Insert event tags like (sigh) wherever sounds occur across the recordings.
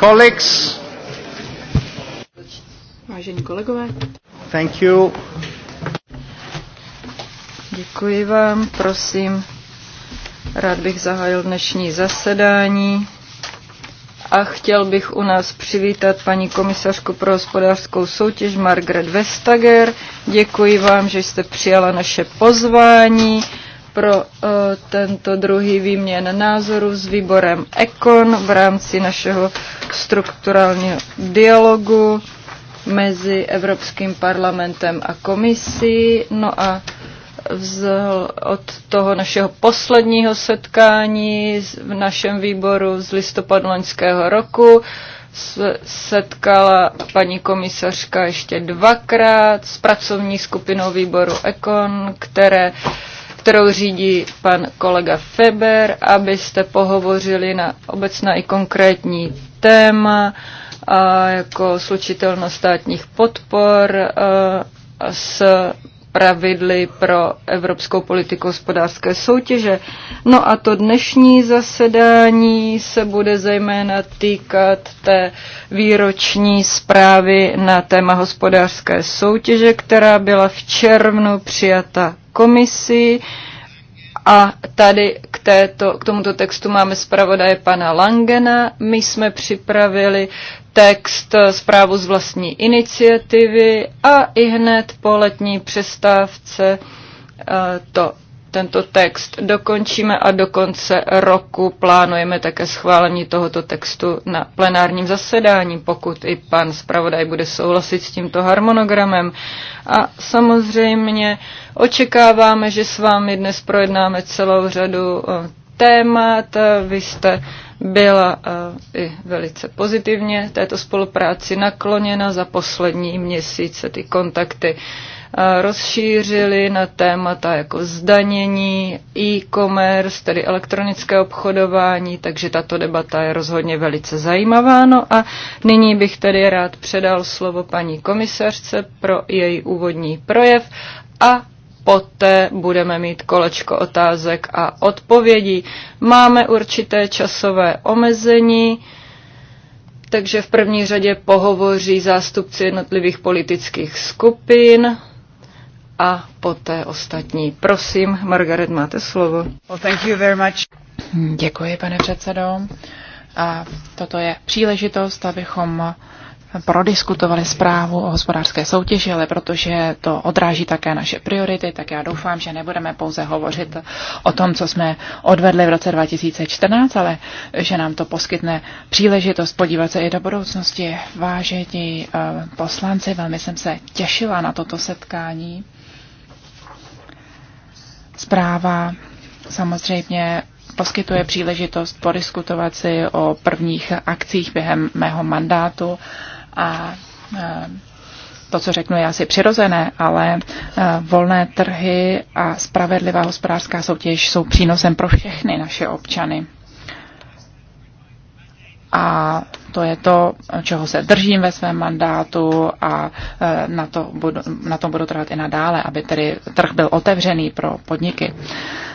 colleagues, Vážení kolegové. Thank you. Děkuji vám, prosím. Rád bych zahájil dnešní zasedání a chtěl bych u nás přivítat paní komisařku pro hospodářskou soutěž Margaret Vestager. Děkuji vám, že jste přijala naše pozvání pro uh, tento druhý výměn názoru s výborem ECON v rámci našeho strukturálního dialogu mezi Evropským parlamentem a komisí. No a vzl od toho našeho posledního setkání v našem výboru z listopadu loňského roku. Setkala paní komisařka ještě dvakrát s pracovní skupinou výboru Ekon, které kterou řídí pan kolega Feber, abyste pohovořili na obecná i konkrétní téma, jako slučitelnost státních podpor eh, s pravidly pro evropskou politiku hospodářské soutěže. No a to dnešní zasedání se bude zejména týkat té výroční zprávy na téma hospodářské soutěže, která byla v červnu přijata komisí. A tady k, této, k tomuto textu máme zpravodaje pana Langena. My jsme připravili text eh, zprávu z vlastní iniciativy a i hned po letní přestávce eh, to tento text dokončíme a do konce roku plánujeme také schválení tohoto textu na plenárním zasedání, pokud i pan zpravodaj bude souhlasit s tímto harmonogramem. A samozřejmě očekáváme, že s vámi dnes projednáme celou řadu eh, témat. Vy jste byla eh, i velice pozitivně této spolupráci nakloněna za poslední měsíce ty kontakty Eh, rozšířili na témata jako zdanění, e-commerce, tedy elektronické obchodování, takže tato debata je rozhodně velice zajímavá. No a nyní bych tedy rád předal slovo paní komisařce pro její úvodní projev a poté budeme mít kolečko otázek a odpovědí. Máme určité časové omezení, takže v první řadě pohovoří zástupci jednotlivých politických skupin, a poté ostatní. Prosím, Margaret, máte slovo. Well, thank you very much. Děkuji, pane předsedo. A toto je příležitost, abychom prodiskutovali zprávu o hospodářské soutěži, ale protože to odráží také naše priority, tak já doufám, že nebudeme pouze hovořit o tom, co jsme odvedli v roce 2014, ale že nám to poskytne příležitost podívat se i do budoucnosti. Vážení eh, poslanci, velmi jsem se těšila na toto setkání. Zpráva samozřejmě poskytuje příležitost podiskutovat si o prvních akcích během mého mandátu a e, to, co řeknu, je asi přirozené, ale e, volné trhy a spravedlivá hospodářská soutěž jsou přínosem pro všechny naše občany a to je to, čeho se držím ve svém mandátu a e, na, to budu, na tom budu trvat i nadále, aby tedy trh byl otevřený pro podniky.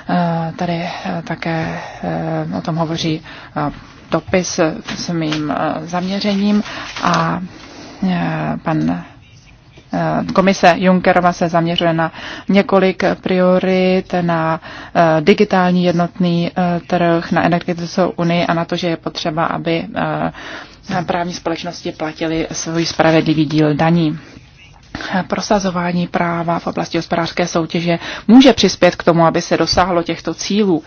E, tady e, také o tom hovoří dopis s mým zaměřením a pan Eh, komise Junckerova se zaměřuje na několik priorit, na eh, digitální jednotný eh, trh, na energetickou unii a na to, že je potřeba, aby právní společnosti platili svůj spravedlivý díl daní prosazování práva v oblasti hospodářské soutěže může přispět k tomu, aby se dosáhlo těchto cílů.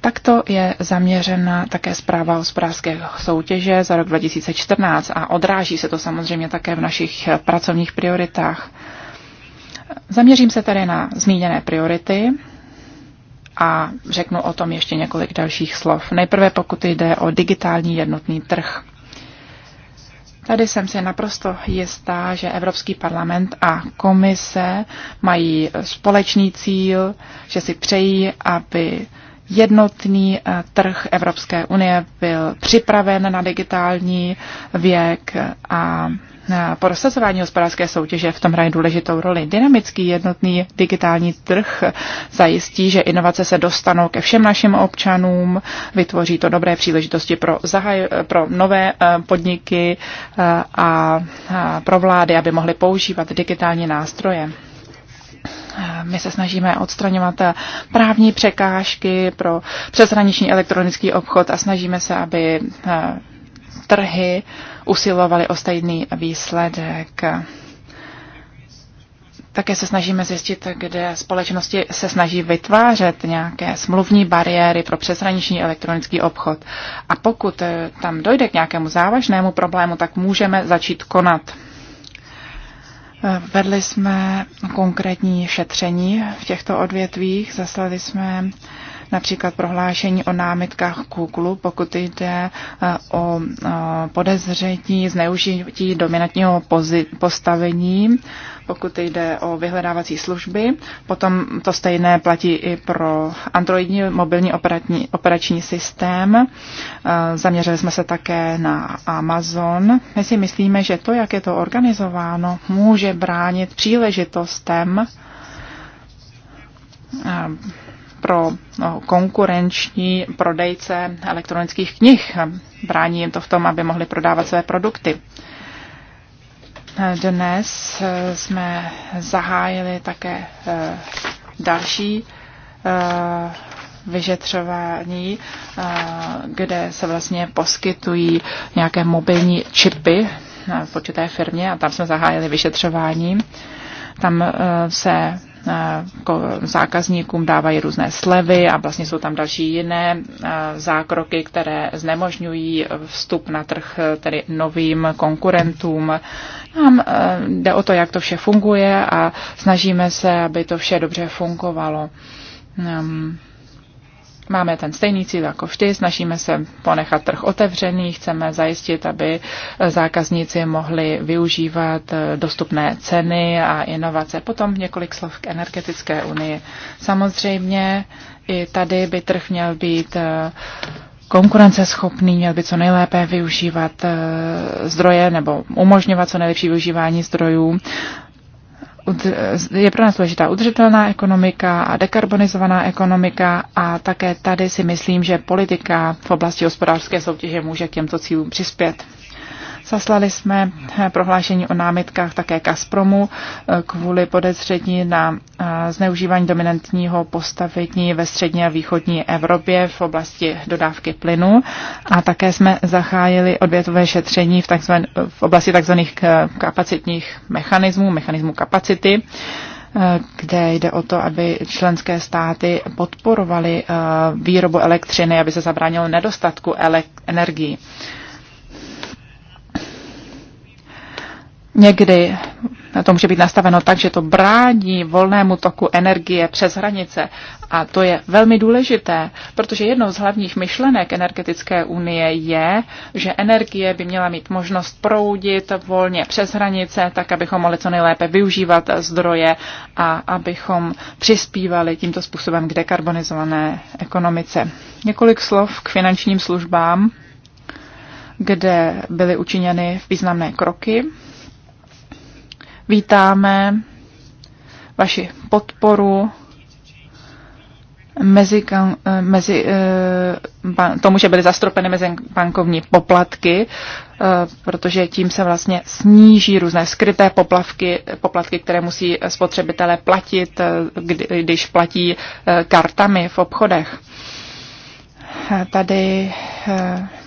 Takto je zaměřena také zpráva hospodářské soutěže za rok 2014 a odráží se to samozřejmě také v našich pracovních prioritách. Zaměřím se tedy na zmíněné priority a řeknu o tom ještě několik dalších slov. Nejprve pokud jde o digitální jednotný trh. Tady jsem si naprosto jistá, že Evropský parlament a komise mají společný cíl, že si přejí, aby jednotný eh, trh Evropské unie byl připraven na digitální věk a eh, po rozsazování hospodářské soutěže v tom hraje důležitou roli. Dynamický jednotný digitální trh zajistí, že inovace se dostanou ke všem našim občanům, vytvoří to dobré příležitosti pro, zahaj, pro nové eh, podniky a pro vlády, aby mohly používat digitální nástroje. My se snažíme odstraňovat právní překážky pro přeshraniční elektronický obchod a snažíme se, aby eh, trhy usilovaly o stejný výsledek. Také se snažíme zjistit, kde společnosti se snaží vytvářet nějaké smluvní bariéry pro přeshraniční elektronický obchod. A pokud tam dojde k nějakému závažnému problému, tak můžeme začít konat. Vedli jsme konkrétní šetření v těchto odvětvích, zaslali jsme například prohlášení o námitkách Google, pokud jde e, o e, podezření zneužití dominantního postavení pokud jde o vyhledávací služby. Potom to stejné platí i pro Androidní mobilní operatní, operační systém. E, zaměřili jsme se také na Amazon. My si myslíme, že to, jak je to organizováno, může bránit příležitostem e, pro no, konkurenční prodejce elektronických knih. Brání jim to v tom, aby mohli prodávat své produkty. Dnes eh, jsme zahájili také eh, další eh, vyšetřování, kde se vlastně poskytují nějaké mobilní čipy v určité firmě a tam jsme zahájili vyšetřování. Tam se Eh, zákazníkům dávají různé slevy a vlastně jsou tam další jiné eh, zákroky, které znemožňují vstup na trh eh, tedy novým konkurentům. Nám jde o to, jak to vše funguje a snažíme se, aby to vše dobře fungovalo. Um, Máme ten stejný cíl jako vždy, snažíme se ponechat trh otevřený, chceme zajistit, aby eh, zákazníci mohli využívat eh, dostupné ceny a inovace. Potom několik slov k energetické unii. Samozřejmě i tady by trh měl být eh, konkurenceschopný, měl by co nejlépe využívat zdroje nebo umožňovat co nejlepší využívání zdrojů je pro nás důležitá udržitelná ekonomika a dekarbonizovaná ekonomika a také tady si myslím, že politika v oblasti hospodářské soutěže může k těmto cílům přispět. Zaslali jsme eh, prohlášení o námitkách také Kaspromu eh, kvůli podezření na eh, zneužívání dominantního postavení ve střední a východní Evropě v oblasti dodávky plynu a také jsme zachájili odvětové šetření v, takzvan, v oblasti tzv. kapacitních mechanismů, mechanismů kapacity kde jde o to, aby členské státy podporovaly výrobu elektřiny, aby se zabránilo nedostatku energii. energií. Někdy to může být nastaveno tak, že to brání volnému toku energie přes hranice. A to je velmi důležité, protože jednou z hlavních myšlenek energetické unie je, že energie by měla mít možnost proudit volně přes hranice, tak abychom mohli co nejlépe využívat zdroje a abychom přispívali tímto způsobem k dekarbonizované ekonomice. Několik slov k finančním službám kde byly učiněny významné kroky Vítáme vaši podporu mezi, eh, mezi eh, tomu, že byly zastropeny mezi bankovní poplatky, eh, protože tím se vlastně sníží různé skryté poplavky, poplatky, které musí spotřebitelé platit, když platí kartami v obchodech. Tady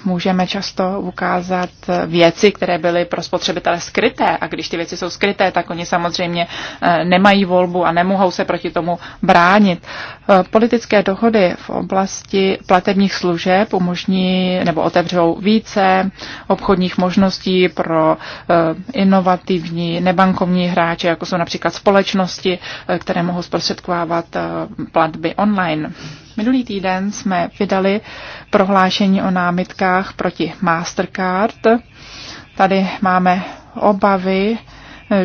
můžeme často ukázat věci, které byly pro spotřebitele skryté. A když ty věci jsou skryté, tak oni samozřejmě eh, nemají volbu a nemohou se proti tomu bránit. Eh, politické dohody v oblasti platebních služeb umožní nebo otevřou více obchodních možností pro eh, inovativní nebankovní hráče, jako jsou například společnosti, které mohou zprostředkovávat platby online. Minulý týden jsme vydali prohlášení o námitkách proti Mastercard. Tady máme obavy,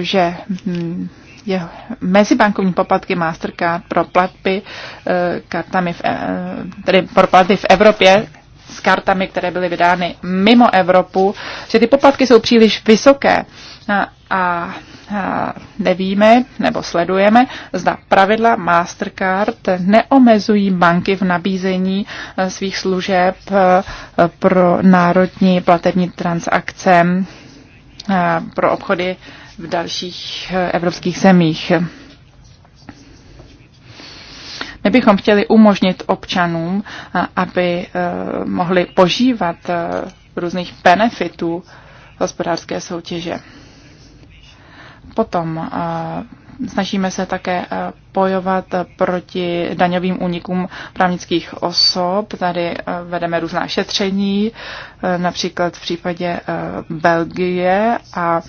že hm, je mezibankovní poplatky Mastercard pro platby eh, kartami v, eh, tedy pro platby v Evropě s kartami, které byly vydány mimo Evropu, že ty poplatky jsou příliš vysoké. A, a nevíme nebo sledujeme, zda pravidla Mastercard neomezují banky v nabízení eh, svých služeb eh, pro národní platební transakce eh, pro obchody v dalších evropských zemích. My bychom chtěli umožnit občanům, aby mohli požívat různých benefitů hospodářské soutěže. Potom eh, snažíme se také eh, bojovat proti daňovým únikům právnických osob. Tady eh, vedeme různá šetření, například v případě Belgie a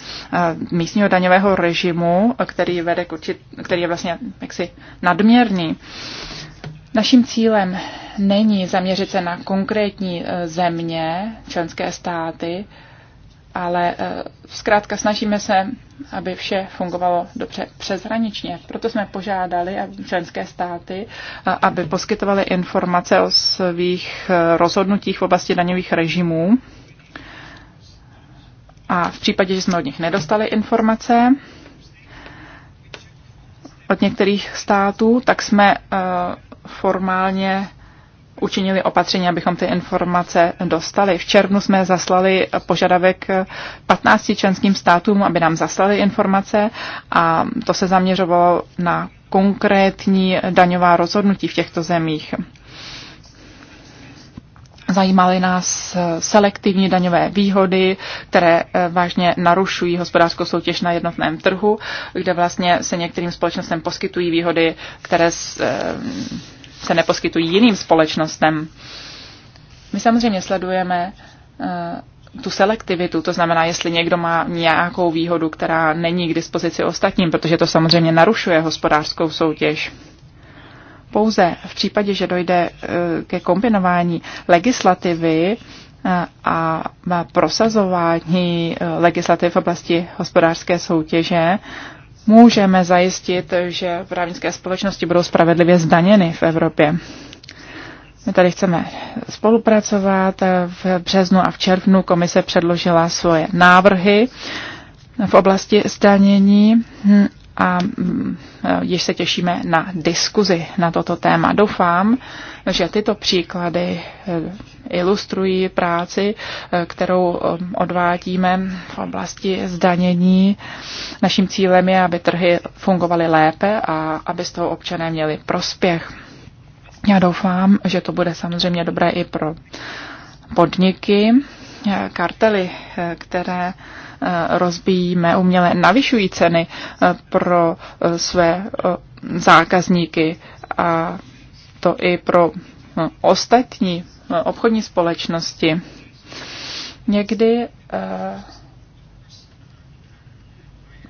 místního daňového režimu, který, vede k určit, který je vlastně jaksi nadměrný. Naším cílem není zaměřit se na konkrétní země, členské státy, ale eh, zkrátka snažíme se, aby vše fungovalo dobře přeshraničně. Proto jsme požádali členské státy, eh, aby poskytovaly informace o svých eh, rozhodnutích v oblasti daňových režimů. A v případě, že jsme od nich nedostali informace, od některých států, tak jsme formálně učinili opatření, abychom ty informace dostali. V červnu jsme zaslali požadavek 15 členským státům, aby nám zaslali informace a to se zaměřovalo na konkrétní daňová rozhodnutí v těchto zemích. Zajímaly nás selektivní daňové výhody, které eh, vážně narušují hospodářskou soutěž na jednotném trhu, kde vlastně se některým společnostem poskytují výhody, které eh, se neposkytují jiným společnostem. My samozřejmě sledujeme eh, tu selektivitu, to znamená, jestli někdo má nějakou výhodu, která není k dispozici ostatním, protože to samozřejmě narušuje hospodářskou soutěž. Pouze v případě, že dojde eh, ke kombinování legislativy eh, a prosazování legislativy v oblasti hospodářské soutěže, můžeme zajistit, že právnické společnosti budou spravedlivě zdaněny v Evropě. My tady chceme spolupracovat. V březnu a v červnu komise předložila svoje návrhy v oblasti zdanění a již se těšíme na diskuzi na toto téma. Doufám, že tyto příklady ilustrují práci, eh, kterou eh, odvádíme v oblasti zdanění. Naším cílem je, aby trhy fungovaly lépe a aby z toho občané měli prospěch. Já doufám, že to bude samozřejmě dobré i pro podniky, eh, kartely, které rozbíjíme, uměle navyšují ceny pro své zákazníky a to i pro ostatní obchodní společnosti. Někdy eh,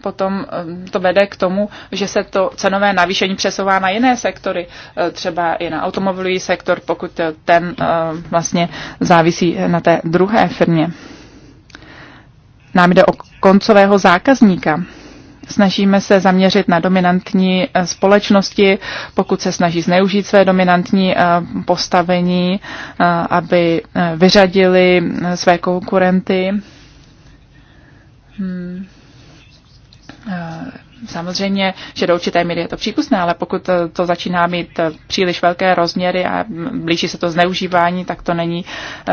potom eh, to vede k tomu, že se to cenové navýšení přesouvá na jiné sektory, eh, třeba i na automobilový sektor, pokud ten vlastně závisí na té druhé firmě. Nám jde o koncového zákazníka snažíme se zaměřit na dominantní eh, společnosti, pokud se snaží zneužít své dominantní eh, postavení, eh, aby vyřadili své konkurenty. Hmm. Samozřejmě, že do určité míry je to přípustné, ale pokud to začíná mít příliš velké rozměry a blíží se to zneužívání, tak to není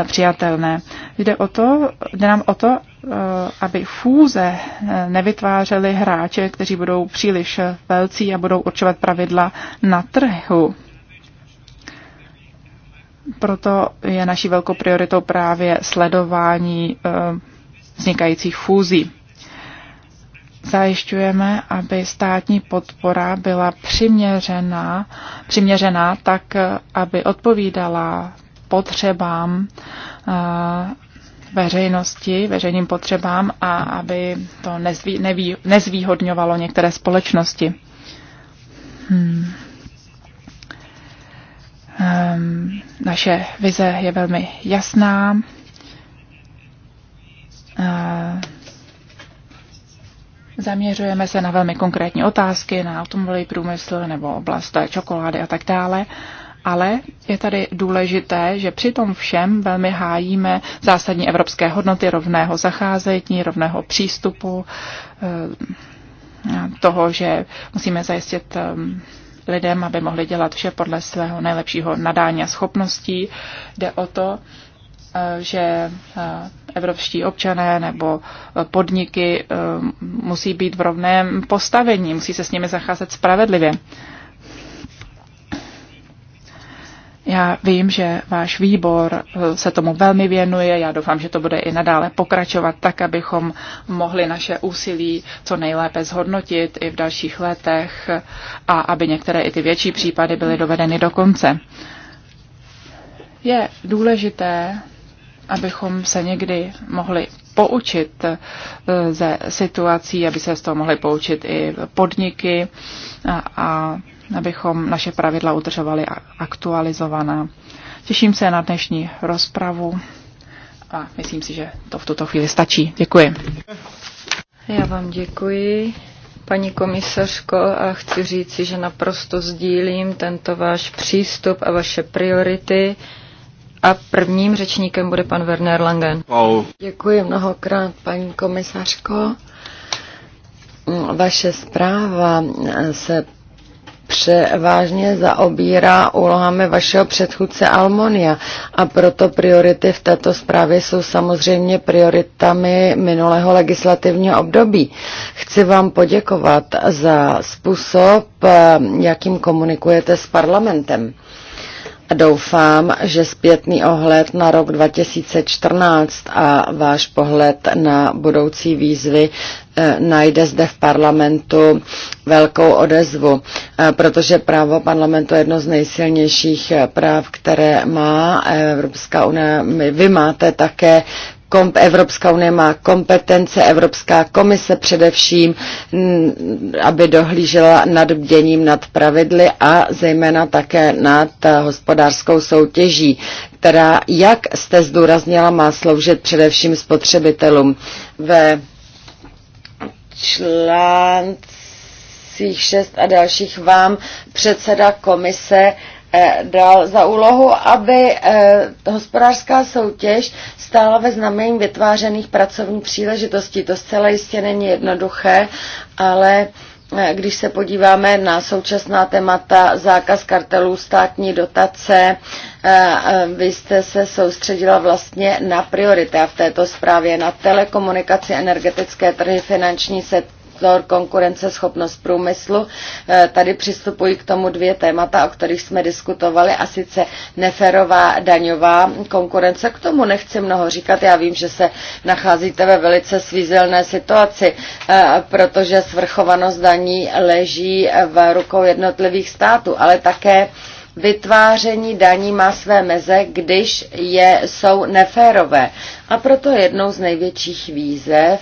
přijatelné. Jde, o to, jde nám o to, Eh, aby fůze eh, nevytvářely hráče, kteří budou příliš velcí a budou určovat pravidla na trhu. Proto je naší velkou prioritou právě sledování eh, vznikajících fúzí. Zajišťujeme, aby státní podpora byla přiměřená, přiměřená tak, aby odpovídala potřebám veřejnosti, veřejným potřebám a aby to nezví, neví, nezvýhodňovalo některé společnosti. Hmm. Um, naše vize je velmi jasná. Uh, zaměřujeme se na velmi konkrétní otázky, na automobilový průmysl nebo oblast čokolády a tak dále. Uh, ale je tady důležité, že při tom všem velmi hájíme zásadní evropské hodnoty rovného zacházení, rovného přístupu, eh, toho, že musíme zajistit eh, lidem, aby mohli dělat vše podle svého nejlepšího nadání a schopností. Jde o to, eh, že evropští občané nebo podniky musí být v rovném postavení, musí se s nimi zacházet spravedlivě. Já vím, že váš výbor eh, se tomu velmi věnuje. Já doufám, že to bude i nadále pokračovat tak, abychom mohli naše úsilí co nejlépe zhodnotit i v dalších letech a aby některé i ty větší případy byly dovedeny do konce. Je důležité, abychom se někdy mohli poučit eh, ze situací, aby se z toho mohly poučit i podniky a, a abychom naše pravidla udržovali aktualizovaná. Těším se na dnešní rozpravu a myslím si, že to v tuto chvíli stačí. Děkuji. Já vám děkuji, paní komisařko, a chci říci, že naprosto sdílím tento váš přístup a vaše priority. A prvním řečníkem bude pan Werner Langen. Wow. Děkuji mnohokrát, paní komisařko. Vaše zpráva se převážně zaobírá úlohami vašeho předchůdce Almonia a proto priority v této zprávě jsou samozřejmě prioritami minulého legislativního období. Chci vám poděkovat za způsob, eh, jakým komunikujete s parlamentem. Doufám, že zpětný ohled na rok 2014 a váš pohled na budoucí výzvy eh, najde zde v parlamentu velkou odezvu, eh, protože právo parlamentu je jedno z nejsilnějších eh, práv, které má Evropská unie. Vy máte také komp, Evropská unie má kompetence, Evropská komise především, mm, aby dohlížela nad bděním nad pravidly a zejména také nad eh, hospodářskou soutěží, která, jak jste zdůraznila, má sloužit především spotřebitelům. Ve článcích 6 a dalších vám předseda komise Eh, dal za úlohu, aby eh, hospodářská soutěž stála ve znamení vytvářených pracovních příležitostí. To zcela jistě není jednoduché, ale eh, když se podíváme na současná témata zákaz kartelů, státní dotace, vy jste se soustředila vlastně na priority a v této zprávě na telekomunikaci, energetické trhy, finanční sektor konkurenceschopnost průmyslu. E, tady přistupují k tomu dvě témata, o kterých jsme diskutovali, a sice neferová daňová konkurence. K tomu nechci mnoho říkat, já vím, že se nacházíte ve velice svízelné situaci, e, protože svrchovanost daní leží v rukou jednotlivých států, ale také Vytváření daní má své meze, když je, jsou neférové. A proto jednou z největších výzev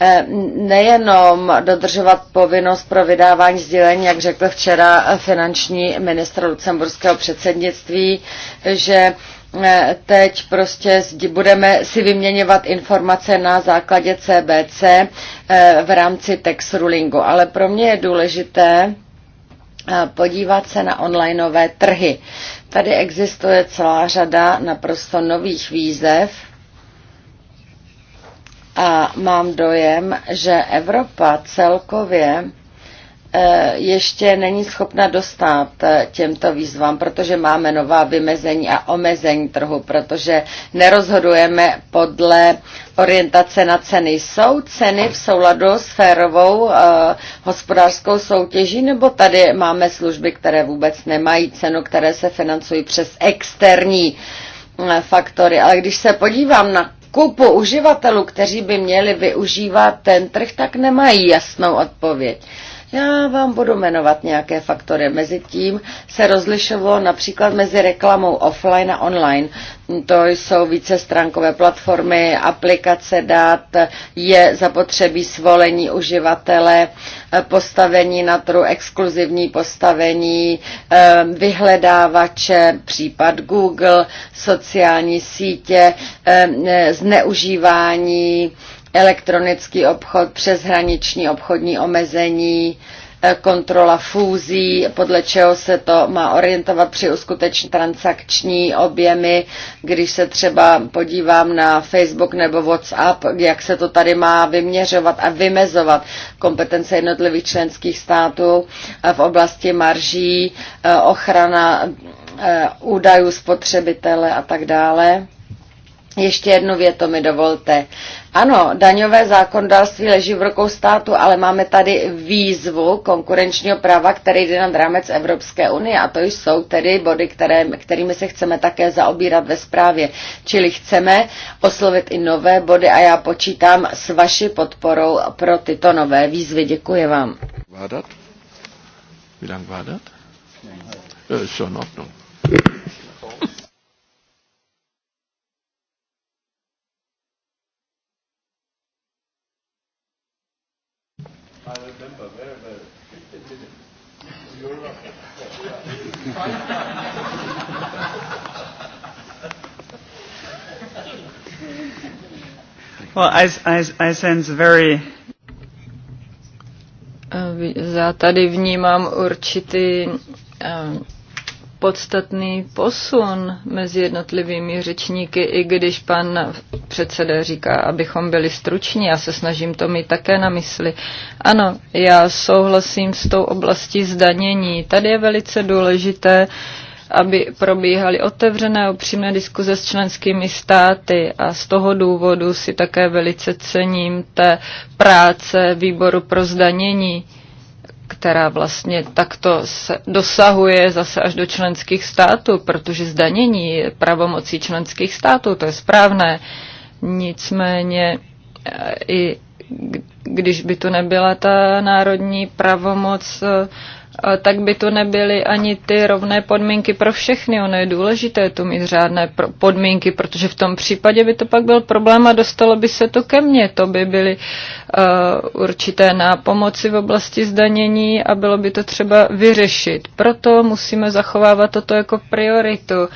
Eh, nejenom dodržovat povinnost pro vydávání sdělení, jak řekl včera finanční ministr lucemburského předsednictví, že eh, teď prostě budeme si vyměňovat informace na základě CBC eh, v rámci tax rulingu. Ale pro mě je důležité podívat se na onlineové trhy. Tady existuje celá řada naprosto nových výzev, a mám dojem, že Evropa celkově e, ještě není schopna dostat e, těmto výzvám, protože máme nová vymezení a omezení trhu, protože nerozhodujeme podle orientace na ceny. Jsou ceny v souladu s férovou uh, hospodářskou soutěží, nebo tady máme služby, které vůbec nemají cenu, které se financují přes externí faktory. Ale když se podívám na kupu uživatelů, kteří by měli využívat ten trh, tak nemají jasnou odpověď. Já vám budu jmenovat nějaké faktory. Mezi tím se rozlišovalo například mezi reklamou offline a online. To jsou více stránkové platformy, aplikace dat, je zapotřebí svolení uživatele, postavení na trhu, exkluzivní postavení, eh, vyhledávače, případ Google, sociální sítě, eh, zneužívání elektronický obchod, přeshraniční obchodní omezení, eh, kontrola fúzí, podle čeho se to má orientovat při uskuteční transakční objemy, když se třeba podívám na Facebook nebo WhatsApp, jak se to tady má vyměřovat a vymezovat kompetence jednotlivých členských států eh, v oblasti marží, eh, ochrana údajů spotřebitele a tak dále. Ještě jednu větu mi dovolte. Ano, daňové zákondalství leží v rukou státu, ale máme tady výzvu konkurenčního práva, který jde nad rámec Evropské unie a to jsou tedy body, které, kterými se chceme také zaobírat ve zprávě. Čili chceme oslovit i nové body a já počítám s vaší podporou pro tyto nové výzvy. Děkuji vám. Vádat? Wie vádat? Ne. Eh, ne. Ist schon no. I remember very well. 15 minutes. well, I, I, I sense very já tady vnímám určitý eh, podstatný posun mezi jednotlivými řečníky, i když pan předseda říká, abychom byli struční, já se snažím to mít také na mysli. Ano, já souhlasím s tou oblastí zdanění. Tady je velice důležité, aby probíhaly otevřené upřímné diskuze s členskými státy a z toho důvodu si také velice cením té práce výboru pro zdanění která vlastně takto se dosahuje zase až do členských států, protože zdanění je pravomocí členských států, to je správné. Nicméně e, i když by to nebyla ta národní pravomoc, e, tak by to nebyly ani ty rovné podmínky pro všechny. Ono je důležité tu mít řádné podmínky, protože v tom případě by to pak byl problém a dostalo by se to ke mně. To by byly uh, určité nápomoci v oblasti zdanění a bylo by to třeba vyřešit. Proto musíme zachovávat toto jako prioritu. Uh,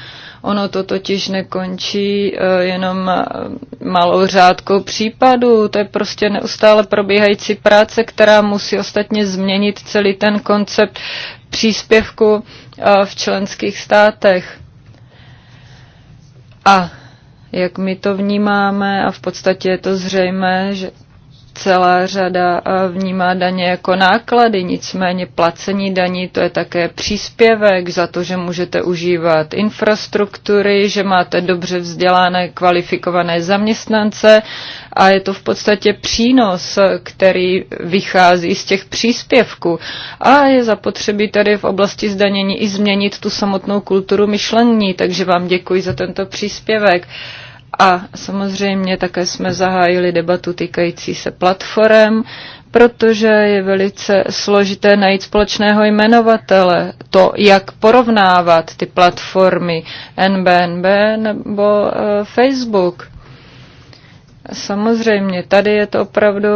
Ono to totiž nekončí eh, jenom eh, malou řádkou případů. To je prostě neustále probíhající práce, která musí ostatně změnit celý ten koncept příspěvku eh, v členských státech. A jak my to vnímáme, a v podstatě je to zřejmé, že celá řada eh, vnímá daně jako náklady, nicméně placení daní to je také příspěvek za to, že můžete užívat infrastruktury, že máte dobře vzdělané, kvalifikované zaměstnance a je to v podstatě přínos, který vychází z těch příspěvků. A je zapotřebí tady v oblasti zdanění i změnit tu samotnou kulturu myšlení, takže vám děkuji za tento příspěvek. A samozřejmě také jsme zahájili debatu týkající se platform, protože je velice složité najít společného jmenovatele, to, jak porovnávat ty platformy NBNB nebo eh, Facebook. Samozřejmě, tady je to opravdu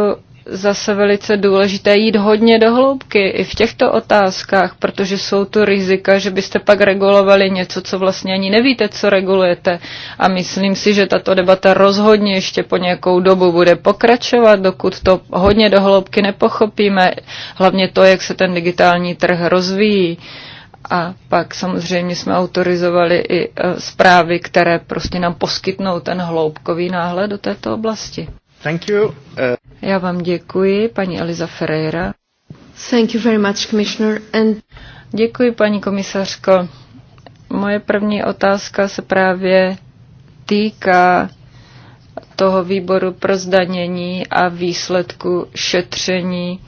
zase velice důležité jít hodně do hloubky i v těchto otázkách, protože jsou tu rizika, že byste pak regulovali něco, co vlastně ani nevíte, co regulujete. A myslím si, že tato debata rozhodně ještě po nějakou dobu bude pokračovat, dokud to hodně do hloubky nepochopíme, hlavně to, jak se ten digitální trh rozvíjí. A pak samozřejmě jsme autorizovali i e, zprávy, které prostě nám poskytnou ten hloubkový náhled do této oblasti. Thank you. Uh, Já vám děkuji, paní Eliza Ferreira. Thank you very much, Commissioner. And... Děkuji, paní komisařko. Moje první otázka se právě týká toho výboru pro zdanění a výsledku šetření,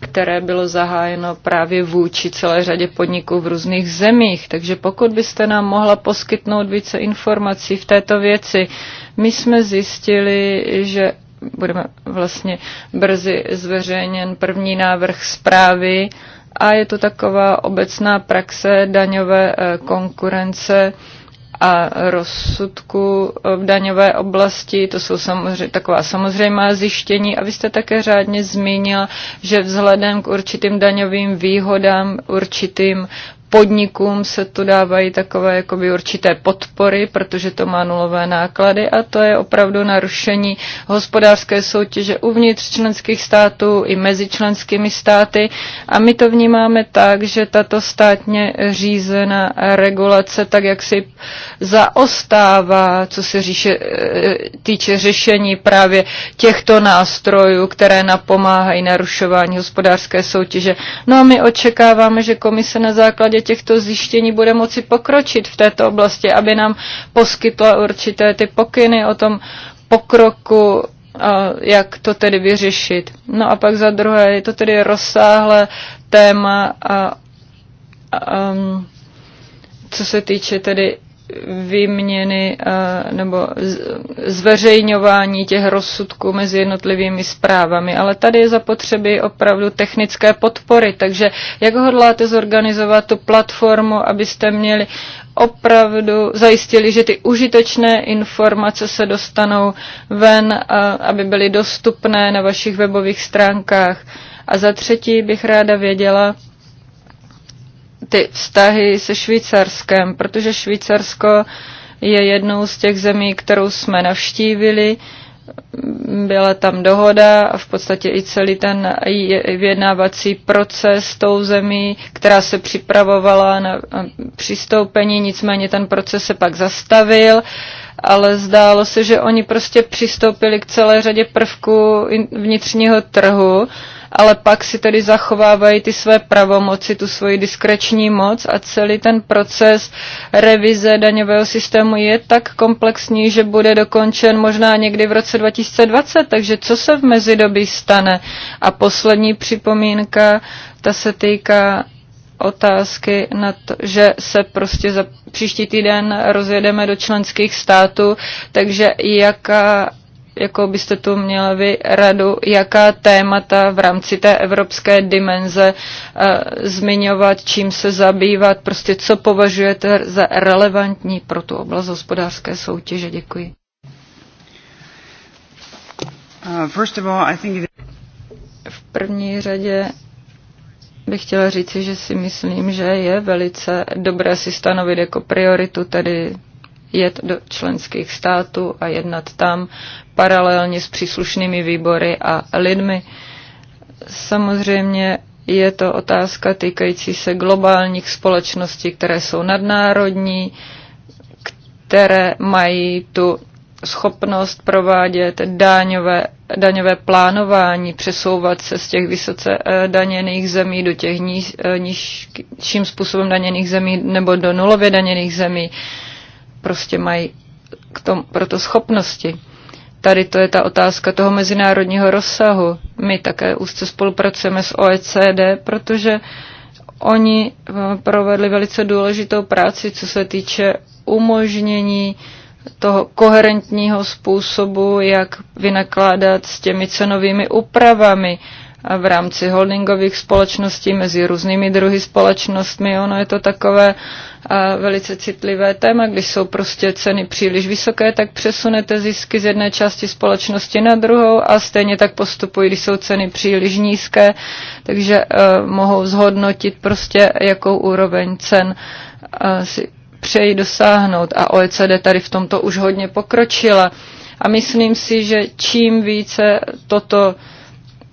které bylo zahájeno právě vůči celé řadě podniků v různých zemích. Takže pokud byste nám mohla poskytnout více informací v této věci, my jsme zjistili, že budeme vlastně brzy zveřejněn první návrh zprávy a je to taková obecná praxe daňové eh, konkurence a rozsudku eh, v daňové oblasti. To jsou samozřejmě, taková samozřejmá zjištění. A vy jste také řádně zmínil, že vzhledem k určitým daňovým výhodám, určitým podnikům se tu dávají takové jakoby určité podpory, protože to má nulové náklady a to je opravdu narušení hospodářské soutěže uvnitř členských států i mezi členskými státy a my to vnímáme tak, že tato státně řízená regulace tak jak si zaostává, co se říše, e, týče řešení právě těchto nástrojů, které napomáhají narušování hospodářské soutěže. No a my očekáváme, že komise na základě těchto zjištění bude moci pokročit v této oblasti, aby nám poskytla určité ty pokyny o tom pokroku, jak to tedy vyřešit. No a pak za druhé je to tedy rozsáhlé téma, a, a, um, co se týče tedy výměny eh, nebo zveřejňování těch rozsudků mezi jednotlivými zprávami. Ale tady je zapotřebí opravdu technické podpory. Takže jak hodláte zorganizovat tu platformu, abyste měli opravdu zajistili, že ty užitečné informace se dostanou ven, eh, aby byly dostupné na vašich webových stránkách. A za třetí bych ráda věděla, ty vztahy se Švýcarskem, protože Švýcarsko je jednou z těch zemí, kterou jsme navštívili. Byla tam dohoda a v podstatě i celý ten vyjednávací proces s tou zemí, která se připravovala na přistoupení, nicméně ten proces se pak zastavil ale zdálo se, že oni prostě přistoupili k celé řadě prvků vnitřního trhu ale pak si tedy zachovávají ty své pravomoci, tu svoji diskreční moc a celý ten proces revize daňového systému je tak komplexní, že bude dokončen možná někdy v roce 2020, takže co se v mezidobí stane? A poslední připomínka, ta se týká otázky na to, že se prostě za příští týden rozjedeme do členských států, takže jaká jako byste tu měla vy radu, jaká témata v rámci té evropské dimenze e, zmiňovat, čím se zabývat, prostě co považujete za relevantní pro tu oblast hospodářské soutěže. Děkuji. Uh, first of all, I think it... V první řadě bych chtěla říci, že si myslím, že je velice dobré si stanovit jako prioritu tedy jet do členských států a jednat tam, paralelně s příslušnými výbory a lidmi. Samozřejmě je to otázka týkající se globálních společností, které jsou nadnárodní, které mají tu schopnost provádět dáňové, daňové plánování, přesouvat se z těch vysoce eh, daněných zemí do těch eh, nižším způsobem daněných zemí nebo do nulově daněných zemí. Prostě mají k tomu, proto schopnosti. Tady to je ta otázka toho mezinárodního rozsahu. My také úzce spolupracujeme s OECD, protože oni eh, provedli velice důležitou práci, co se týče umožnění toho koherentního způsobu, jak vynakládat s těmi cenovými úpravami v rámci holdingových společností mezi různými druhy společnostmi. Ono je to takové eh, velice citlivé téma, když jsou prostě ceny příliš vysoké, tak přesunete zisky z jedné části společnosti na druhou a stejně tak postupují, když jsou ceny příliš nízké, takže eh, mohou zhodnotit prostě, jakou úroveň cen eh, si přeji dosáhnout. A OECD tady v tomto už hodně pokročila. A myslím si, že čím více toto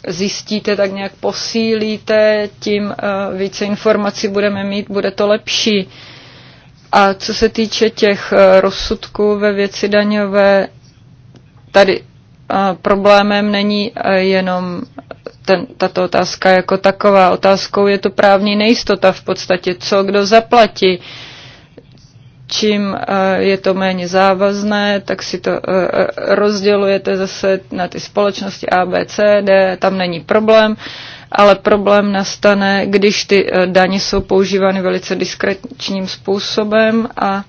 zjistíte, tak nějak posílíte, tím eh, více informací budeme mít, bude to lepší. A co se týče těch eh, rozsudků ve věci daňové, tady eh, problémem není jenom ten, tato otázka jako taková. Otázkou je to právní nejistota v podstatě, co kdo zaplatí čím eh, je to méně závazné, tak si to eh, eh, rozdělujete zase na ty společnosti A, B, C, D, tam není problém, ale problém nastane, když ty daně jsou používány velice diskretním způsobem a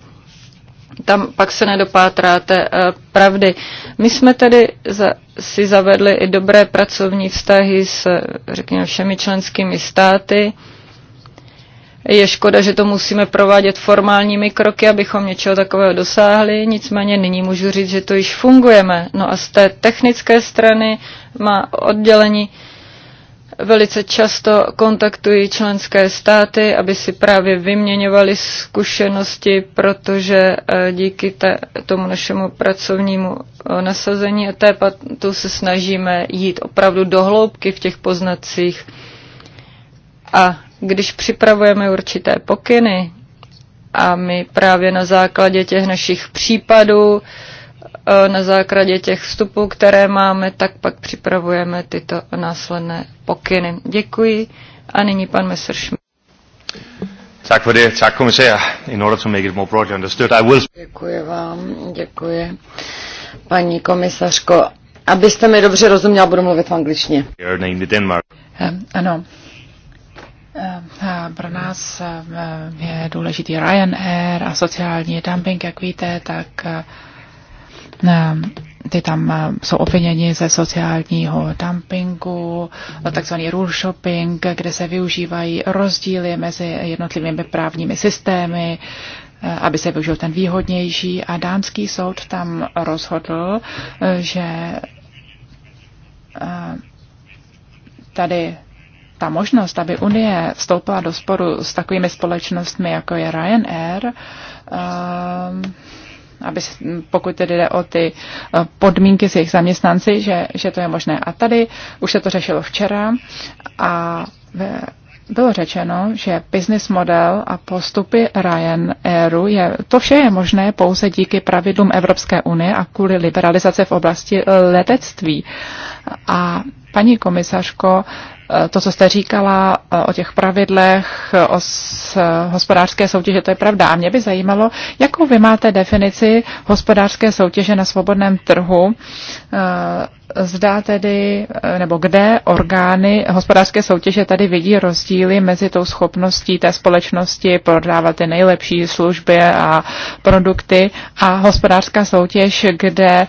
tam pak se nedopátráte pravdy. My jsme tedy za, si zavedli i dobré pracovní vztahy s, řekněme, všemi členskými státy, je škoda, že to musíme provádět formálními kroky, abychom něčeho takového dosáhli, nicméně nyní můžu říct, že to již fungujeme. No a z té technické strany má oddělení velice často kontaktují členské státy, aby si právě vyměňovali zkušenosti, protože eh, díky té, tomu našemu pracovnímu eh, nasazení a patu se snažíme jít opravdu do hloubky v těch poznacích a když připravujeme určité pokyny a my právě na základě těch našich případů, e, na základě těch vstupů, které máme, tak pak připravujeme tyto následné pokyny. Děkuji a nyní pan Messerschmidt. Tak for det. Tak kommissær. In order to make it more broadly understood, I will... Děkuji vám, děkuji. Paní komisařko, abyste mi dobře rozuměla, budu mluvit v angličtině. Eh, ano. Eh, pro nás eh, je důležitý Ryanair a sociální dumping, jak víte, tak eh, ty tam jsou obviněni ze sociálního dumpingu, takzvaný rule shopping, kde se využívají rozdíly mezi jednotlivými právními systémy, aby se využil ten výhodnější. A dámský soud tam rozhodl, že tady ta možnost, aby Unie vstoupila do sporu s takovými společnostmi, jako je Ryanair, ehm, aby, pokud tedy jde o ty e, podmínky s jejich zaměstnanci, že, že to je možné. A tady už se to řešilo včera a ve, bylo řečeno, že business model a postupy Ryanairu, je, to vše je možné pouze díky pravidlům Evropské unie a kvůli liberalizace v oblasti letectví. A paní komisařko, Eh, to, co jste říkala eh, o těch pravidlech, eh, o hospodářské soutěže, to je pravda. A mě by zajímalo, jakou vy máte definici hospodářské soutěže na svobodném trhu zda tedy, eh, nebo kde orgány hospodářské soutěže tady vidí rozdíly mezi tou schopností té společnosti prodávat ty nejlepší služby a produkty a hospodářská soutěž, kde eh,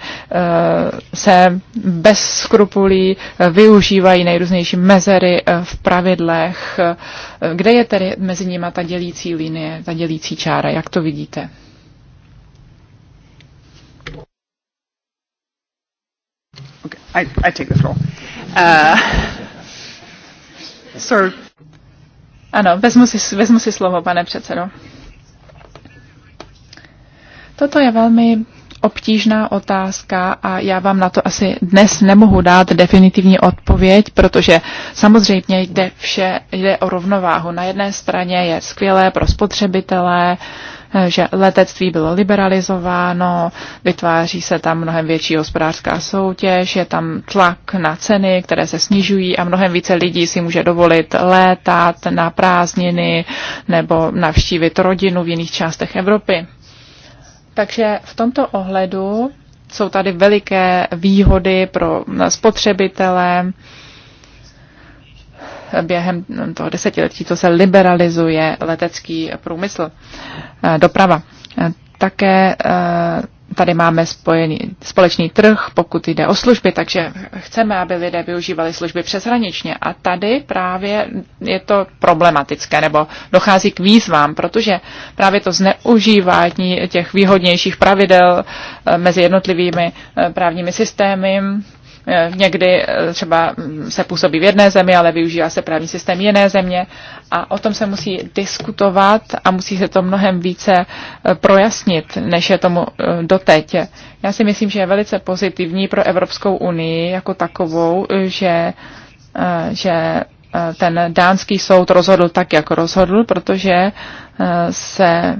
se bez skrupulí eh, využívají nejrůznější mezery v pravidlech. Kde je tedy mezi nimi ta dělící linie, ta dělící čára? Jak to vidíte? I, I take the floor. Uh, sir. Ano, vezmu si, vezmu si slovo, pane předsedo. Toto je velmi obtížná otázka a já vám na to asi dnes nemohu dát definitivní odpověď, protože samozřejmě jde vše, jde o rovnováhu. Na jedné straně je skvělé pro spotřebitelé že letectví bylo liberalizováno, vytváří se tam mnohem větší hospodářská soutěž, je tam tlak na ceny, které se snižují a mnohem více lidí si může dovolit létat na prázdniny nebo navštívit rodinu v jiných částech Evropy. Takže v tomto ohledu jsou tady veliké výhody pro spotřebitele, během toho desetiletí, co se liberalizuje letecký průmysl, eh, doprava. Eh, Také eh, tady máme spojený, společný trh, pokud jde o služby, takže chceme, aby lidé využívali služby přeshraničně. A tady právě je to problematické, nebo dochází k výzvám, protože právě to zneužívání těch výhodnějších pravidel mezi jednotlivými právními systémy Eh, někdy eh, třeba mm, se působí v jedné zemi, ale využívá se právní systém jiné země a o tom se musí diskutovat a musí se to mnohem více eh, projasnit, než je tomu doteď. Já si myslím, že je velice pozitivní pro Evropskou unii jako takovou, že, že ten dánský soud rozhodl tak, jak rozhodl, protože se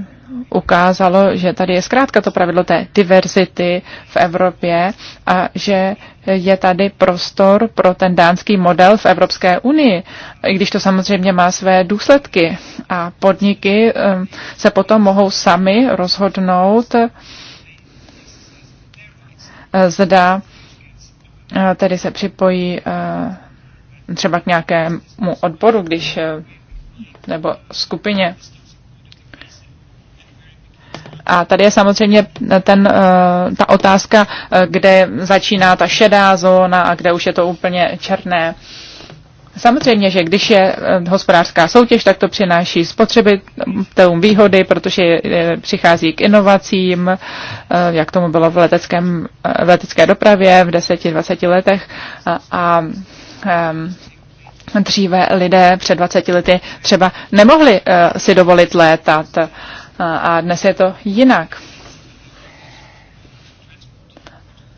ukázalo, že tady je zkrátka to pravidlo té diverzity v Evropě a že je tady prostor pro ten dánský model v Evropské unii, i když to samozřejmě má své důsledky. A podniky eh, se potom mohou sami rozhodnout, eh, zda eh, tedy se připojí třeba k nějakému odboru, když nebo skupině a tady je samozřejmě ten, eh, ta otázka, eh, kde začíná ta šedá zóna a kde už je to úplně černé. Samozřejmě, že když je eh, hospodářská soutěž, tak to přináší spotřebitelům výhody, protože přichází k inovacím, jak tomu bylo v, leteckém, v letecké dopravě v 10-20 letech. A, a ehm, dříve lidé před 20 lety třeba nemohli si dovolit létat a dnes je to jinak.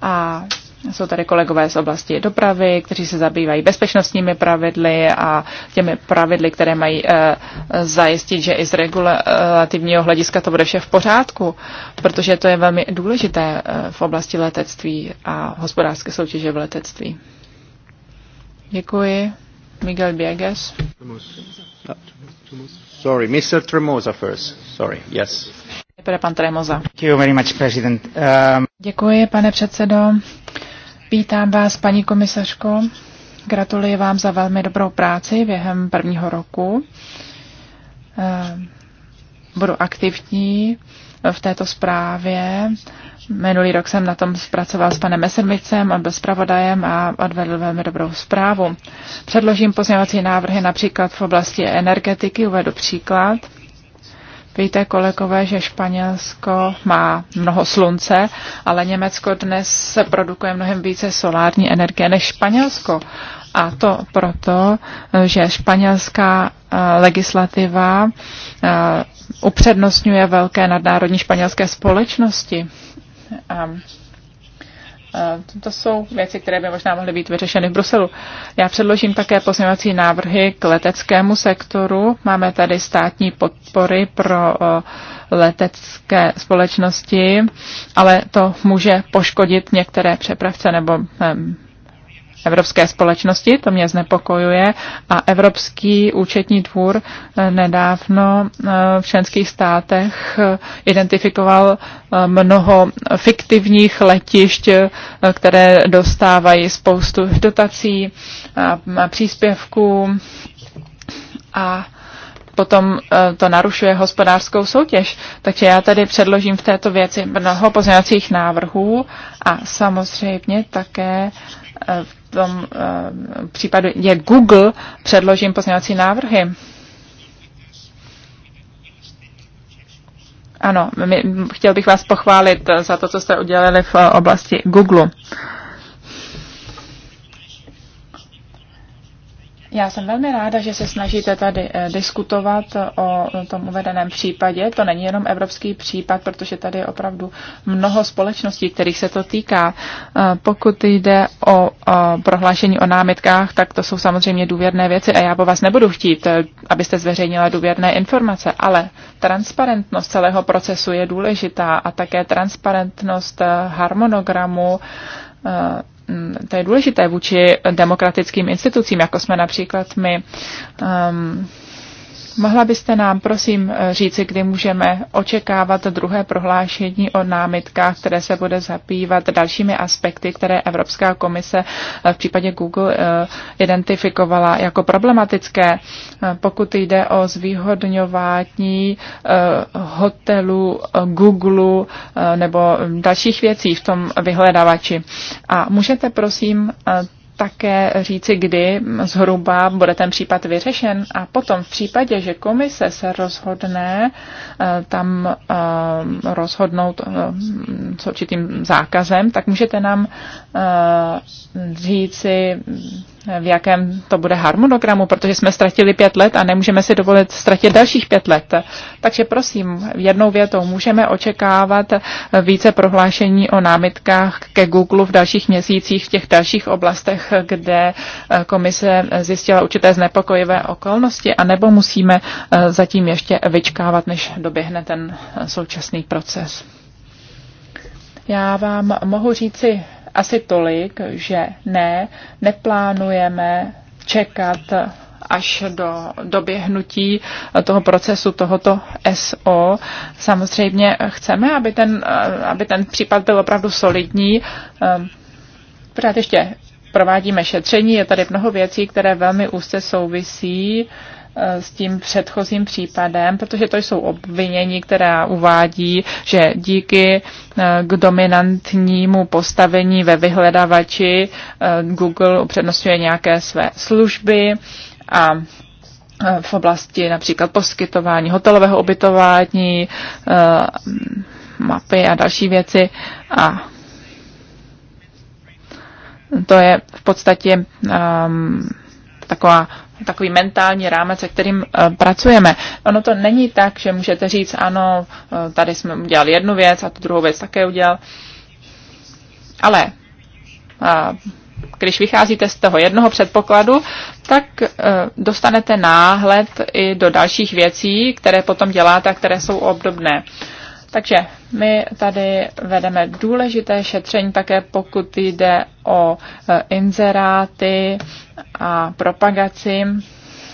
A jsou tady kolegové z oblasti dopravy, kteří se zabývají bezpečnostními pravidly a těmi pravidly, které mají e, zajistit, že i z regulativního hlediska to bude vše v pořádku, protože to je velmi důležité e, v oblasti letectví a hospodářské soutěže v letectví. Děkuji. Miguel Bieges. Vamos. Sorry, Mr. Tremosa first. Sorry, yes. Nejprve pan Tremosa. Thank you very much, President. Um... Děkuji, pane předsedo. Vítám vás, paní komisařko. Gratuluji vám za velmi dobrou práci během prvního roku. Um, budu aktivní v této zprávě Minulý rok jsem na tom zpracoval s panem Mesermicem, on byl zpravodajem a odvedl velmi dobrou zprávu. Předložím pozměvací návrhy například v oblasti energetiky, uvedu příklad. Víte, kolegové, že Španělsko má mnoho slunce, ale Německo dnes se produkuje mnohem více solární energie než Španělsko. A to proto, že španělská eh, legislativa eh, upřednostňuje velké nadnárodní španělské společnosti. A to jsou věci, které by možná mohly být vyřešeny v Bruselu. Já předložím také pozměňovací návrhy k leteckému sektoru. Máme tady státní podpory pro letecké společnosti, ale to může poškodit některé přepravce nebo evropské společnosti, to mě znepokojuje, a Evropský účetní dvůr eh, nedávno eh, v členských státech eh, identifikoval mnoho fiktivních letišť, které dostávají spoustu dotací, a příspěvků a potom to narušuje hospodářskou soutěž. Takže já tady předložím v této věci mnoho pozměňovacích návrhů a samozřejmě také tom eh, případu je Google, předložím pozměňovací návrhy. Ano, my, chtěl bych vás pochválit za to, co jste udělali v oblasti Google. Já jsem velmi ráda, že se snažíte tady eh, diskutovat eh, o tom uvedeném případě. To není jenom evropský případ, protože tady je opravdu mnoho společností, kterých se to týká. Eh, pokud jde o prohlášení o námitkách, tak to jsou samozřejmě důvěrné věci a já po vás nebudu chtít, abyste zveřejnila důvěrné informace, ale transparentnost celého procesu je důležitá a také transparentnost harmonogramu Mm, to je důležité vůči demokratickým institucím, jako jsme například my. Um, Mohla byste nám prosím říci, kdy můžeme očekávat druhé prohlášení o námitkách, které se bude zabývat dalšími aspekty, které Evropská komise eh, v případě Google eh, identifikovala jako problematické, eh, pokud jde o zvýhodňování hotelu, Google nebo dalších věcí v tom vyhledavači. A můžete prosím také říci, kdy zhruba bude ten případ vyřešen a potom v případě, že komise se rozhodne eh, tam eh, rozhodnout eh, s určitým zákazem, tak můžete nám říci, v jakém to bude harmonogramu, protože jsme ztratili pět let a nemůžeme si dovolit ztratit dalších pět let. Takže prosím, jednou větou můžeme očekávat více prohlášení o námitkách ke Google v dalších měsících, v těch dalších oblastech, kde komise zjistila určité znepokojivé okolnosti, anebo musíme zatím ještě vyčkávat, než doběhne ten současný proces. Já vám mohu říci asi tolik, že ne, neplánujeme čekat až do doby hnutí toho procesu tohoto SO. Samozřejmě chceme, aby ten, aby ten případ byl opravdu solidní. Ehm, pořád ještě provádíme šetření, je tady mnoho věcí, které velmi úzce souvisí Eh, s tím předchozím případem, protože to jsou obvinění, která uvádí, že díky eh, k dominantnímu postavení ve vyhledavači eh, Google upřednostňuje nějaké své služby a v oblasti například poskytování hotelového ubytování, mapy a další věci a to je v podstatě um, taková takový mentální rámec, se kterým eh, pracujeme. Ono to není tak, že můžete říct, ano, eh, tady jsme udělali jednu věc a tu druhou věc také udělal. Ale eh, když vycházíte z toho jednoho předpokladu, tak dostanete náhled i do dalších věcí, které potom děláte a které jsou obdobné. Takže my tady vedeme důležité šetření také pokud jde o eh, inzeráty a propagaci,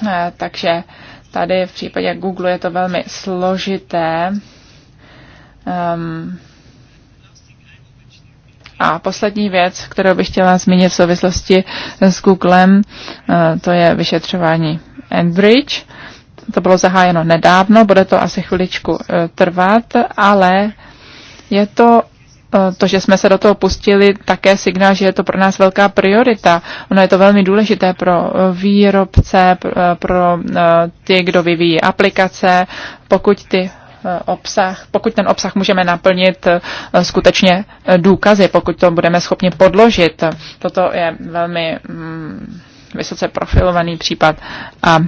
eh, takže tady v případě Google je to velmi složité. Um, a poslední věc, kterou bych chtěla zmínit v souvislosti s Googlem, eh, to je vyšetřování Enbridge to bylo zahájeno nedávno, bude to asi chviličku e, trvat, ale je to e, to, že jsme se do toho pustili, také signál, že je to pro nás velká priorita. Ono je to velmi důležité pro e, výrobce, pro ty, kdo vyvíjí aplikace, pokud ty obsah, pokud ten obsah můžeme naplnit skutečně důkazy, pokud to budeme schopni podložit. Toto je velmi mm, vysoce profilovaný případ a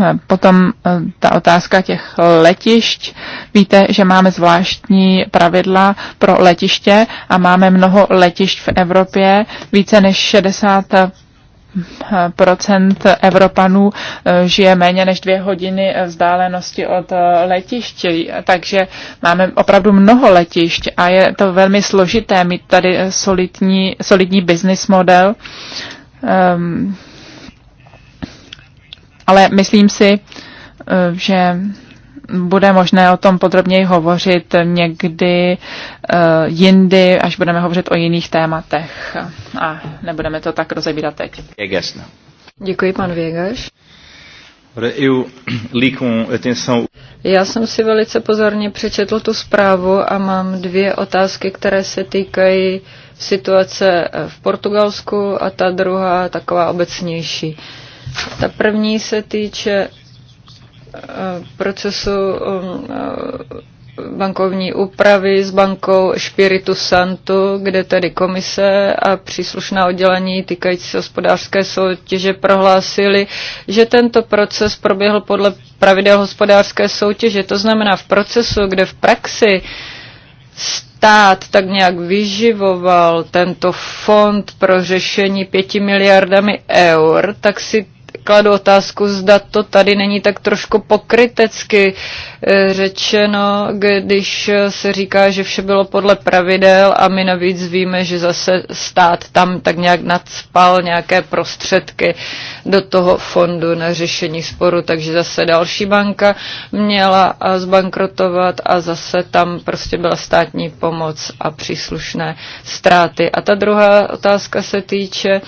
Eh, potom eh, ta otázka těch letišť. Víte, že máme zvláštní pravidla pro letiště a máme mnoho letišť v Evropě, více než 60 eh, procent Evropanů žije méně než dvě hodiny vzdálenosti od letiště, takže máme opravdu mnoho letišť a je to velmi složité mít tady solidní, solidní business model. Um, ale myslím si, eh, že bude možné o tom podrobněji hovořit někdy eh, jindy, až budeme hovořit o jiných tématech a nebudeme to tak rozebírat teď. Děkuji, pan Věgaš. (clears throat) Já jsem si velice pozorně přečetl tu zprávu a mám dvě otázky, které se týkají situace v Portugalsku a ta druhá taková obecnější. Uh, ta první se týče eh, procesu um, eh, bankovní úpravy s bankou Spiritu Santu, kde tedy komise a příslušná oddělení týkající se hospodářské soutěže prohlásili, že tento proces proběhl podle pravidel hospodářské soutěže. To znamená v procesu, kde v praxi stát tak nějak vyživoval tento fond pro řešení pěti miliardami eur, tak si kladu otázku, zda to tady není tak trošku pokrytecky eh, řečeno, když se říká, že vše bylo podle pravidel a my navíc víme, že zase stát tam tak nějak nadspal nějaké prostředky do toho fondu na řešení sporu, takže zase další banka měla zbankrotovat a zase tam prostě byla státní pomoc a příslušné ztráty. A ta druhá otázka se týče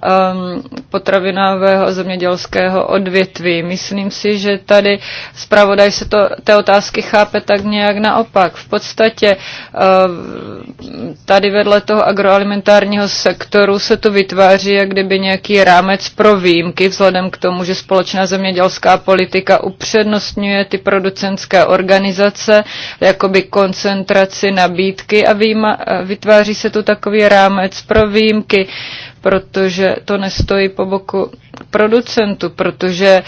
Um, potravinového a zemědělského odvětví. Myslím si, že tady zpravodaj se to, té otázky chápe tak nějak naopak. V podstatě uh, tady vedle toho agroalimentárního sektoru se tu vytváří jak kdyby nějaký rámec pro výjimky, vzhledem k tomu, že společná zemědělská politika upřednostňuje ty producentské organizace, jakoby koncentraci nabídky a výjima, vytváří se tu takový rámec pro výjimky protože to nestojí po boku producentu, protože eh,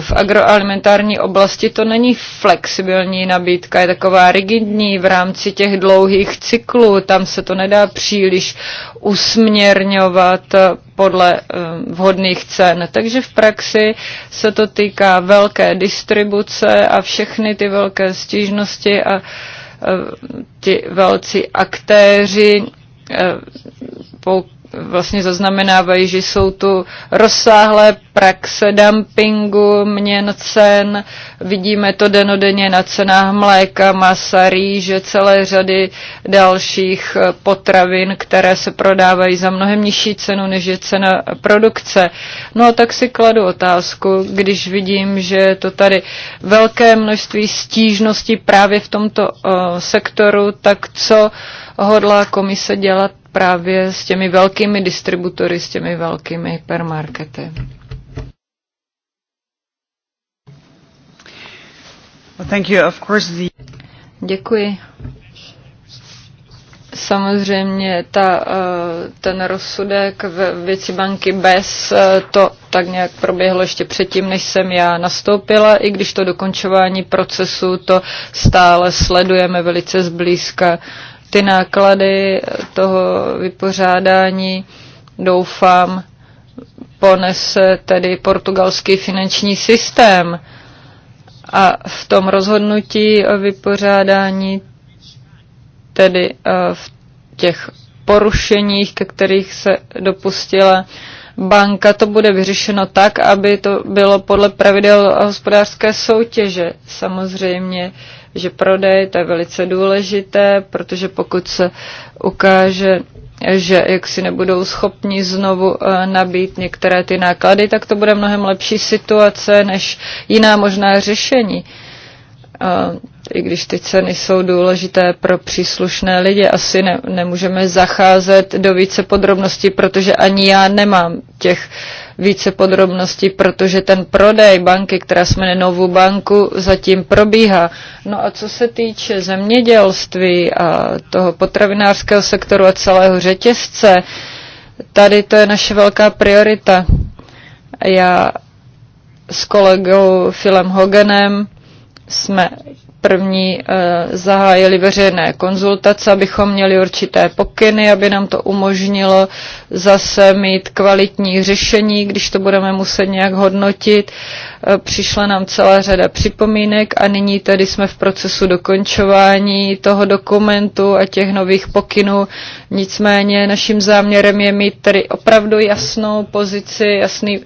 v agroalimentární oblasti to není flexibilní nabídka, je taková rigidní v rámci těch dlouhých cyklů, tam se to nedá příliš usměrňovat eh, podle eh, vhodných cen. Takže v praxi se to týká velké distribuce a všechny ty velké stížnosti a ti velcí aktéři vlastně zaznamenávají, že jsou tu rozsáhlé praxe dumpingu, měn cen, vidíme to denodenně na cenách mléka, masa, rýže, celé řady dalších eh, potravin, které se prodávají za mnohem nižší cenu, než je cena produkce. No a tak si kladu otázku, když vidím, že je to tady velké množství stížností právě v tomto uh, sektoru, tak co hodlá komise dělat právě s těmi velkými distributory, s těmi velkými hypermarkety. Well, thank you. Of course the... Děkuji. Samozřejmě ta, eh, ten rozsudek ve věci banky bez eh, to tak nějak proběhlo ještě předtím, než jsem já nastoupila, i když to dokončování procesu to stále sledujeme velice zblízka ty náklady toho vypořádání, doufám, ponese tedy portugalský finanční systém. A v tom rozhodnutí o vypořádání, tedy eh, v těch porušeních, ke kterých se dopustila banka, to bude vyřešeno tak, aby to bylo podle pravidel hospodářské soutěže. Samozřejmě že prodej, to je velice důležité, protože pokud se ukáže, že jak si nebudou schopni znovu eh, nabít některé ty náklady, tak to bude mnohem lepší situace než jiná možná řešení. Eh, I když ty ceny jsou důležité pro příslušné lidi, asi ne, nemůžeme zacházet do více podrobností, protože ani já nemám těch uh, více podrobností, protože ten prodej banky, která jsme jmenuje Novou banku, zatím probíhá. No a co se týče zemědělství a toho potravinářského sektoru a celého řetězce, tady to je naše velká priorita. Já s kolegou Filem Hoganem jsme první eh, zahájili veřejné konzultace, abychom měli určité pokyny, aby nám to umožnilo zase mít kvalitní řešení, když to budeme muset nějak hodnotit Eh, přišla nám celá řada připomínek a nyní tedy jsme v procesu dokončování toho dokumentu a těch nových pokynů. Nicméně naším záměrem je mít tedy opravdu jasnou pozici, jasný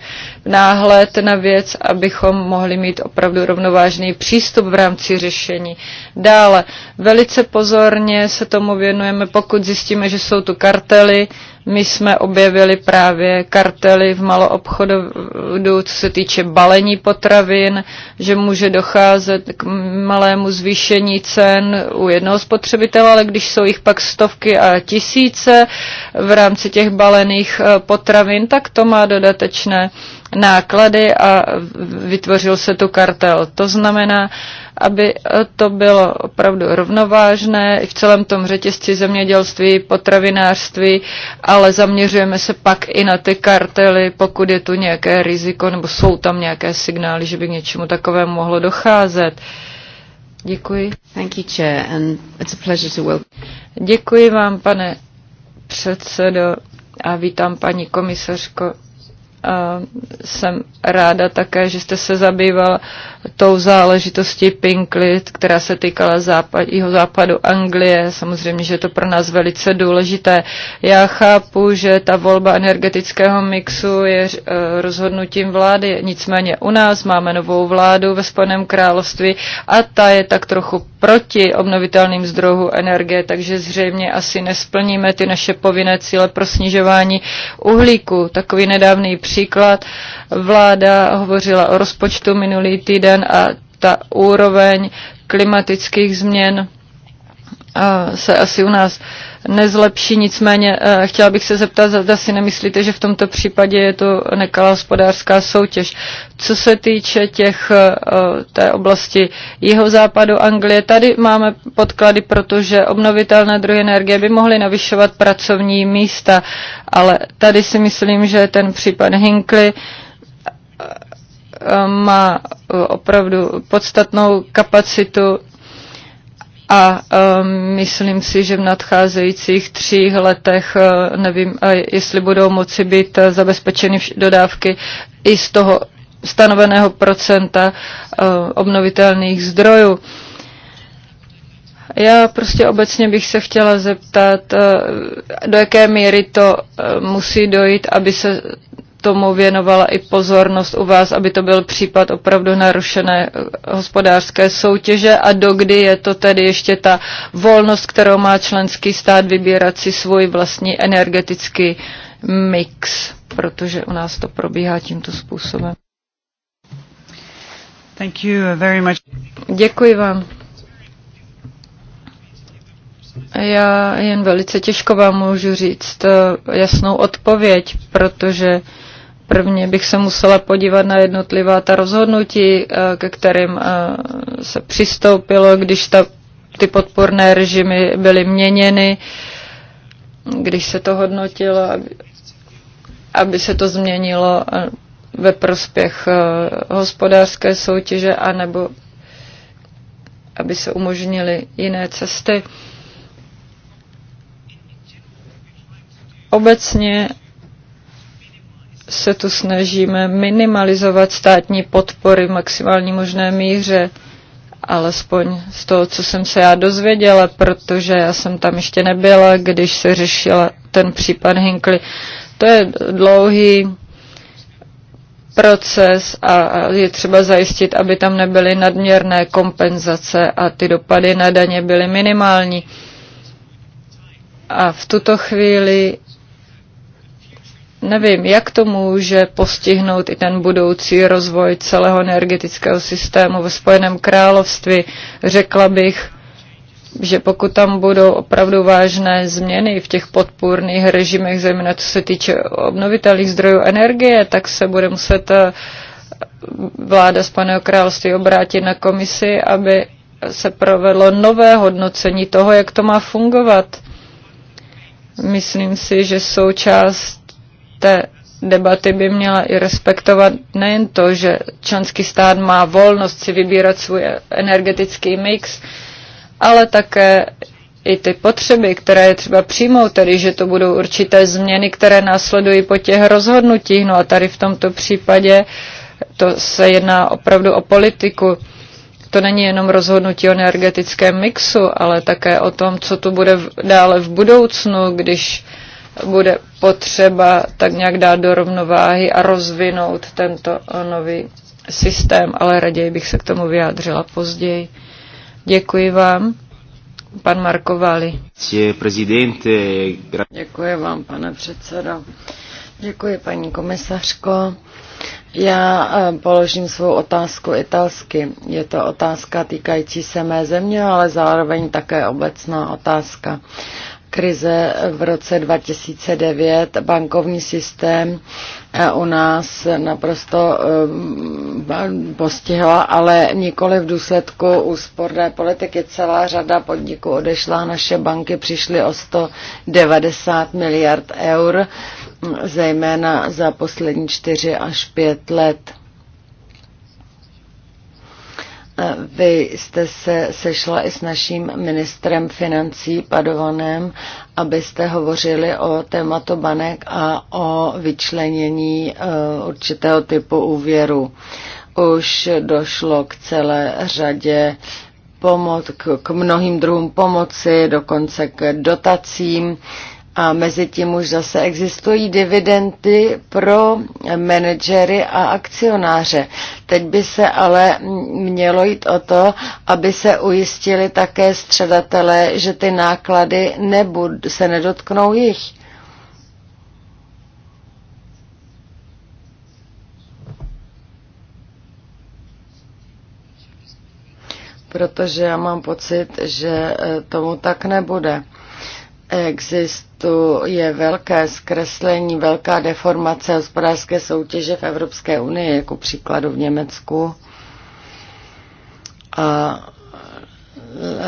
náhled na věc, abychom mohli mít opravdu rovnovážný přístup v rámci řešení. Dále, velice pozorně se tomu věnujeme, pokud zjistíme, že jsou tu kartely, my jsme objevili právě kartely v maloobchodu, co se týče balení potravin, že může docházet k malému zvýšení cen u jednoho spotřebitele, ale když jsou jich pak stovky a tisíce v rámci těch balených eh, potravin, tak to má dodatečné náklady a vytvořil se tu kartel. To znamená, aby to bylo opravdu rovnovážné i v celém tom řetězci zemědělství, potravinářství, ale zaměřujeme se pak i na ty kartely, pokud je tu nějaké riziko nebo jsou tam nějaké signály, že by k něčemu takovému mohlo docházet. Děkuji. Thank you, Chair, and it's a pleasure to welcome. Děkuji vám, pane předsedo, a vítám paní komisařko jsem ráda také, že jste se zabýval tou záležitostí Pinklit, která se týkala západ, jeho západu Anglie. Samozřejmě, že je to pro nás velice důležité. Já chápu, že ta volba energetického mixu je eh, rozhodnutím vlády. Nicméně u nás máme novou vládu ve Spojeném království a ta je tak trochu proti obnovitelným zdrojům energie, takže zřejmě asi nesplníme ty naše povinné cíle pro snižování uhlíku. Takový nedávný příklad Například vláda hovořila o rozpočtu minulý týden a ta úroveň klimatických změn se asi u nás nezlepší, nicméně e, chtěla bych se zeptat, zda si nemyslíte, že v tomto případě je to nekalá hospodářská soutěž. Co se týče těch, e, té oblasti jeho západu Anglie, tady máme podklady, protože obnovitelné druhy energie by mohly navyšovat pracovní místa, ale tady si myslím, že ten případ Hinkley e, má opravdu podstatnou kapacitu a um, myslím si, že v nadcházejících třích letech, uh, nevím, jestli budou moci být uh, zabezpečeny dodávky i z toho stanoveného procenta uh, obnovitelných zdrojů. Já prostě obecně bych se chtěla zeptat, do jaké míry to musí dojít, aby se tomu věnovala i pozornost u vás, aby to byl případ opravdu narušené eh, hospodářské soutěže a dokdy je to tedy ještě ta volnost, kterou má členský stát vybírat si svůj vlastní energetický mix, protože u nás to probíhá tímto způsobem. Thank you very much. Děkuji vám. Já jen velice těžko vám můžu říct eh, jasnou odpověď, protože Prvně bych se musela podívat na jednotlivá ta rozhodnutí, eh, ke kterým eh, se přistoupilo, když ta, ty podporné režimy byly měněny, když se to hodnotilo, aby, aby se to změnilo eh, ve prospěch hospodářské soutěže, anebo aby se umožnily jiné cesty. Obecně se tu snažíme minimalizovat státní podpory v maximální možné míře, alespoň z toho, co jsem se já dozvěděla, protože já jsem tam ještě nebyla, když se řešila ten případ Hinkley. To je dlouhý proces a je třeba zajistit, aby tam nebyly nadměrné kompenzace a ty dopady na daně byly minimální. A v tuto chvíli nevím, jak to může postihnout i ten budoucí rozvoj celého energetického systému ve Spojeném království. Řekla bych, že pokud tam budou opravdu vážné změny v těch podpůrných režimech, zejména co se týče obnovitelných zdrojů energie, tak se bude muset eh, vláda Spojeného království obrátit na komisi, aby se provedlo nové hodnocení toho, jak to má fungovat. Myslím si, že součást té debaty by měla i respektovat nejen to, že členský stát má volnost si vybírat svůj energetický mix, ale také i ty potřeby, které je třeba přijmout, tedy že to budou určité změny, které následují po těch rozhodnutích. No a tady v tomto případě to se jedná opravdu o politiku. To není jenom rozhodnutí o energetickém mixu, ale také o tom, co tu bude dále v budoucnu, když bude potřeba tak nějak dát do rovnováhy a rozvinout tento eh, nový systém, ale raději bych se k tomu vyjádřila později. Děkuji vám. Pan Vali. Děkuji vám, pane předsedo. Děkuji, paní komisařko. Já eh, položím svou otázku italsky. Je to otázka týkající se mé země, ale zároveň také obecná otázka krize v roce 2009. Bankovní systém eh, u nás naprosto eh, postihla, ale nikoli v důsledku úsporné politiky. Celá řada podniků odešla, naše banky přišly o 190 miliard eur, zejména za poslední 4 až 5 let. Vy jste se sešla i s naším ministrem financí Padovanem, abyste hovořili o tématu banek a o vyčlenění e, určitého typu úvěru. Už došlo k celé řadě pomoc, k, k mnohým druhům pomoci, dokonce k dotacím a mezi tím už zase existují dividendy pro manažery a akcionáře. Teď by se ale mělo jít o to, aby se ujistili také středatelé, že ty náklady nebud, se nedotknou jich. Protože já mám pocit, že eh, tomu tak nebude. Existuje velké zkreslení, velká deformace hospodářské soutěže v Evropské unii, jako příkladu v Německu. A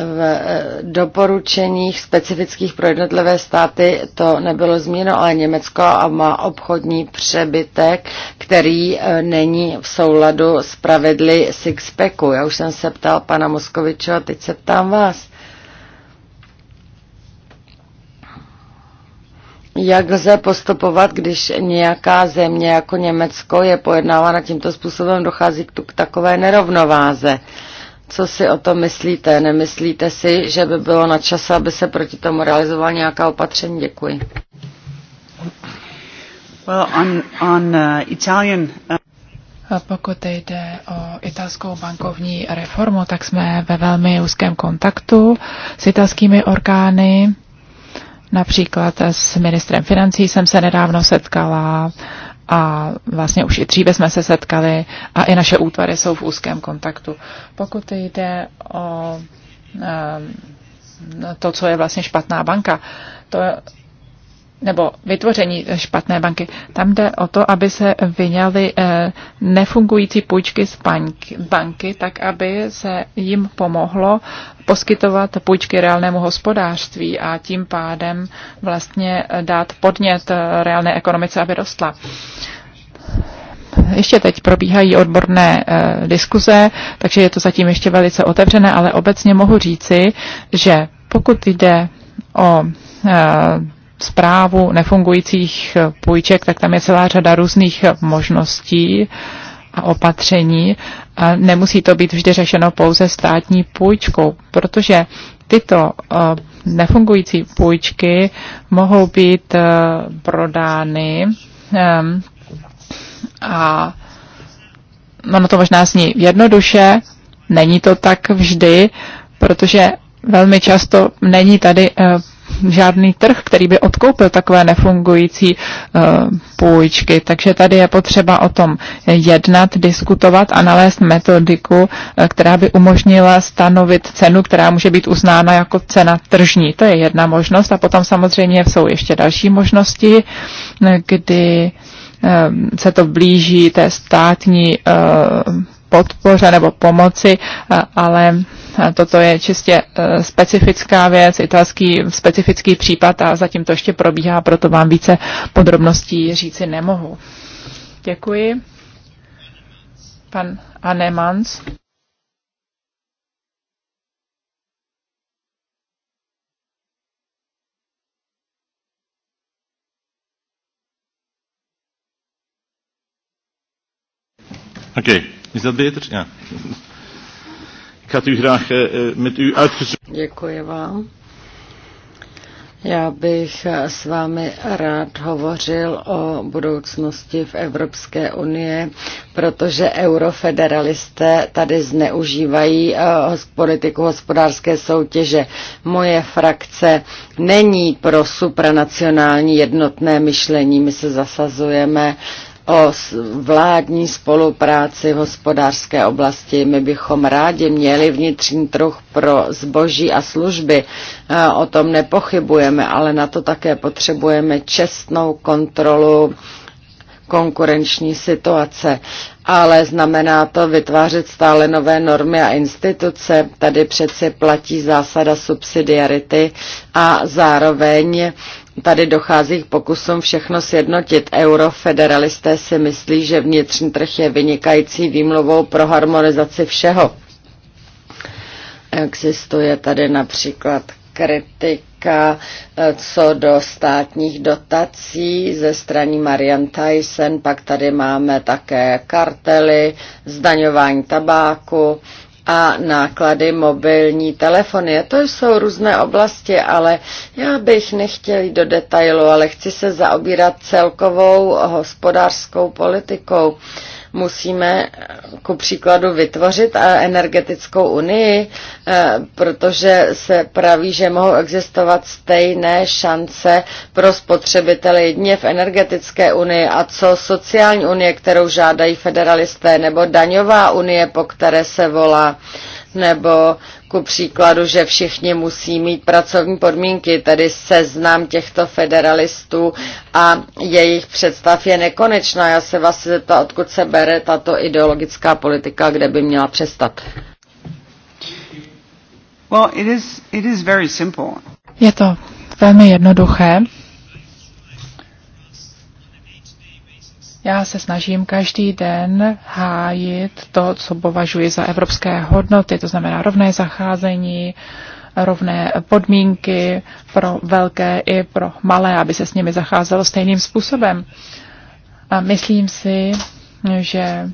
v doporučeních specifických pro jednotlivé státy to nebylo zmíněno, ale Německo má obchodní přebytek, který e, není v souladu s pravidly Sixpacku. Já už jsem se ptal pana Moskoviče a teď se ptám vás. jak lze postupovat, když nějaká země jako Německo je pojednávána tímto způsobem, dochází k, tu, k takové nerovnováze. Co si o tom myslíte? Nemyslíte si, že by bylo na čase, aby se proti tomu realizovala nějaká opatření? Děkuji. Well, on, on, uh, Italian, uh... Pokud jde o italskou bankovní reformu, tak jsme ve velmi úzkém kontaktu s italskými orgány Například s ministrem financí jsem se nedávno setkala a vlastně už i dříve jsme se setkali a i naše útvary jsou v úzkém kontaktu. Pokud jde o ehm, to, co je vlastně špatná banka, to nebo vytvoření špatné banky. Tam jde o to, aby se vyňaly eh, nefungující půjčky z banky, tak aby se jim pomohlo poskytovat půjčky reálnému hospodářství a tím pádem vlastně eh, dát podnět eh, reálné ekonomice, aby rostla. Ještě teď probíhají odborné e, diskuze, takže je to zatím ještě velice otevřené, ale obecně mohu říci, že pokud jde o e, zprávu nefungujících eh, půjček, tak tam je celá řada různých eh, možností a opatření. A nemusí to být vždy řešeno pouze státní půjčkou, protože tyto eh, nefungující půjčky mohou být prodány ehm, a ono to možná zní jednoduše, není to tak vždy, protože velmi často není tady žádný trh, který by odkoupil takové nefungující eh, půjčky. Takže tady je potřeba o tom jednat, diskutovat a nalézt metodiku, eh, která by umožnila stanovit cenu, která může být uznána jako cena tržní. To je jedna možnost a potom samozřejmě jsou ještě další možnosti, eh, kdy se to blíží té státní podpoře nebo pomoci, eh, ale eh, toto je čistě eh, specifická věc, italský specifický případ a zatím to ještě probíhá, proto vám více podrobností říci nemohu. Děkuji. Pan Anemans. Okay. Is that beter? Ja. Ik had u graag uh, met u uitgezocht. Děkuji vám. Já bych eh, s vámi rád hovořil o budoucnosti v Evropské unie, protože eurofederalisté tady zneužívají politiku hospodářské soutěže. Moje frakce není pro supranacionální jednotné myšlení. My se zasazujeme o vládní spolupráci v hospodářské oblasti. My bychom rádi měli vnitřní trh pro zboží a služby. O tom nepochybujeme, ale na to také potřebujeme čestnou kontrolu konkurenční situace. Ale znamená to vytvářet stále nové normy a instituce. Tady přece platí zásada subsidiarity a zároveň Tady dochází k pokusům všechno sjednotit. Eurofederalisté si myslí, že vnitřní trh je vynikající výmluvou pro harmonizaci všeho. Existuje tady například kritika eh, co do státních dotací ze strany Marian Tyson, pak tady máme také kartely, zdaňování tabáku, a náklady mobilní telefony. to jsou různé oblasti, ale já bych nechtěl jít do detailu, ale chci se zaobírat celkovou hospodářskou politikou Musíme ku příkladu vytvořit energetickou unii, eh, protože se praví, že mohou existovat stejné šance pro spotřebitele jedině v energetické unii a co sociální unie, kterou žádají federalisté, nebo daňová unie, po které se volá nebo ku příkladu, že všichni musí mít pracovní podmínky, tedy seznam těchto federalistů a jejich představ je nekonečná. Já se vás zeptám, odkud se bere tato ideologická politika, kde by měla přestat. Well, it is, it is very simple. Je to velmi jednoduché. Já se snažím každý den hájit to, co považuji za evropské hodnoty, to znamená rovné zacházení, rovné podmínky pro velké i pro malé, aby se s nimi zacházelo stejným způsobem. A myslím si, že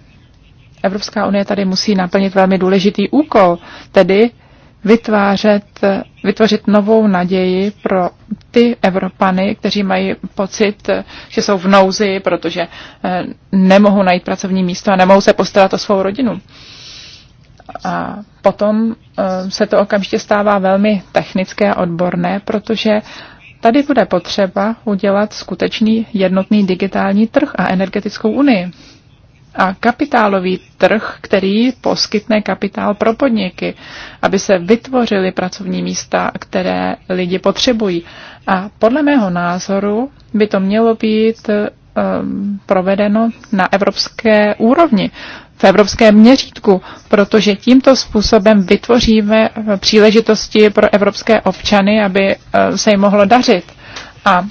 Evropská unie tady musí naplnit velmi důležitý úkol, tedy vytvářet, vytvořit novou naději pro ty Evropany, kteří mají pocit, že jsou v nouzi, protože eh, nemohou najít pracovní místo a nemohou se postarat o svou rodinu. A potom eh, se to okamžitě stává velmi technické a odborné, protože tady bude potřeba udělat skutečný jednotný digitální trh a energetickou unii a kapitálový trh, který poskytne kapitál pro podniky, aby se vytvořily pracovní místa, které lidi potřebují. A podle mého názoru by to mělo být um, provedeno na evropské úrovni, v evropském měřítku, protože tímto způsobem vytvoříme příležitosti pro evropské občany, aby ehm, se jim mohlo dařit. A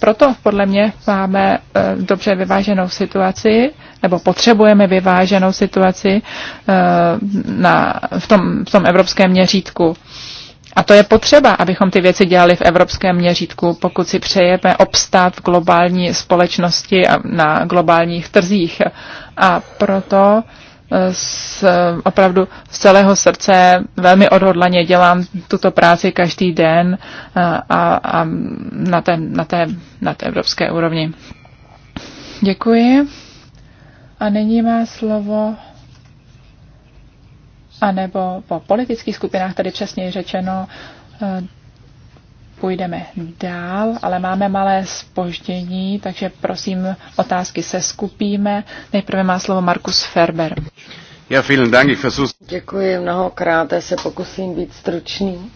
proto podle mě máme ehm, dobře vyváženou situaci nebo potřebujeme vyváženou situaci eh, na, v, tom, v tom evropském měřítku. A to je potřeba, abychom ty věci dělali v evropském měřítku, pokud si přejeme obstát v globální společnosti a na globálních trzích. A proto eh, s, opravdu z celého srdce velmi odhodlaně dělám tuto práci každý den eh, a, a na, té, na, té, na té evropské úrovni. Děkuji. A nyní má slovo anebo po politických skupinách, tady přesněji řečeno, eh, půjdeme dál, ale máme malé spoždění, takže prosím, otázky se skupíme. Nejprve má slovo Markus Ferber. Ja, vielen Dank, ich versuch... Děkuji mnohokrát, já se pokusím být stručný.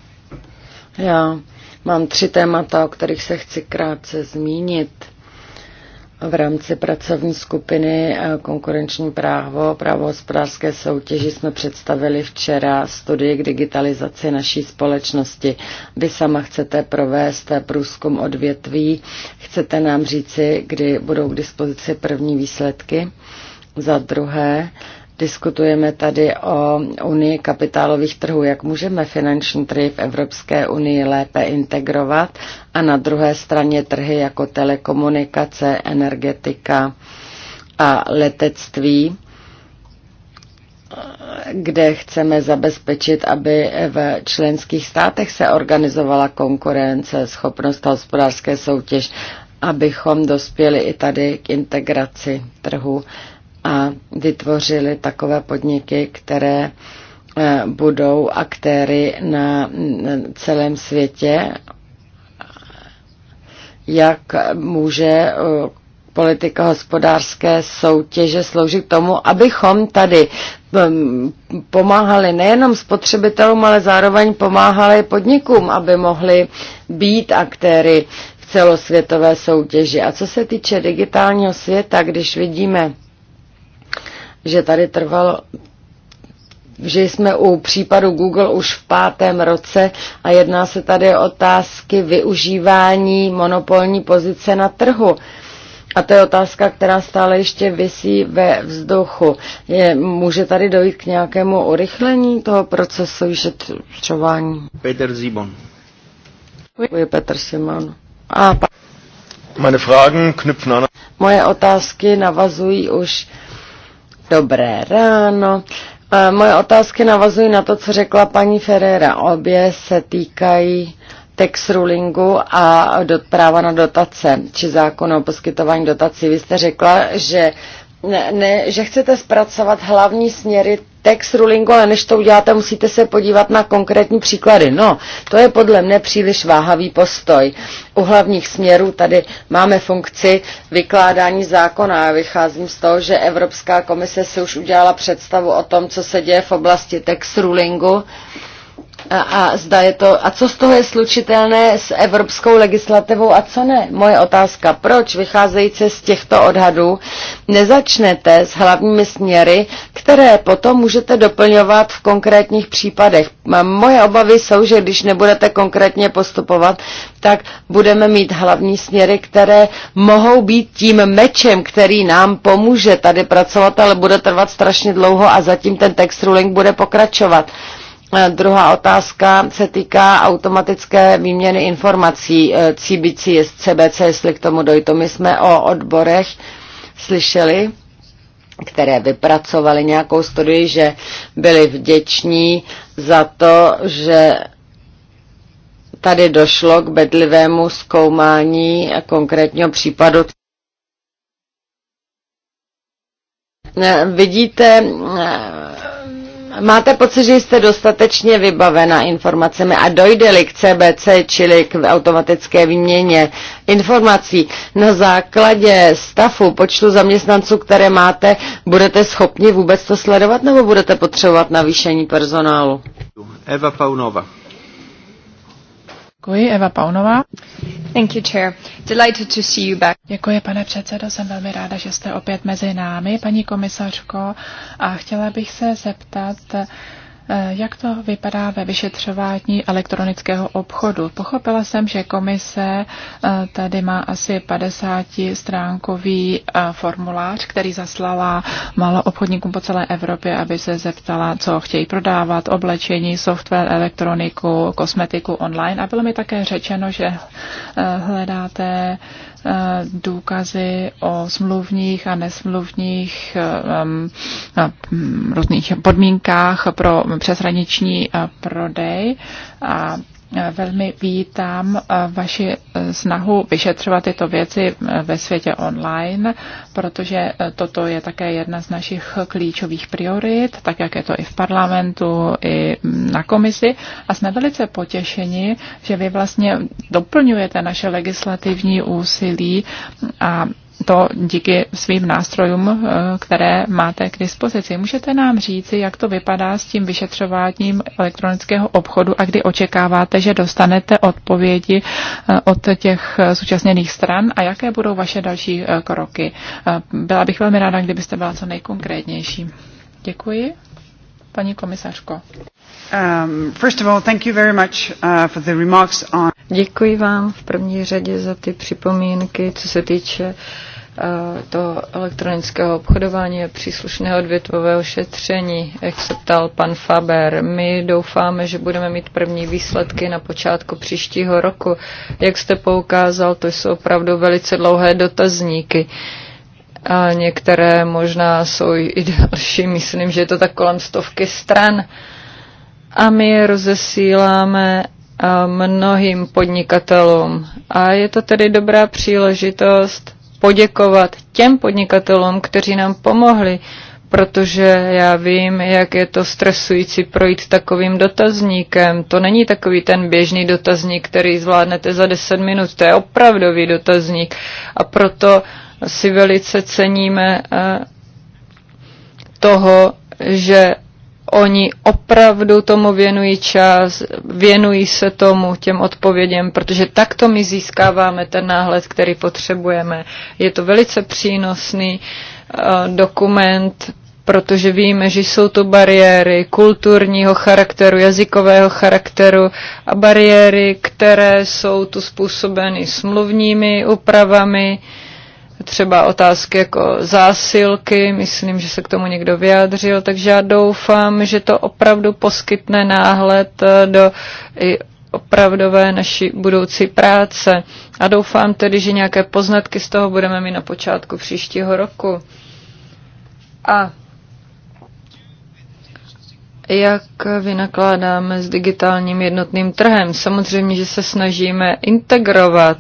Já mám tři témata, o kterých se chci krátce zmínit v rámci pracovní skupiny eh, konkurenční právo, právo hospodářské soutěži jsme představili včera studii k digitalizaci naší společnosti. Vy sama chcete provést průzkum odvětví. Chcete nám říci, kdy budou k dispozici první výsledky? Za druhé, Diskutujeme tady o unii kapitálových trhů, jak můžeme finanční trhy v Evropské unii lépe integrovat a na druhé straně trhy jako telekomunikace, energetika a letectví kde chceme zabezpečit, aby v členských státech se organizovala konkurence, schopnost hospodářské soutěž, abychom dospěli i tady k integraci trhu a vytvořili takové podniky, které eh, budou aktéry na celém světě, jak může eh, politika hospodářské soutěže sloužit k tomu, abychom tady ehm, pomáhali nejenom spotřebitelům, ale zároveň pomáhali podnikům, aby mohli být aktéry v celosvětové soutěži. A co se týče digitálního světa, když vidíme že tady trvalo že jsme u případu Google už v pátém roce a jedná se tady o otázky využívání monopolní pozice na trhu. A to je otázka, která stále ještě visí ve vzduchu. Je, může tady dojít k nějakému urychlení toho procesu vyšetřování? Peter Zibon. Děkuji, Petr Simon. A, pa... Meine Fragen knüpfen an. Moje otázky navazují už Dobré ráno. Moje otázky navazují na to, co řekla paní Ferreira. Obě se týkají tax rulingu a do, práva na dotace, či zákon o poskytování dotací. Vy jste řekla, že ne, ne, že chcete zpracovat hlavní směry text rulingu, ale než to uděláte, musíte se podívat na konkrétní příklady. No, to je podle mne příliš váhavý postoj. U hlavních směrů tady máme funkci vykládání zákona. Já vycházím z toho, že Evropská komise si už udělala představu o tom, co se děje v oblasti text rulingu a zda je to, a co z toho je slučitelné s evropskou legislativou a co ne? Moje otázka, proč vycházející z těchto odhadů nezačnete s hlavními směry, které potom můžete doplňovat v konkrétních případech? Moje obavy jsou, že když nebudete konkrétně postupovat, tak budeme mít hlavní směry, které mohou být tím mečem, který nám pomůže tady pracovat, ale bude trvat strašně dlouho a zatím ten text ruling bude pokračovat. Eh, druhá otázka se týká automatické výměny informací eh, CBC, CBC, jestli k tomu dojde. my jsme o odborech slyšeli, které vypracovali nějakou studii, že byli vděční za to, že tady došlo k bedlivému zkoumání konkrétního případu. Eh, vidíte, Máte pocit, že jste dostatečně vybavena informacemi a dojde-li k CBC, čili k automatické výměně informací na základě stafu počtu zaměstnanců, které máte, budete schopni vůbec to sledovat nebo budete potřebovat navýšení personálu? Eva Paunova. Děkuji, Eva Paunová. Thank you, Chair. Delighted to see you back. Děkuji, pane předsedo, jsem velmi ráda, že jste opět mezi námi, paní komisařko, a chtěla bych se zeptat, Eh, jak to vypadá ve vyšetřování elektronického obchodu? Pochopila jsem, že komise eh, tady má asi 50-stránkový eh, formulář, který zaslala malo obchodníkům po celé Evropě, aby se zeptala, co chtějí prodávat, oblečení, software, elektroniku, kosmetiku online. A bylo mi také řečeno, že hledáte Eh, důkazy o smluvních a nesmluvních eh, hm, různých podmínkách pro přeshraniční eh, prodej a velmi vítám eh, vaši eh, snahu vyšetřovat tyto věci eh, ve světě online, protože toto je také jedna z našich klíčových priorit, tak jak je to i v parlamentu, i mm, na komisi. A jsme velice potěšeni, že vy vlastně doplňujete naše legislativní úsilí a to díky svým nástrojům, eh, které máte k dispozici. Můžete nám říci, jak to vypadá s tím vyšetřováním elektronického obchodu a kdy očekáváte, že dostanete odpovědi eh, od těch eh, zúčastněných stran a jaké budou vaše další kroky. Byla bych velmi ráda, kdybyste byla co nejkonkrétnější. Děkuji. Paní komisařko. Um, first of all, thank you very much uh, for the remarks on... Děkuji vám v první řadě za ty připomínky, co se týče uh, to elektronického obchodování a příslušného odvětvového šetření, jak se ptal pan Faber. My doufáme, že budeme mít první výsledky na počátku příštího roku. Jak jste poukázal, to jsou opravdu velice dlouhé dotazníky. A některé možná jsou i (laughs) další, myslím, že je to tak kolem stovky stran. A my je rozesíláme mnohým podnikatelům. A je to tedy dobrá příležitost poděkovat těm podnikatelům, kteří nám pomohli, protože já vím, jak je to stresující projít takovým dotazníkem. To není takový ten běžný dotazník, který zvládnete za 10 minut, to je opravdový dotazník. A proto si velice ceníme eh, toho, že Oni opravdu tomu věnují čas, věnují se tomu, těm odpověděm, protože takto my získáváme ten náhled, který potřebujeme. Je to velice přínosný eh, dokument, protože víme, že jsou to bariéry kulturního charakteru, jazykového charakteru a bariéry, které jsou tu způsobeny smluvními úpravami, třeba otázky jako zásilky, myslím, že se k tomu někdo vyjádřil, takže já doufám, že to opravdu poskytne náhled eh, do i opravdové naší budoucí práce. A doufám tedy, že nějaké poznatky z toho budeme mít na počátku příštího roku. A jak vynakládáme s digitálním jednotným trhem? Samozřejmě, že se snažíme integrovat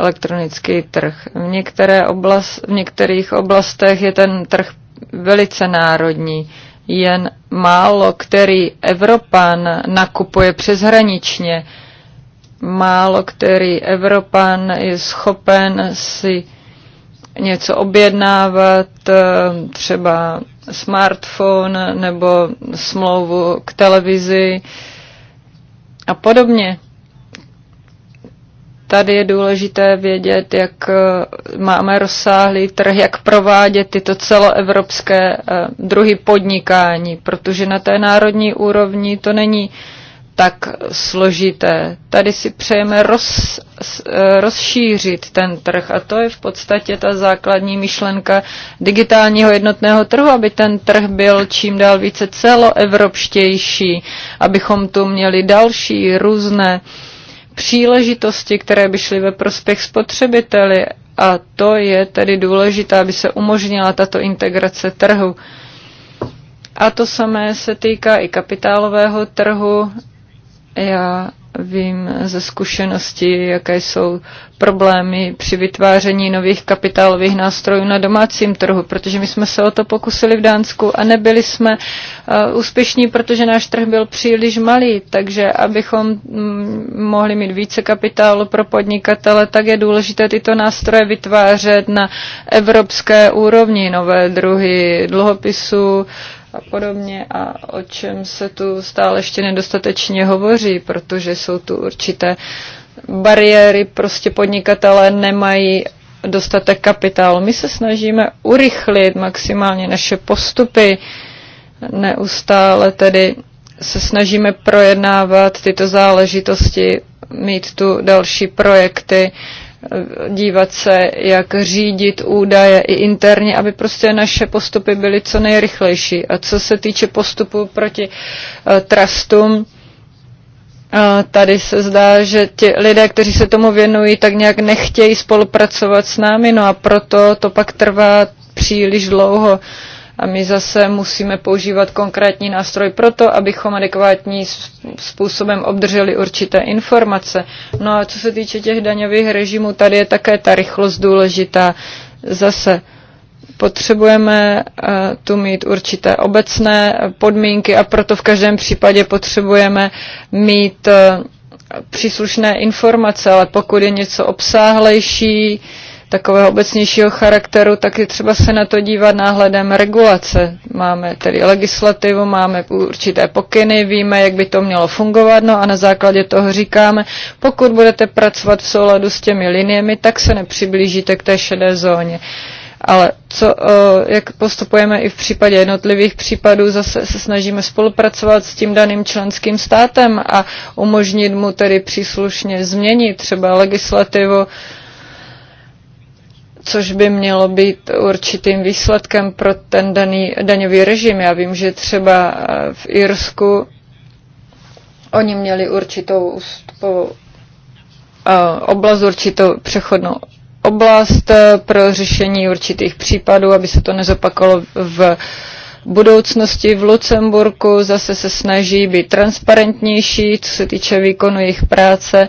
elektronický trh. V, některé oblast, v některých oblastech je ten trh velice národní. Jen málo který Evropan nakupuje přeshraničně. Málo který Evropan je schopen si něco objednávat, eh, třeba smartphone nebo smlouvu k televizi a podobně. Tady je důležité vědět, jak eh, máme rozsáhlý trh, jak provádět tyto celoevropské eh, druhy podnikání, protože na té národní úrovni to není tak složité. Tady si přejeme roz, eh, rozšířit ten trh a to je v podstatě ta základní myšlenka digitálního jednotného trhu, aby ten trh byl čím dál více celoevropštější, abychom tu měli další různé uh, příležitosti, které by šly ve prospěch spotřebiteli. A to je tedy důležité, aby se umožnila tato integrace trhu. A to samé se týká i kapitálového trhu. Já Vím ze zkušenosti, jaké jsou problémy při vytváření nových kapitálových nástrojů na domácím trhu, protože my jsme se o to pokusili v Dánsku a nebyli jsme uh, úspěšní, protože náš trh byl příliš malý. Takže abychom mm, mohli mít více kapitálu pro podnikatele, tak je důležité tyto nástroje vytvářet na evropské úrovni, nové druhy dluhopisů, a podobně a o čem se tu stále ještě nedostatečně hovoří, protože jsou tu určité bariéry, prostě podnikatelé nemají dostatek kapitálu. My se snažíme urychlit maximálně naše postupy, neustále tedy se snažíme projednávat tyto záležitosti, mít tu další projekty, dívat se, jak řídit údaje i interně, aby prostě naše postupy byly co nejrychlejší. A co se týče postupu proti eh, trustům, eh, Tady se zdá, že ti lidé, kteří se tomu věnují, tak nějak nechtějí spolupracovat s námi, no a proto to pak trvá příliš dlouho. Uh, a my zase musíme používat konkrétní nástroj proto, abychom adekvátní způsobem obdrželi určité informace. No a co se týče těch daňových režimů, tady je také ta rychlost důležitá. Zase potřebujeme eh, tu mít určité obecné podmínky a proto v každém případě potřebujeme mít eh, příslušné informace, ale pokud je něco obsáhlejší, takového obecnějšího charakteru, tak je třeba se na to dívat náhledem regulace. Máme tedy legislativu, máme určité pokyny, víme, jak by to mělo fungovat, no a na základě toho říkáme, pokud budete pracovat v souladu s těmi liniemi, tak se nepřiblížíte k té šedé zóně. Ale co, jak postupujeme i v případě jednotlivých případů, zase se snažíme spolupracovat s tím daným členským státem a umožnit mu tedy příslušně změnit třeba legislativu, což by mělo být určitým výsledkem pro ten daný daňový režim. Já vím, že třeba eh, v Irsku oni měli určitou ústupovou eh, oblast, určitou přechodnou oblast eh, pro řešení určitých případů, aby se to nezopakovalo v budoucnosti v Lucemburku. Zase se snaží být transparentnější, co se týče výkonu jejich práce.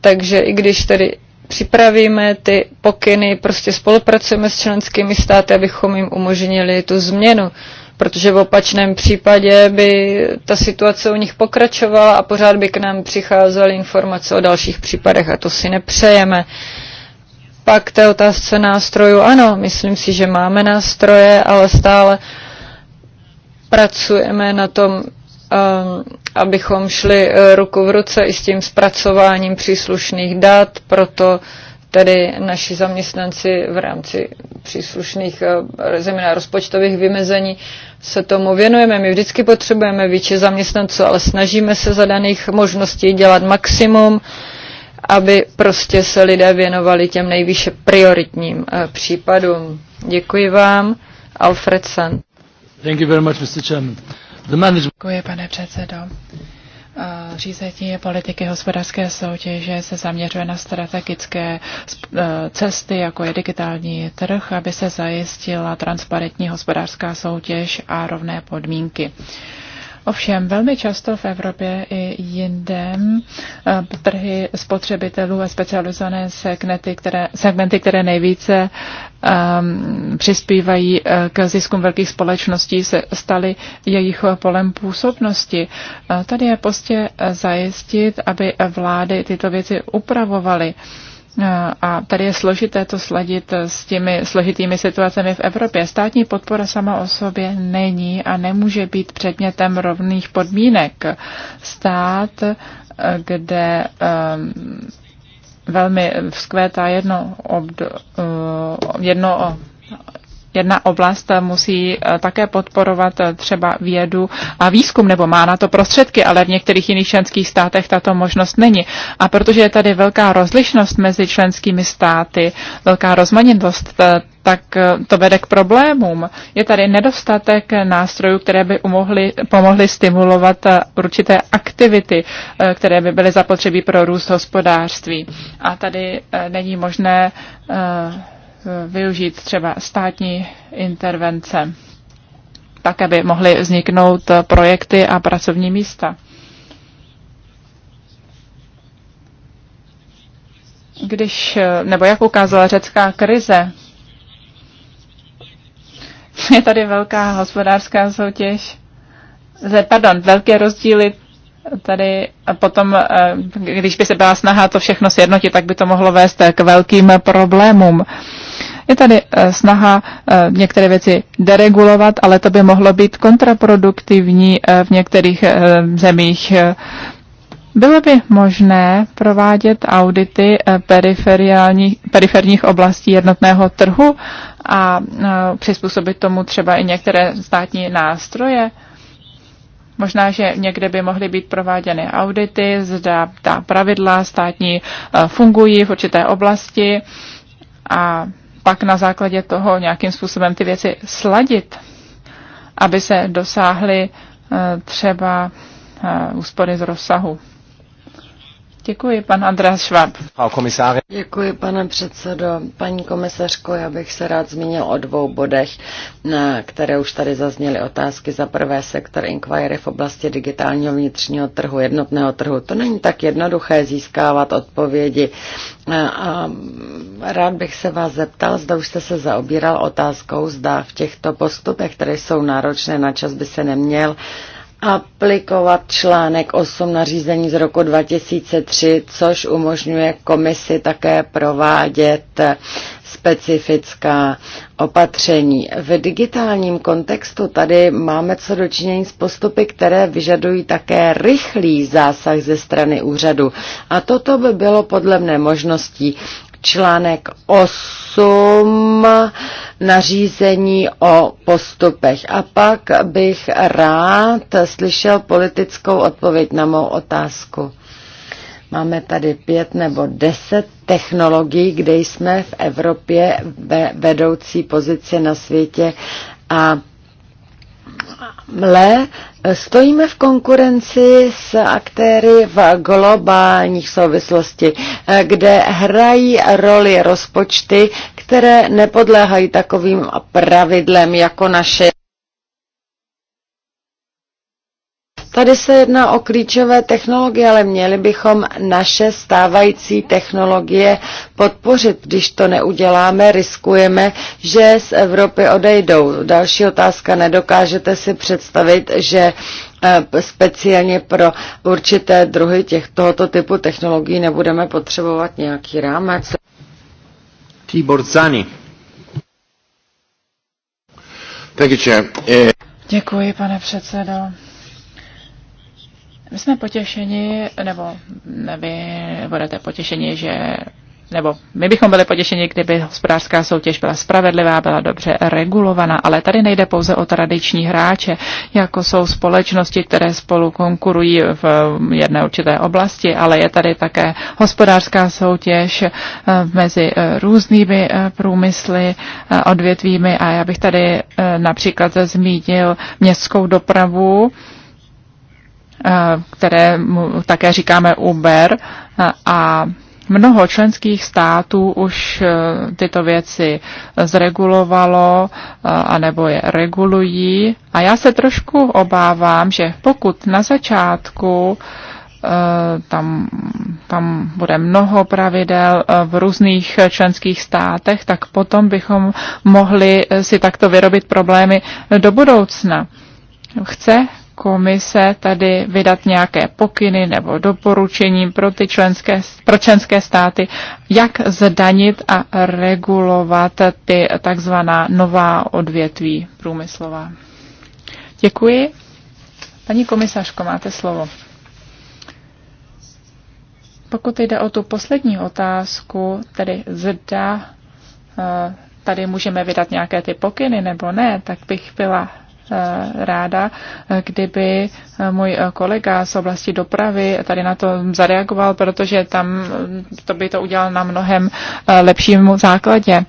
Takže i když tedy připravíme ty pokyny, prostě spolupracujeme s členskými státy, abychom jim umožnili tu změnu, protože v opačném případě by ta situace u nich pokračovala a pořád by k nám přicházely informace o dalších případech a to si nepřejeme. Pak té otázce nástrojů, ano, myslím si, že máme nástroje, ale stále pracujeme na tom, um, abychom šli eh, ruku v ruce i s tím zpracováním příslušných dat, proto tedy naši zaměstnanci v rámci příslušných eh, zejména rozpočtových vymezení se tomu věnujeme. My vždycky potřebujeme více zaměstnanců, ale snažíme se za daných možností dělat maximum, aby prostě se lidé věnovali těm nejvýše prioritním eh, případům. Děkuji vám. Alfred San. Thank you very much, Mr. Chairman. Děkuji, pane předsedo. Řízení politiky hospodářské soutěže se zaměřuje na strategické e, cesty, jako je digitální trh, aby se zajistila transparentní hospodářská soutěž a rovné podmínky. Ovšem, velmi často v Evropě i jinde e, trhy spotřebitelů a specializované segmenty které, segmenty, které nejvíce Ehm, přispívají eh, k ziskům velkých společností, se staly jejich polem působnosti. Eh, tady je prostě zajistit, aby vlády tyto věci upravovaly. A tady je složité to sladit s těmi složitými situacemi v Evropě. Státní podpora sama o sobě není a nemůže být předmětem rovných podmínek. Stát, kde ehm, velmi vzkvétá jedno, obdo, eh, jedno jedna oblast musí eh, také podporovat eh, třeba vědu a výzkum, nebo má na to prostředky, ale v některých jiných členských státech tato možnost není. A protože je tady velká rozlišnost mezi členskými státy, velká rozmanitost, eh, tak to vede k problémům. Je tady nedostatek nástrojů, které by umohly, pomohly stimulovat určité aktivity, které by byly zapotřebí pro růst hospodářství. A tady není možné využít třeba státní intervence, tak aby mohly vzniknout projekty a pracovní místa. Když, nebo jak ukázala řecká krize, je tady velká hospodářská soutěž, pardon, velké rozdíly tady a potom, eh, když by se byla snaha to všechno sjednotit, tak by to mohlo vést k velkým problémům. Je tady eh, snaha eh, některé věci deregulovat, ale to by mohlo být kontraproduktivní eh, v některých zemích. Bylo by možné provádět audity periferních oblastí jednotného trhu a přizpůsobit tomu třeba i některé státní nástroje? Možná, že někde by mohly být prováděny audity, zda ta pravidla státní fungují v určité oblasti a pak na základě toho nějakým způsobem ty věci sladit, aby se dosáhly eh, třeba eh, úspory z rozsahu. Děkuji, pan Andreas Schwab. Děkuji, pane předsedo. Paní komisařko, já bych se rád zmínil o dvou bodech, na které už tady zazněly otázky. Za prvé sektor inquiry v oblasti digitálního vnitřního trhu, jednotného trhu. To není tak jednoduché získávat odpovědi. A rád bych se vás zeptal, zda už jste se zaobíral otázkou, zda v těchto postupech, které jsou náročné na čas, by se neměl aplikovat článek 8 nařízení z roku 2003, což umožňuje komisi také provádět specifická opatření. V digitálním kontextu tady máme co dočinění s postupy, které vyžadují také rychlý zásah ze strany úřadu. A toto by bylo podle mne možností článek 8 nařízení o postupech. A pak bych rád slyšel politickou odpověď na mou otázku. Máme tady pět nebo deset technologií, kde jsme v Evropě ve vedoucí pozici na světě a mle stojíme v konkurenci s aktéry v globálních souvislosti, kde hrají roli rozpočty, které nepodléhají takovým pravidlem jako naše. Tady se jedná o klíčové technologie, ale měli bychom naše stávající technologie podpořit. Když to neuděláme, riskujeme, že z Evropy odejdou. Další otázka, nedokážete si představit, že eh, speciálně pro určité druhy těch, tohoto typu technologií nebudeme potřebovat nějaký rámec. Tibor Zani. Eh, Děkuji, pane předsedo. My jsme potěšeni, nebo vy budete potěšeni, že nebo my bychom byli potěšeni, kdyby hospodářská soutěž byla spravedlivá, byla dobře regulovaná, ale tady nejde pouze o tradiční hráče, jako jsou společnosti, které spolu konkurují v jedné určité oblasti, ale je tady také hospodářská soutěž eh, mezi eh, různými eh, průmysly, odvětvími a já bych tady například zmínil městskou dopravu, Eh, které také říkáme Uber, eh, a mnoho členských států už eh, tyto věci zregulovalo anebo je regulují. A já se trošku obávám, že pokud na začátku tam, tam bude mnoho pravidel v různých členských státech, tak potom bychom mohli si takto vyrobit problémy do budoucna. Chce komise tady vydat nějaké pokyny nebo doporučení pro, ty členské, pro členské státy, jak zdanit a regulovat ty takzvaná nová odvětví průmyslová. Děkuji. Paní komisařko, máte slovo. Pokud jde o tu poslední otázku, tedy zda eh, tady můžeme vydat nějaké ty pokyny nebo ne, tak bych byla Eh, ráda, eh, kdyby eh, můj kolega z oblasti dopravy tady na to zareagoval, protože tam to by to udělal na mnohem lepším základě.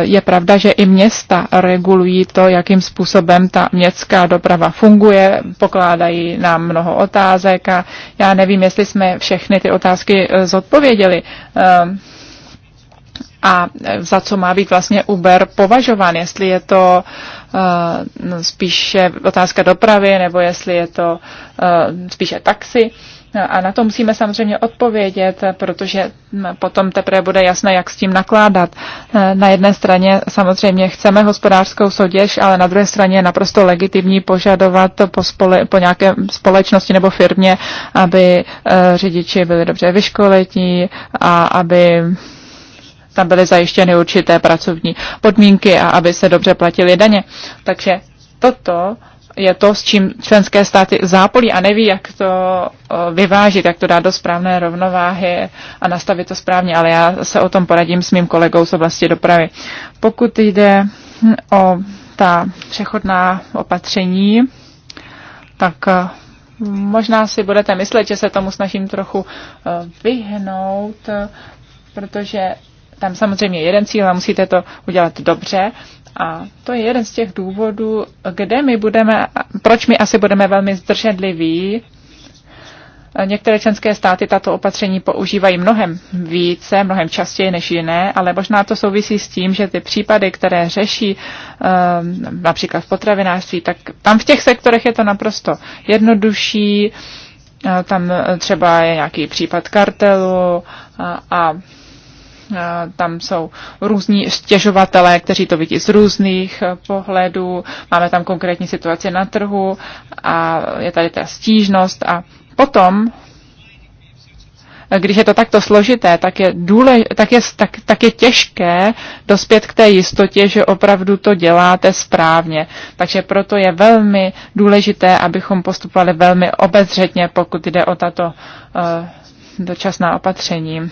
Je pravda, že i města regulují to, jakým způsobem ta městská doprava funguje, pokládají nám mnoho otázek a já nevím, jestli jsme všechny ty otázky zodpověděli a e, za co má být vlastně Uber považován, jestli je to uh, spíše otázka dopravy nebo jestli je to uh, spíše taxi. A na to musíme samozřejmě odpovědět, protože potom teprve bude jasné, jak s tím nakládat. Na jedné straně samozřejmě chceme hospodářskou soutěž, ale na druhé straně je naprosto legitimní požadovat po, spole, po nějaké společnosti nebo firmě, aby řidiči byli dobře vyškoletí a aby tam byly zajištěny určité pracovní podmínky a aby se dobře platily daně. Takže toto je to, s čím členské státy zápolí a neví, jak to eh, vyvážit, jak to dát do správné rovnováhy a nastavit to správně, ale já se o tom poradím s mým kolegou z oblasti dopravy. Pokud jde hm, o ta přechodná opatření, tak eh, možná si budete myslet, že se tomu snažím trochu eh, vyhnout, protože tam samozřejmě jeden cíl a musíte to udělat dobře. A to je jeden z těch důvodů, kde my budeme, proč my asi budeme velmi zdrženliví. Některé členské státy tato opatření používají mnohem více, mnohem častěji než jiné, ale možná to souvisí s tím, že ty případy, které řeší ehm, například v potravinářství, tak tam v těch sektorech je to naprosto jednodušší. Ehm, tam třeba je nějaký případ kartelu a, a Eh, tam jsou různí stěžovatelé, kteří to vidí z různých eh, pohledů. Máme tam konkrétní situaci na trhu a je tady ta stížnost. A potom, eh, když je to takto složité, tak je, důle, tak je, tak, tak je těžké dospět k té jistotě, že opravdu to děláte správně. Takže proto je velmi důležité, abychom postupovali velmi obezřetně, pokud jde o tato uh, dočasná opatření.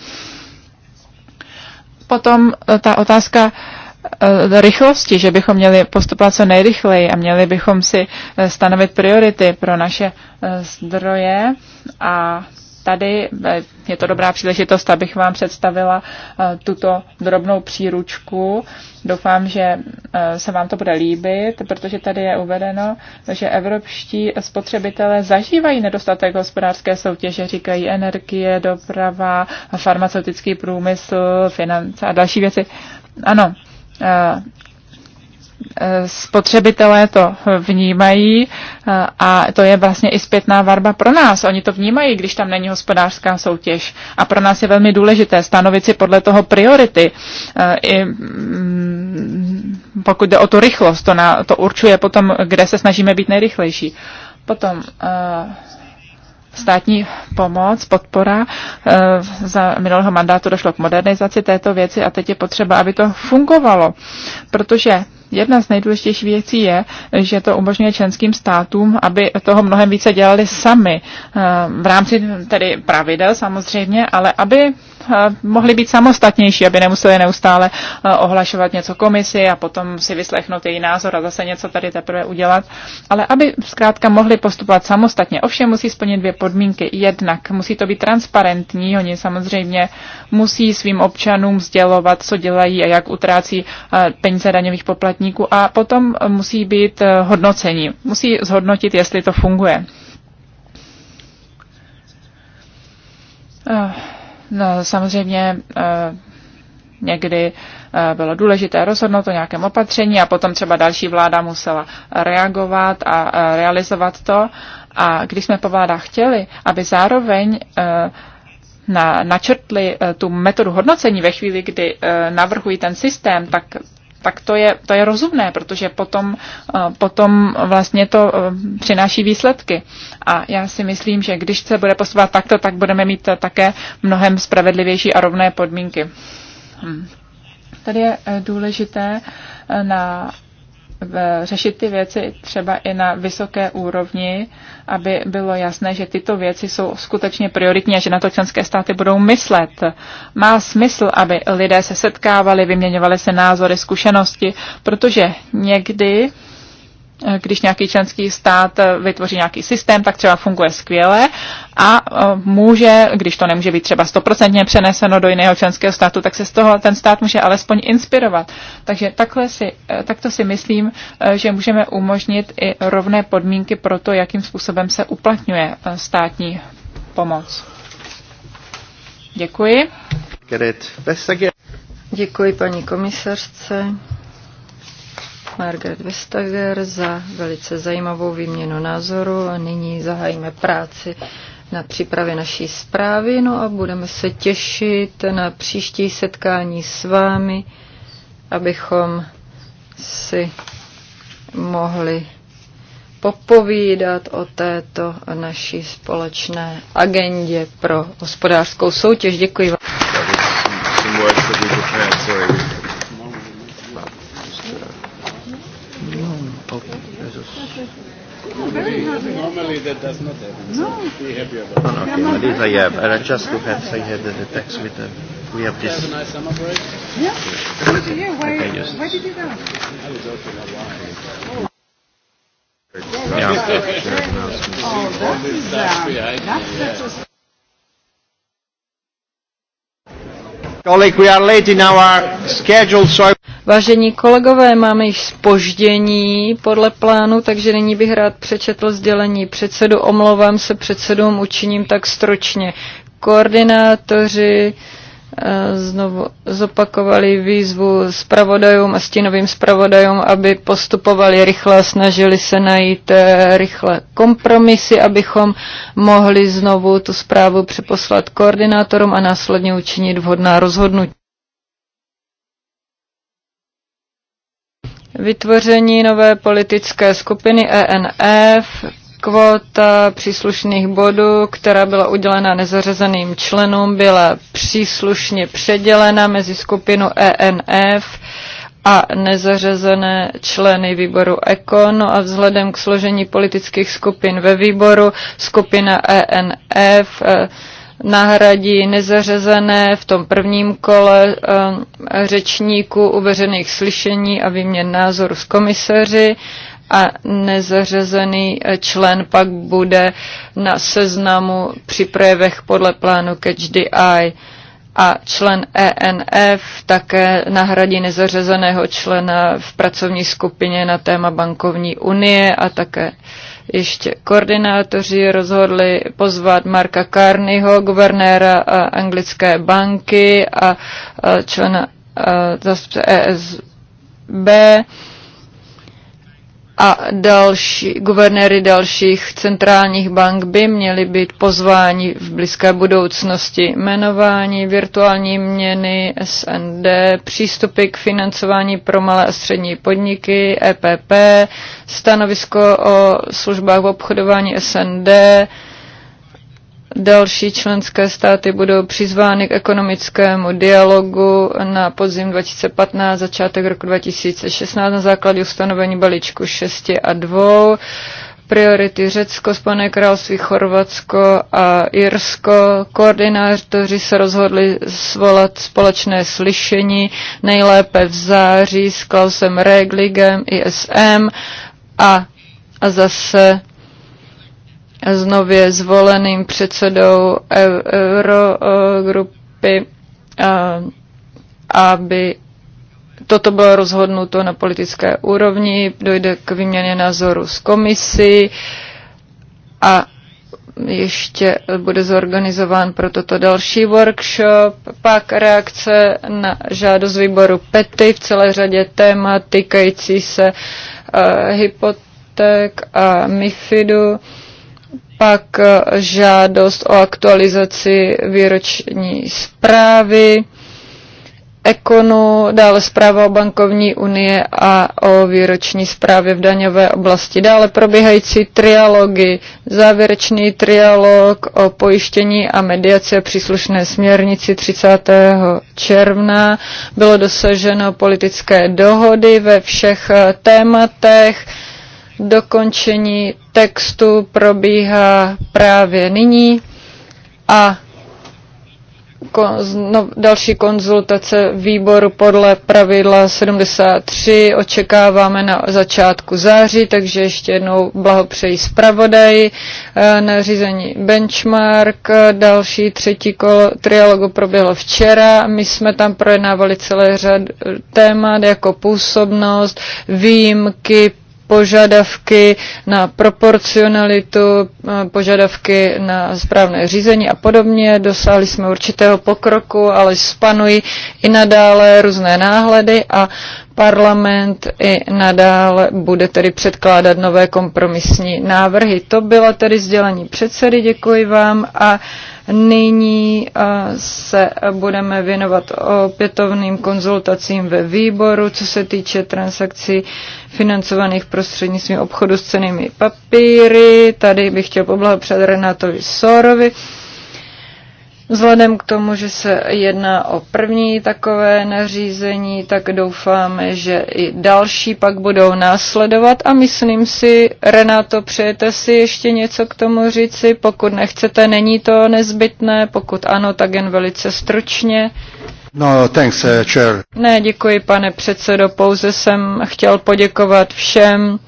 Potom eh, ta otázka eh, rychlosti, že bychom měli postupovat co nejrychleji a měli bychom si eh, stanovit priority pro naše zdroje a tady eh, je to dobrá příležitost, abych vám představila eh, tuto drobnou příručku. Doufám, že eh, se vám to bude líbit, protože tady je uvedeno, že evropští spotřebitelé zažívají nedostatek hospodářské soutěže, říkají energie, doprava, farmaceutický průmysl, finance a další věci. Ano, Eh, spotřebitelé to vnímají eh, a to je vlastně i zpětná varba pro nás. Oni to vnímají, když tam není hospodářská soutěž. A pro nás je velmi důležité stanovit si podle toho priority. Eh, I mm, pokud jde o tu rychlost, to, na, to určuje potom, kde se snažíme být nejrychlejší. Potom státní pomoc, podpora. Za minulého mandátu došlo k modernizaci této věci a teď je potřeba, aby to fungovalo, protože Jedna z nejdůležitějších věcí je, že to umožňuje členským státům, aby toho mnohem více dělali sami eh, v rámci tedy pravidel samozřejmě, ale aby mohli být samostatnější, aby nemuseli neustále e, ohlašovat něco komisi a potom si vyslechnout její názor a zase něco tady teprve udělat. Ale aby zkrátka mohli postupovat samostatně. Ovšem musí splnit dvě podmínky. Jednak musí to být transparentní, oni samozřejmě musí svým občanům sdělovat, co dělají a jak utrácí e, peníze daňových poplatníků a potom musí být e, hodnocení. Musí zhodnotit, jestli to funguje. No, samozřejmě eh, někdy eh, bylo důležité rozhodnout o nějakém opatření a potom třeba další vláda musela reagovat a eh, realizovat to. A když jsme po vládách chtěli, aby zároveň na, načrtli tu metodu hodnocení ve chvíli, kdy navrhují ten systém, tak tak to je, to je rozumné, protože potom, eh, potom vlastně to eh, přináší výsledky. A já si myslím, že když se bude postupovat takto, tak budeme mít eh, také mnohem spravedlivější a rovné podmínky. Hmm. Tady je důležité na řešit ty věci třeba i na vysoké úrovni, aby bylo jasné, že tyto věci jsou skutečně prioritní a že na to členské státy budou myslet. Má smysl, aby lidé se setkávali, vyměňovali se názory, zkušenosti, protože někdy Eh, když nějaký členský stát eh, vytvoří nějaký systém, tak třeba funguje skvěle a eh, může, když to nemůže být třeba stoprocentně přeneseno do jiného členského státu, tak se z toho ten stát může alespoň inspirovat. Takže takhle si, takto si myslím, že můžeme umožnit i rovné podmínky pro to, jakým způsobem se uplatňuje státní pomoc. Děkuji. Děkuji paní komisařce. Margaret Vestager za velice zajímavou výměnu názoru a nyní zahájíme práci na přípravě naší zprávy, no a budeme se těšit na příští setkání s vámi, abychom si mohli popovídat o této naší společné agendě pro hospodářskou soutěž. Děkuji vám. Oh, very happy. Normally that does not happen. So no. Be happy about it. No, no, okay, but this I have. And just to have, I had the text with the, uh, we have this. Have a nice summer break. Yeah. Good to hear. Where, okay, just, where did you go? I was out in Hawaii. Yeah. yeah. Oh, that is, uh, that's yeah. such a... Colleague, we are late in our schedule, so... Vážení kolegové, máme již spoždění podle plánu, takže nyní bych rád přečetl sdělení předsedu. Omlouvám se předsedům, učiním tak stročně. Koordinátoři eh, znovu zopakovali výzvu zpravodajům a stínovým zpravodajům, aby postupovali rychle a snažili se najít eh, rychle kompromisy, abychom mohli znovu tu zprávu přeposlat koordinátorům a následně učinit vhodná rozhodnutí. Vytvoření nové politické skupiny ENF, kvota příslušných bodů, která byla udělena nezařazeným členům, byla příslušně předělena mezi skupinu ENF a nezařazené členy výboru ECO. no a vzhledem k složení politických skupin ve výboru skupina ENF eh, nahradí nezařazené v tom prvním kole ehm, řečníků u veřejných slyšení a výměn názoru s komisaři a nezařazený eh, člen pak bude na seznamu při projevech podle plánu Catch the Eye a člen ENF také nahradí nezařazeného člena v pracovní skupině na téma bankovní unie a také ještě koordinátoři rozhodli pozvat Marka Carneyho, guvernéra eh, anglické banky a eh, člena eh, zastupce ESB a další guvernéry dalších centrálních bank by měli být pozváni v blízké budoucnosti. Jmenování virtuální měny SND, přístupy k financování pro malé a střední podniky EPP, stanovisko o službách v obchodování SND, Další členské státy budou přizvány k ekonomickému dialogu na podzim 2015, začátek roku 2016 na základě ustanovení balíčku 6 a 2 priority Řecko, Spojené království, Chorvatsko a Irsko. Koordinátoři se rozhodli svolat společné slyšení nejlépe v září s Klausem Regligem, ISM a, a zase s nově zvoleným předsedou Eurogrupy, aby toto bylo rozhodnuto na politické úrovni, dojde k výměně názoru s komisí a ještě bude zorganizován pro toto další workshop, pak reakce na žádost výboru PETY v celé řadě témat týkající se uh, hypoték a MIFIDu pak eh, žádost o aktualizaci výroční zprávy, ekonu, dále zpráva o bankovní unie a o výroční zprávě v daňové oblasti. Dále probíhající trialogy, závěrečný trialog o pojištění a mediace příslušné směrnici 30. června. Bylo dosaženo politické dohody ve všech eh, tématech dokončení textu probíhá právě nyní a no, další konzultace výboru podle pravidla 73 očekáváme na začátku září, takže ještě jednou blahopřeji zpravodaj eh, na řízení benchmark. Eh, další třetí kolo trialogu proběhlo včera. My jsme tam projednávali celé řad témat jako působnost, výjimky, požadavky na proporcionalitu, eh, požadavky na správné řízení a podobně. Dosáhli jsme určitého pokroku, ale spanují i nadále různé náhledy a Parlament i nadále bude tedy předkládat nové kompromisní návrhy. To byla tedy sdělení předsedy, děkuji vám a nyní se budeme věnovat opětovným konzultacím ve výboru, co se týče transakcí financovaných prostřednictvím obchodu s cenými papíry. Tady bych chtěl poblahopřát Renátovi Sorovi. Vzhledem k tomu, že se jedná o první takové nařízení, tak doufáme, že i další pak budou následovat a myslím si, Renato, přejete si ještě něco k tomu říci? Pokud nechcete, není to nezbytné, pokud ano, tak jen velice stručně. No, thanks, uh, chair. Ne, děkuji, pane předsedo, pouze jsem chtěl poděkovat všem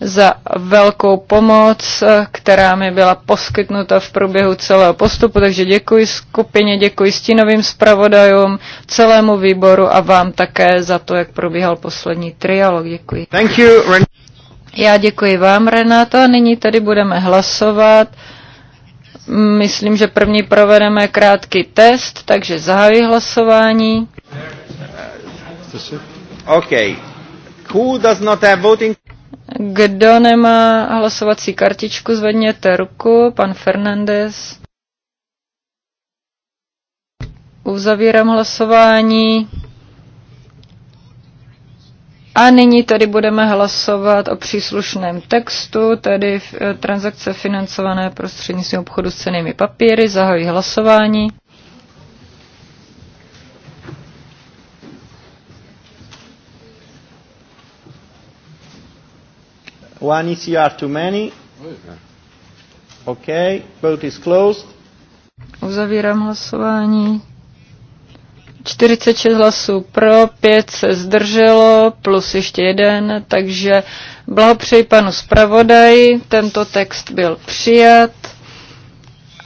za velkou pomoc, eh, která mi byla poskytnuta v průběhu celého postupu, takže děkuji skupině, děkuji stínovým zpravodajům, celému výboru a vám také za to, jak probíhal poslední trialog. Děkuji. Thank you, Ren- Já děkuji vám, Renato, a nyní tady budeme hlasovat. Myslím, že první provedeme krátký test, takže zahájí hlasování. Okay. Who does not have voting? Kdo nemá hlasovací kartičku, zvedněte ruku. Pan Fernandez. Uzavírám hlasování. A nyní tedy budeme hlasovat o příslušném textu, tedy eh, transakce financované prostřednictvím obchodu s cenými papíry. Zahajuji hlasování. One ECR too many. Okay, vote is closed. Uzavírám hlasování. 46 hlasů pro, 5 se zdrželo, plus ještě jeden, takže blahopřeji panu zpravodaji, tento text byl přijat.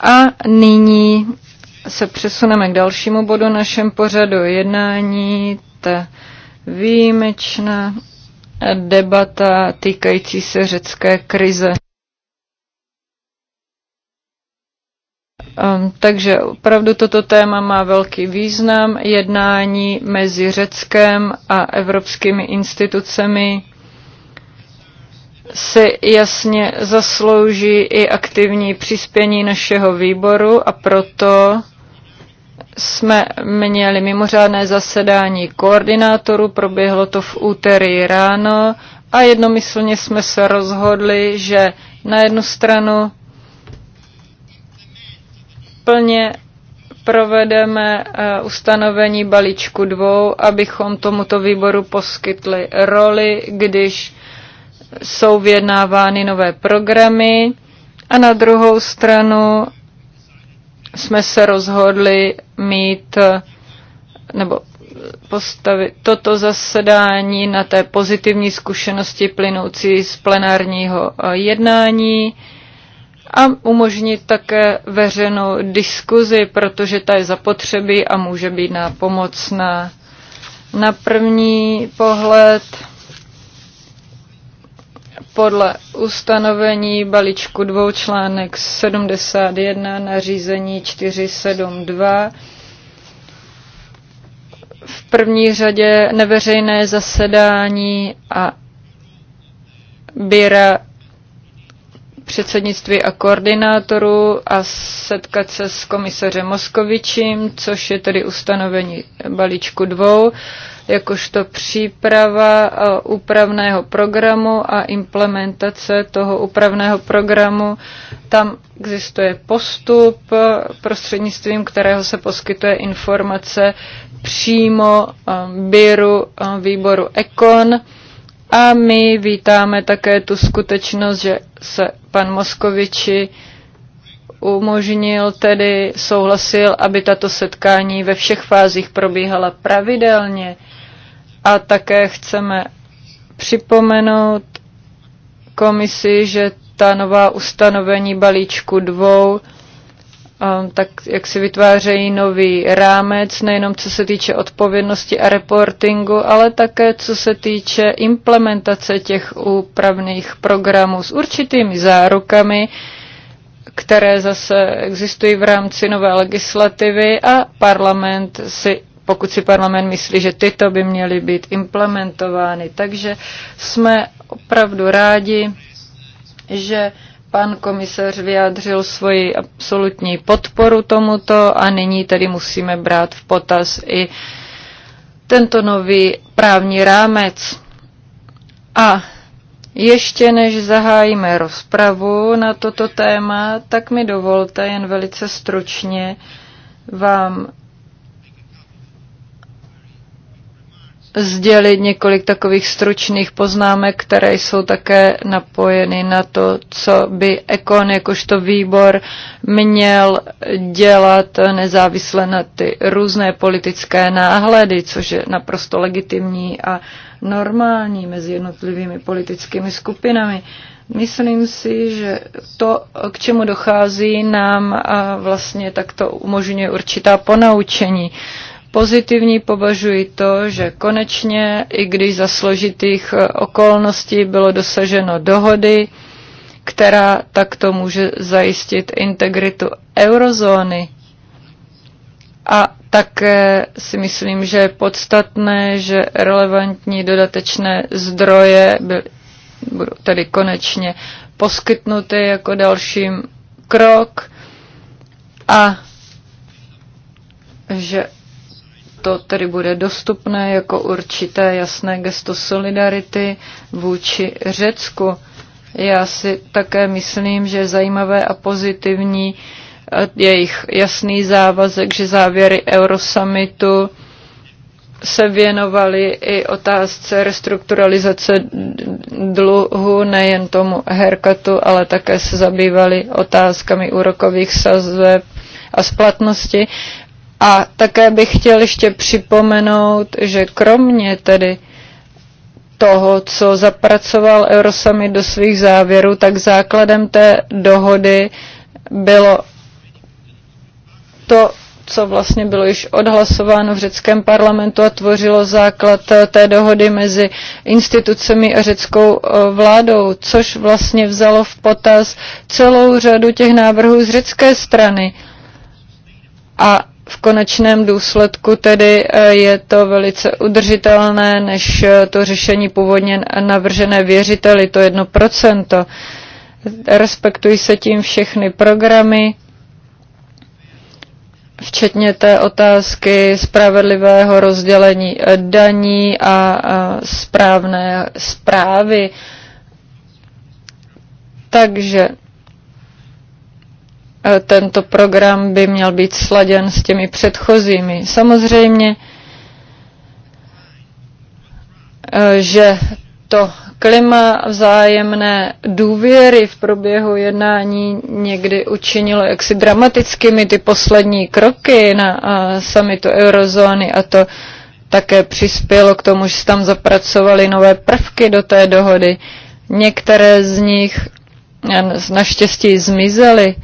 A nyní se přesuneme k dalšímu bodu našem pořadu jednání, ta výjimečná debata týkající se řecké krize. Um, takže opravdu toto téma má velký význam. Jednání mezi Řeckem a evropskými institucemi se jasně zaslouží i aktivní přispění našeho výboru a proto jsme měli mimořádné zasedání koordinátoru. proběhlo to v úterý ráno a jednomyslně jsme se rozhodli, že na jednu stranu plně provedeme eh, ustanovení balíčku dvou, abychom tomuto výboru poskytli roli, když jsou vyjednávány nové programy a na druhou stranu, jsme se rozhodli mít nebo postavit toto zasedání na té pozitivní zkušenosti plynoucí z plenárního eh, jednání a umožnit také veřejnou diskuzi, protože ta je zapotřebí a může být na na Na první pohled podle ustanovení balíčku dvou článek 71 nařízení 472 v první řadě neveřejné zasedání a Bira předsednictví a koordinátorů a setkat se s komisařem Moskovičím, což je tedy ustanovení balíčku dvou, jakožto příprava eh, úpravného programu a implementace toho úpravného programu. Tam existuje postup, eh, prostřednictvím kterého se poskytuje informace přímo eh, býru výboru ECON. A my vítáme také tu skutečnost, že se pan Moskoviči umožnil, tedy souhlasil, aby tato setkání ve všech fázích probíhala pravidelně. A také chceme připomenout komisi, že ta nová ustanovení balíčku dvou tak jak si vytvářejí nový rámec, nejenom co se týče odpovědnosti a reportingu, ale také co se týče implementace těch úpravných programů s určitými zárukami, které zase existují v rámci nové legislativy a parlament si pokud si parlament myslí, že tyto by měly být implementovány. Takže jsme opravdu rádi, že Pan komisař vyjádřil svoji absolutní podporu tomuto a nyní tedy musíme brát v potaz i tento nový právní rámec. A ještě než zahájíme rozpravu na toto téma, tak mi dovolte jen velice stručně vám sdělit několik takových stručných poznámek, které jsou také napojeny na to, co by Ekon jakožto výbor měl dělat nezávisle na ty různé politické náhledy, což je naprosto legitimní a normální mezi jednotlivými politickými skupinami. Myslím si, že to, k čemu dochází, nám vlastně takto umožňuje určitá ponaučení. Pozitivní považuji to, že konečně, i když za složitých eh, okolností bylo dosaženo dohody, která takto může zajistit integritu eurozóny. A také si myslím, že je podstatné, že relevantní dodatečné zdroje byly, budou tedy konečně poskytnuty jako dalším krok a že to tedy bude dostupné jako určité jasné gesto solidarity vůči Řecku. Já si také myslím, že je zajímavé a pozitivní jejich jasný závazek, že závěry Eurosummitu se věnovali i otázce restrukturalizace dluhu, nejen tomu herkatu, ale také se zabývali otázkami úrokových sazeb a splatnosti. A také bych chtěl ještě připomenout, že kromě tedy toho, co zapracoval Eurosummit do svých závěrů, tak základem té dohody bylo to, co vlastně bylo již odhlasováno v řeckém parlamentu a tvořilo základ té dohody mezi institucemi a řeckou eh, vládou, což vlastně vzalo v potaz celou řadu těch návrhů z řecké strany. A v konečném důsledku tedy eh, je to velice udržitelné než eh, to řešení původně navržené věřiteli, to 1%. Respektují se tím všechny programy, včetně té otázky spravedlivého rozdělení eh, daní a správné zprávy. Takže Eh, tento program by měl být sladěn s těmi předchozími. Samozřejmě, eh, že to klima vzájemné důvěry v průběhu jednání někdy učinilo jaksi dramatickými ty poslední kroky na eh, samitu eurozóny a to také přispělo k tomu, že se tam zapracovali nové prvky do té dohody. Některé z nich naštěstí zmizely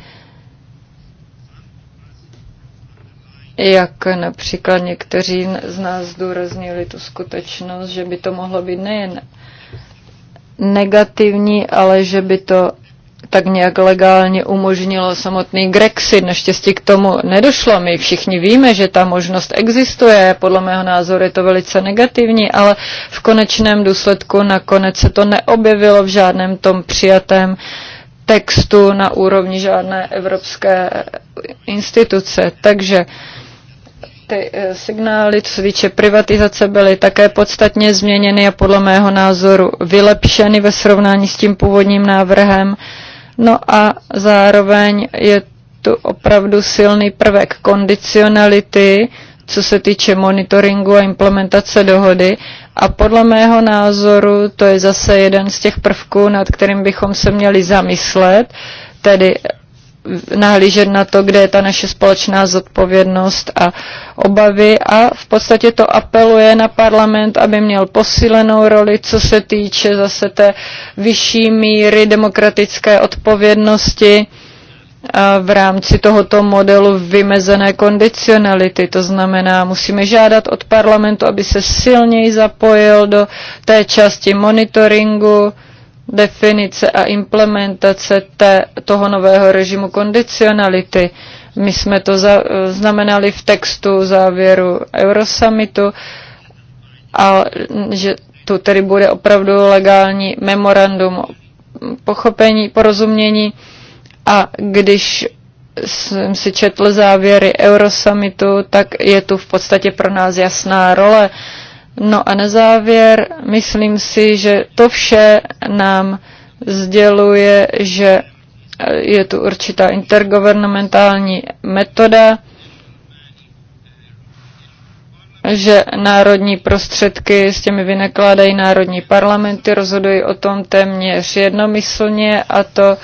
jak například někteří z nás zdůraznili tu skutečnost, že by to mohlo být nejen negativní, ale že by to tak nějak legálně umožnilo samotný Grexit. Naštěstí k tomu nedošlo. My všichni víme, že ta možnost existuje. Podle mého názoru je to velice negativní, ale v konečném důsledku nakonec se to neobjevilo v žádném tom přijatém textu na úrovni žádné evropské instituce. Takže ty eh, signály, co se privatizace, byly také podstatně změněny a podle mého názoru vylepšeny ve srovnání s tím původním návrhem. No a zároveň je tu opravdu silný prvek kondicionality, co se týče monitoringu a implementace dohody. A podle mého názoru to je zase jeden z těch prvků, nad kterým bychom se měli zamyslet, tedy nahlížet na to, kde je ta naše společná zodpovědnost a obavy a v podstatě to apeluje na parlament, aby měl posílenou roli, co se týče zase té vyšší míry demokratické odpovědnosti v rámci tohoto modelu vymezené kondicionality. To znamená, musíme žádat od parlamentu, aby se silněji zapojil do té části monitoringu, definice a implementace té, toho nového režimu kondicionality. My jsme to za, znamenali v textu závěru Eurosummitu, a že tu tedy bude opravdu legální memorandum pochopení, porozumění a když jsem si četl závěry Eurosummitu, tak je tu v podstatě pro nás jasná role No a na závěr, myslím si, že to vše nám sděluje, že je tu určitá intergovernmentální metoda, že národní prostředky s těmi vynakládají národní parlamenty, rozhodují o tom téměř jednomyslně a to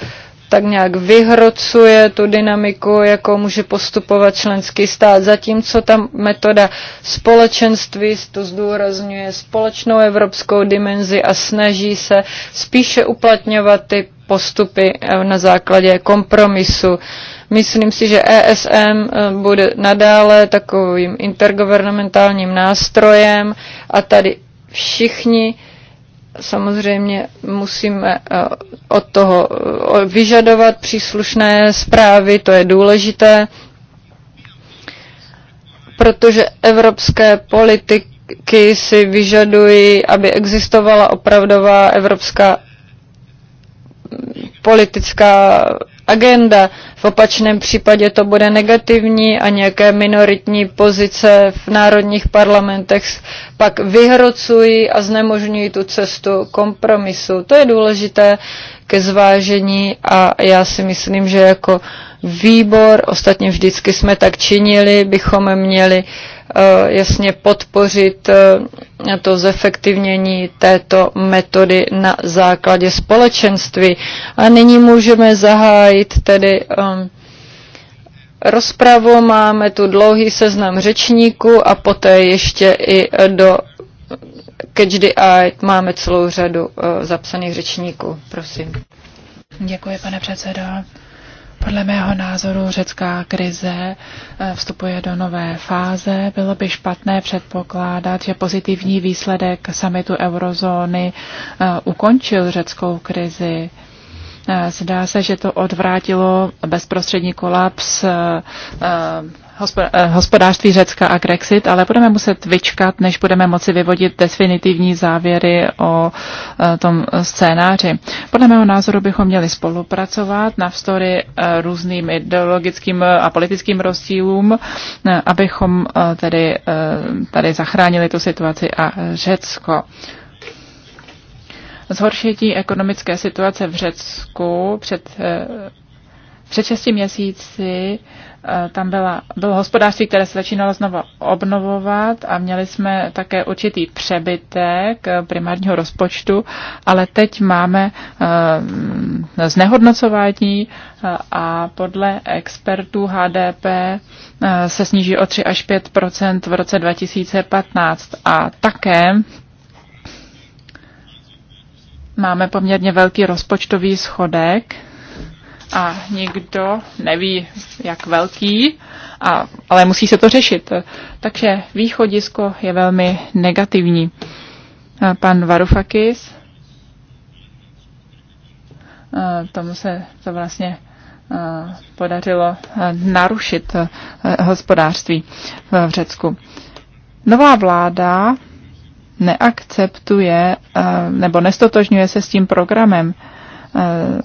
tak nějak vyhrocuje tu dynamiku, jako může postupovat členský stát, zatímco ta metoda společenství to zdůrazňuje společnou evropskou dimenzi a snaží se spíše uplatňovat ty postupy eh, na základě kompromisu. Myslím si, že ESM eh, bude nadále takovým intergovernmentálním nástrojem a tady všichni samozřejmě musíme eh, od toho eh, vyžadovat příslušné zprávy, to je důležité, protože evropské politiky si vyžadují, aby existovala opravdová evropská politická agenda. V opačném případě to bude negativní a nějaké minoritní pozice v národních parlamentech pak vyhrocují a znemožňují tu cestu kompromisu. To je důležité ke zvážení a já si myslím, že jako výbor, ostatně vždycky jsme tak činili, bychom měli eh, jasně podpořit eh, to zefektivnění této metody na základě společenství. A nyní můžeme zahájit tedy ehm, rozpravu, máme tu dlouhý seznam řečníků a poté ještě i do Catch the Eye máme celou řadu eh, zapsaných řečníků. Prosím. Děkuji, pane předsedo. Podle mého názoru řecká krize eh, vstupuje do nové fáze. Bylo by špatné předpokládat, že pozitivní výsledek samitu eurozóny eh, ukončil řeckou krizi. Eh, zdá se, že to odvrátilo bezprostřední kolaps Eh, hospodářství Řecka a Grexit, ale budeme muset vyčkat, než budeme moci vyvodit definitivní závěry o eh, tom scénáři. Podle mého názoru bychom měli spolupracovat navzdory eh, různým ideologickým a politickým rozdílům, abychom tedy tady zachránili tu situaci a Řecko. Zhoršení ekonomické situace v Řecku před před šesti měsíci Eh, tam byla, bylo hospodářství, které se začínalo znovu obnovovat a měli jsme také určitý přebytek eh, primárního rozpočtu, ale teď máme eh, znehodnocování a podle expertů HDP se sníží o 3 až 5 v roce 2015 a také máme poměrně velký rozpočtový schodek a nikdo neví, jak velký, a, ale musí se to řešit. Takže východisko je velmi negativní. Pan Varufakis, tomu se to vlastně podařilo narušit hospodářství v Řecku. Nová vláda neakceptuje nebo nestotožňuje se s tím programem. Eh,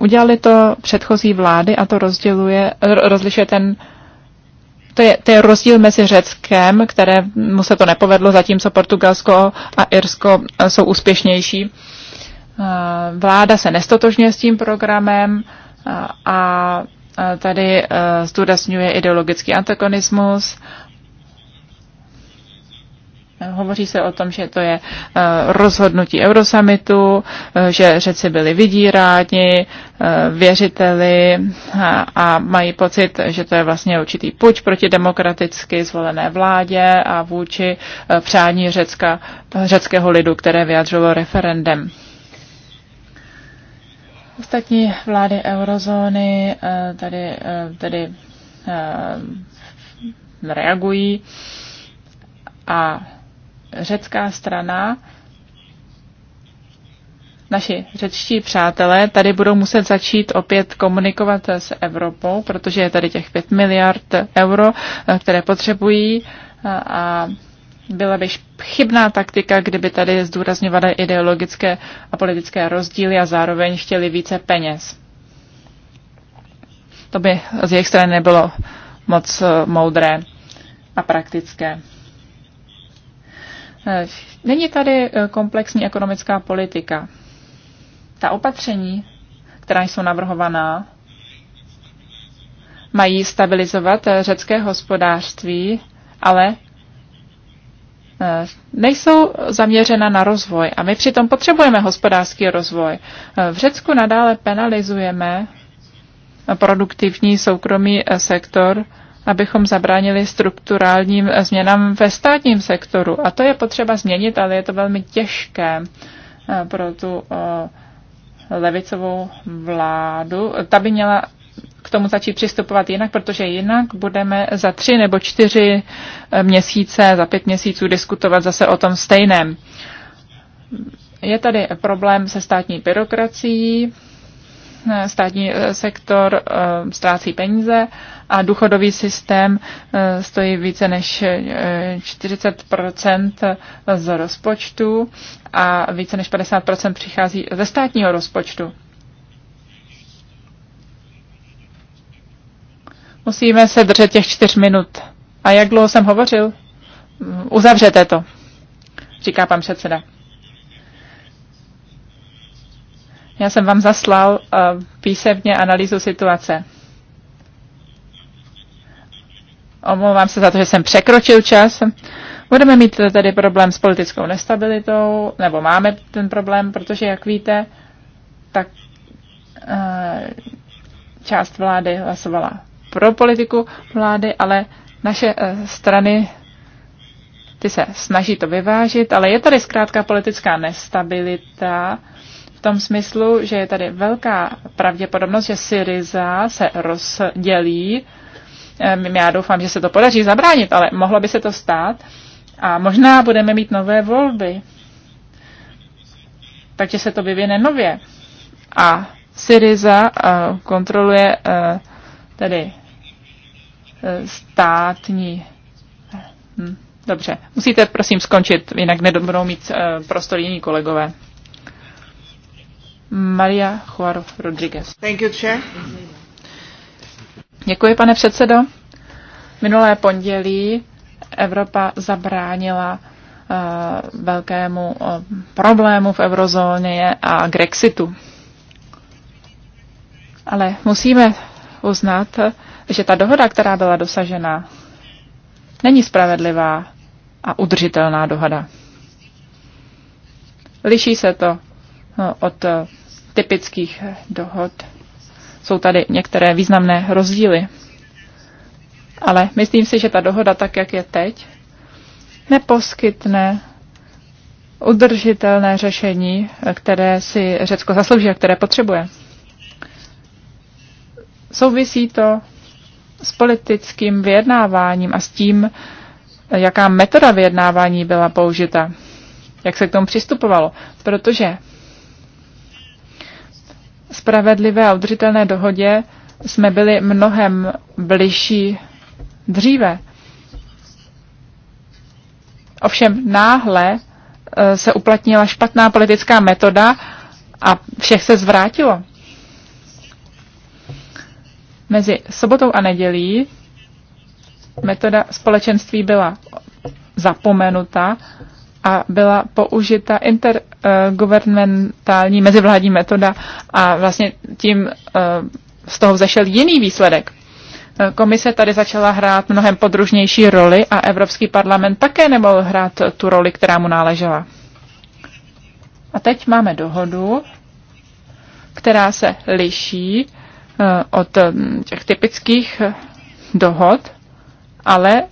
udělali to předchozí vlády a to rozděluje, rozlišuje ten to je, to je rozdíl mezi Řeckem, které mu se to nepovedlo, zatímco Portugalsko a Irsko eh, jsou úspěšnější. Eh, vláda se nestotožňuje s tím programem a tady zdůrazňuje ideologický antagonismus Hovoří se o tom, že to je eh, rozhodnutí Eurosamitu, eh, že řeci byli vydíráni, eh, věřiteli a mají pocit, že to je vlastně určitý puč proti demokraticky zvolené vládě a vůči přání Řecka, řeckého lidu, které vyjadřilo referendem. Ostatní vlády eurozóny tady, tady reagují a řecká strana, naši řečtí přátelé tady budou muset začít opět komunikovat s Evropou, protože je tady těch 5 miliard euro, eh, které potřebují a byla by chybná taktika, kdyby tady zdůrazňovaly ideologické a politické rozdíly a zároveň chtěli více peněz. To by z jejich strany nebylo moc eh, moudré a praktické. Eh, není tady eh, komplexní ekonomická politika. Ta opatření, která jsou navrhovaná, mají stabilizovat eh, řecké hospodářství, ale nejsou zaměřena na rozvoj. A my přitom potřebujeme hospodářský rozvoj. V Řecku nadále penalizujeme produktivní soukromý sektor abychom zabránili strukturálním změnám ve státním sektoru. A to je potřeba změnit, ale je to velmi těžké eh, pro tu eh, levicovou vládu. Ta by měla k tomu začít přistupovat jinak, protože jinak budeme za tři nebo čtyři eh, měsíce, za pět měsíců diskutovat zase o tom stejném. Je tady problém se státní byrokracií, Eh, státní eh, sektor eh, ztrácí peníze a důchodový systém stojí více než 40 z rozpočtu a více než 50 přichází ze státního rozpočtu. Musíme se držet těch čtyř minut. A jak dlouho jsem hovořil? Uzavřete to, říká pan předseda. Já jsem vám zaslal eh, písemně analýzu situace. Omlouvám se za to, že jsem překročil čas. Budeme mít tady problém s politickou nestabilitou, nebo máme ten problém, protože, jak víte, tak eh, část vlády hlasovala pro politiku vlády, ale naše eh, strany ty se snaží to vyvážit, ale je tady zkrátka politická nestabilita tom smyslu, že je tady velká pravděpodobnost, že Syriza se rozdělí. Ehm, já doufám, že se to podaří zabránit, ale mohlo by se to stát. A možná budeme mít nové volby. Takže se to vyvine nově. A Syriza eh, kontroluje eh, tedy eh, státní. Hm, dobře, musíte prosím skončit, jinak nebudou mít prostor jiní kolegové. Maria Juaro Rodriguez. Thank you, chair. Děkuji, pane předsedo. Minulé pondělí Evropa zabránila eh, velkému eh, problému v eurozóně a Grexitu. Ale musíme uznat, že ta dohoda, která byla dosažena, není spravedlivá a udržitelná dohoda. Liší se to eh, od typických dohod. Jsou tady některé významné rozdíly. Ale myslím si, že ta dohoda, tak jak je teď, neposkytne udržitelné řešení, které si Řecko zaslouží a které potřebuje. Souvisí to s politickým vyjednáváním a s tím, jaká metoda vyjednávání byla použita, jak se k tomu přistupovalo. Protože spravedlivé a udržitelné dohodě jsme byli mnohem bližší dříve. Ovšem náhle e, se uplatnila špatná politická metoda a všech se zvrátilo. Mezi sobotou a nedělí metoda společenství byla zapomenuta a byla použita intergovernmentální mezivládní metoda a vlastně tím eh, z toho vzešel jiný výsledek. Eh, komise tady začala hrát mnohem podružnější roli a Evropský parlament také nemohl hrát tu roli, která mu náležela. A teď máme dohodu, která se liší eh, od hm, těch typických dohod, ale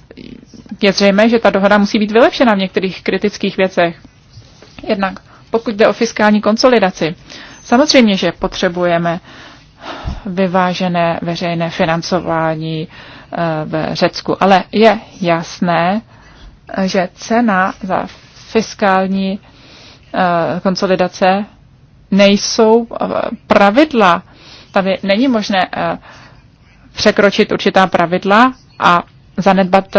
je zřejmé, že ta dohoda musí být vylepšena v některých kritických věcech. Jednak pokud jde o fiskální konsolidaci, samozřejmě, že potřebujeme vyvážené veřejné financování eh, v Řecku, ale je jasné, že cena za fiskální eh, konsolidace nejsou eh, pravidla. Tady není možné překročit určitá pravidla a zanedbat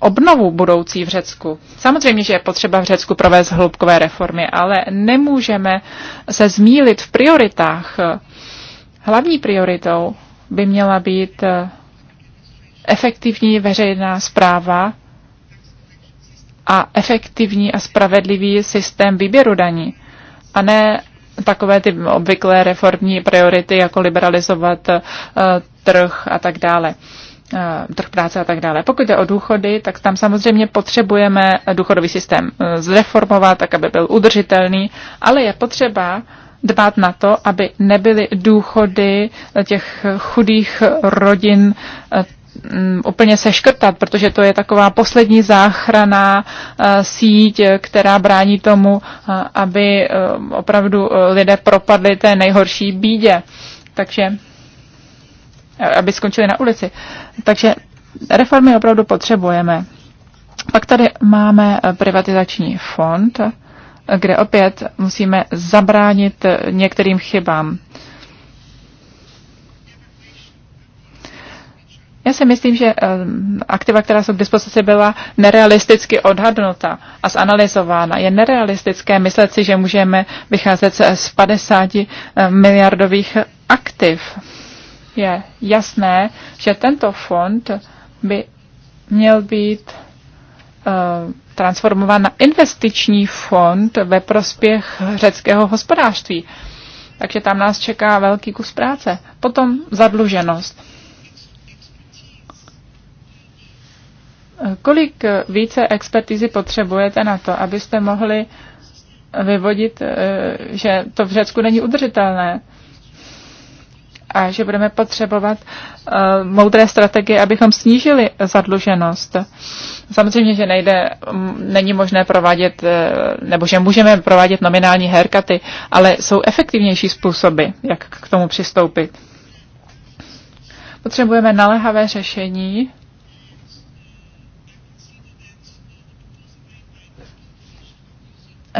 obnovu budoucí v Řecku. Samozřejmě, že je potřeba v Řecku provést hloubkové reformy, ale nemůžeme se zmílit v prioritách. Hlavní prioritou by měla být eh, efektivní veřejná zpráva a efektivní a spravedlivý systém výběru daní. A ne takové ty obvyklé reformní priority, jako liberalizovat eh, trh a tak dále. Eh, trh práce a tak dále. Pokud jde o důchody, tak tam samozřejmě potřebujeme důchodový systém eh, zreformovat, tak aby byl udržitelný, ale je potřeba dbát na to, aby nebyly důchody eh, těch chudých rodin úplně seškrtat, protože to je taková poslední záchrana síť, která brání tomu, aby opravdu lidé propadli té nejhorší bídě. Takže aby skončili na ulici. Takže reformy opravdu potřebujeme. Pak tady máme eh, privatizační fond, kde opět musíme zabránit eh, některým chybám. Já si myslím, že eh, aktiva, která jsou k dispozici, byla nerealisticky odhadnuta a zanalizována. Je nerealistické myslet si, že můžeme vycházet z 50 miliardových aktiv je jasné, že tento fond by měl být eh, transformován na investiční fond ve prospěch řeckého hospodářství. Takže tam nás čeká velký kus práce. Potom zadluženost. Kolik více expertizy potřebujete na to, abyste mohli vyvodit, eh, že to v Řecku není udržitelné? a že budeme potřebovat uh, moudré strategie, abychom snížili zadluženost. Samozřejmě, že nejde, mm, není možné provádět, uh, nebo že můžeme provádět nominální herkaty, ale jsou efektivnější způsoby, jak k tomu přistoupit. Potřebujeme naléhavé řešení.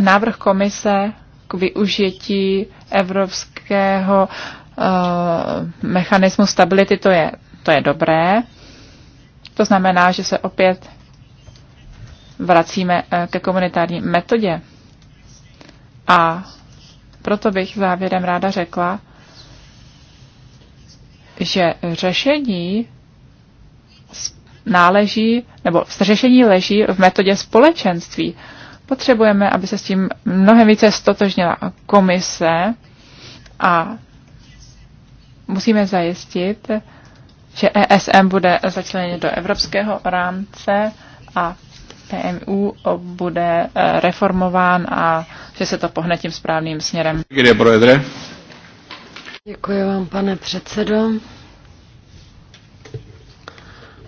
Návrh komise k využití evropského uh, Eh, mechanismu stability, to je, to je dobré. To znamená, že se opět vracíme eh, ke komunitární metodě. A proto bych závěrem ráda řekla, že řešení náleží, nebo řešení leží v metodě společenství. Potřebujeme, aby se s tím mnohem více stotožnila komise a musíme zajistit, že ESM bude začleněn do evropského rámce a PMU bude eh, reformován a že se to pohne tím správným směrem. Děkuji vám, pane předsedo.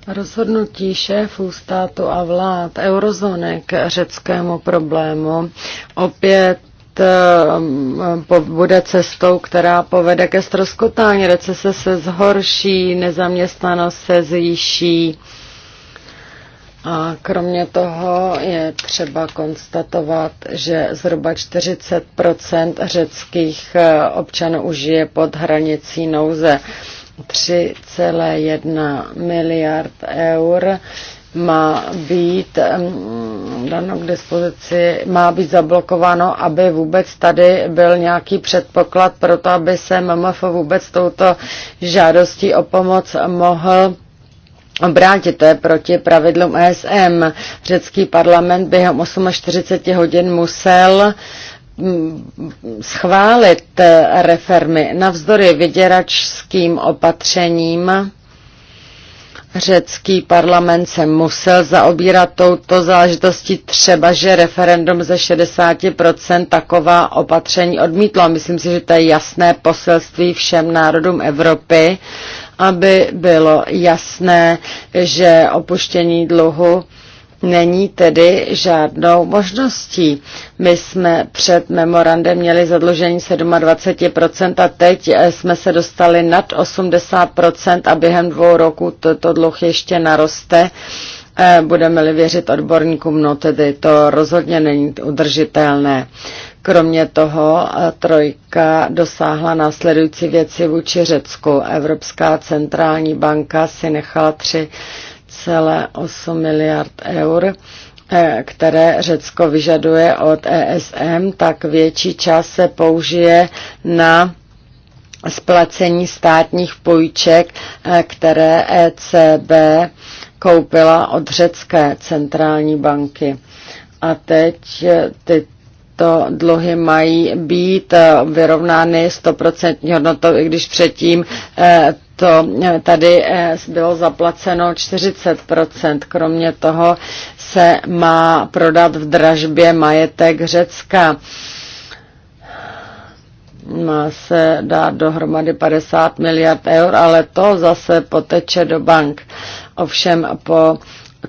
Rozhodnutí šéfů státu a vlád eurozóny k řeckému problému opět Eh, bude cestou, která povede ke stroskotání. Recese se zhorší, nezaměstnanost se zvýší. A kromě toho je třeba konstatovat, že zhruba 40 řeckých eh, občanů už je pod hranicí nouze. 3,1 miliard eur má být dano k dispozici, má být zablokováno, aby vůbec tady byl nějaký předpoklad pro to, aby se MMF vůbec touto žádostí o pomoc mohl obrátit. To je proti pravidlům ESM. Řecký parlament během 48 hodin musel schválit eh, reformy navzdory vyděračským opatřením řecký parlament se musel zaobírat touto záležitostí, třeba že referendum ze 60% taková opatření odmítlo. Myslím si, že to je jasné poselství všem národům Evropy, aby bylo jasné, že opuštění dluhu není tedy žádnou možností. My jsme před memorandem měli zadlužení 27% a teď eh, jsme se dostali nad 80% a během dvou roku to, dluh ještě naroste. Eh, Budeme-li věřit odborníkům, no tedy to rozhodně není udržitelné. Kromě toho eh, trojka dosáhla následující věci vůči Řecku. Evropská centrální banka si nechala tři 1,8 miliard eur, eh, které Řecko vyžaduje od ESM, tak větší část se použije na splacení státních půjček, eh, které ECB koupila od řecké centrální banky. A teď eh, ty tyto dluhy mají být eh, vyrovnány 100% hodnotou, i když předtím eh, to eh, tady bylo zaplaceno 40%. Kromě toho se má prodat v dražbě majetek Řecka má se dát dohromady 50 miliard eur, ale to zase poteče do bank. Ovšem po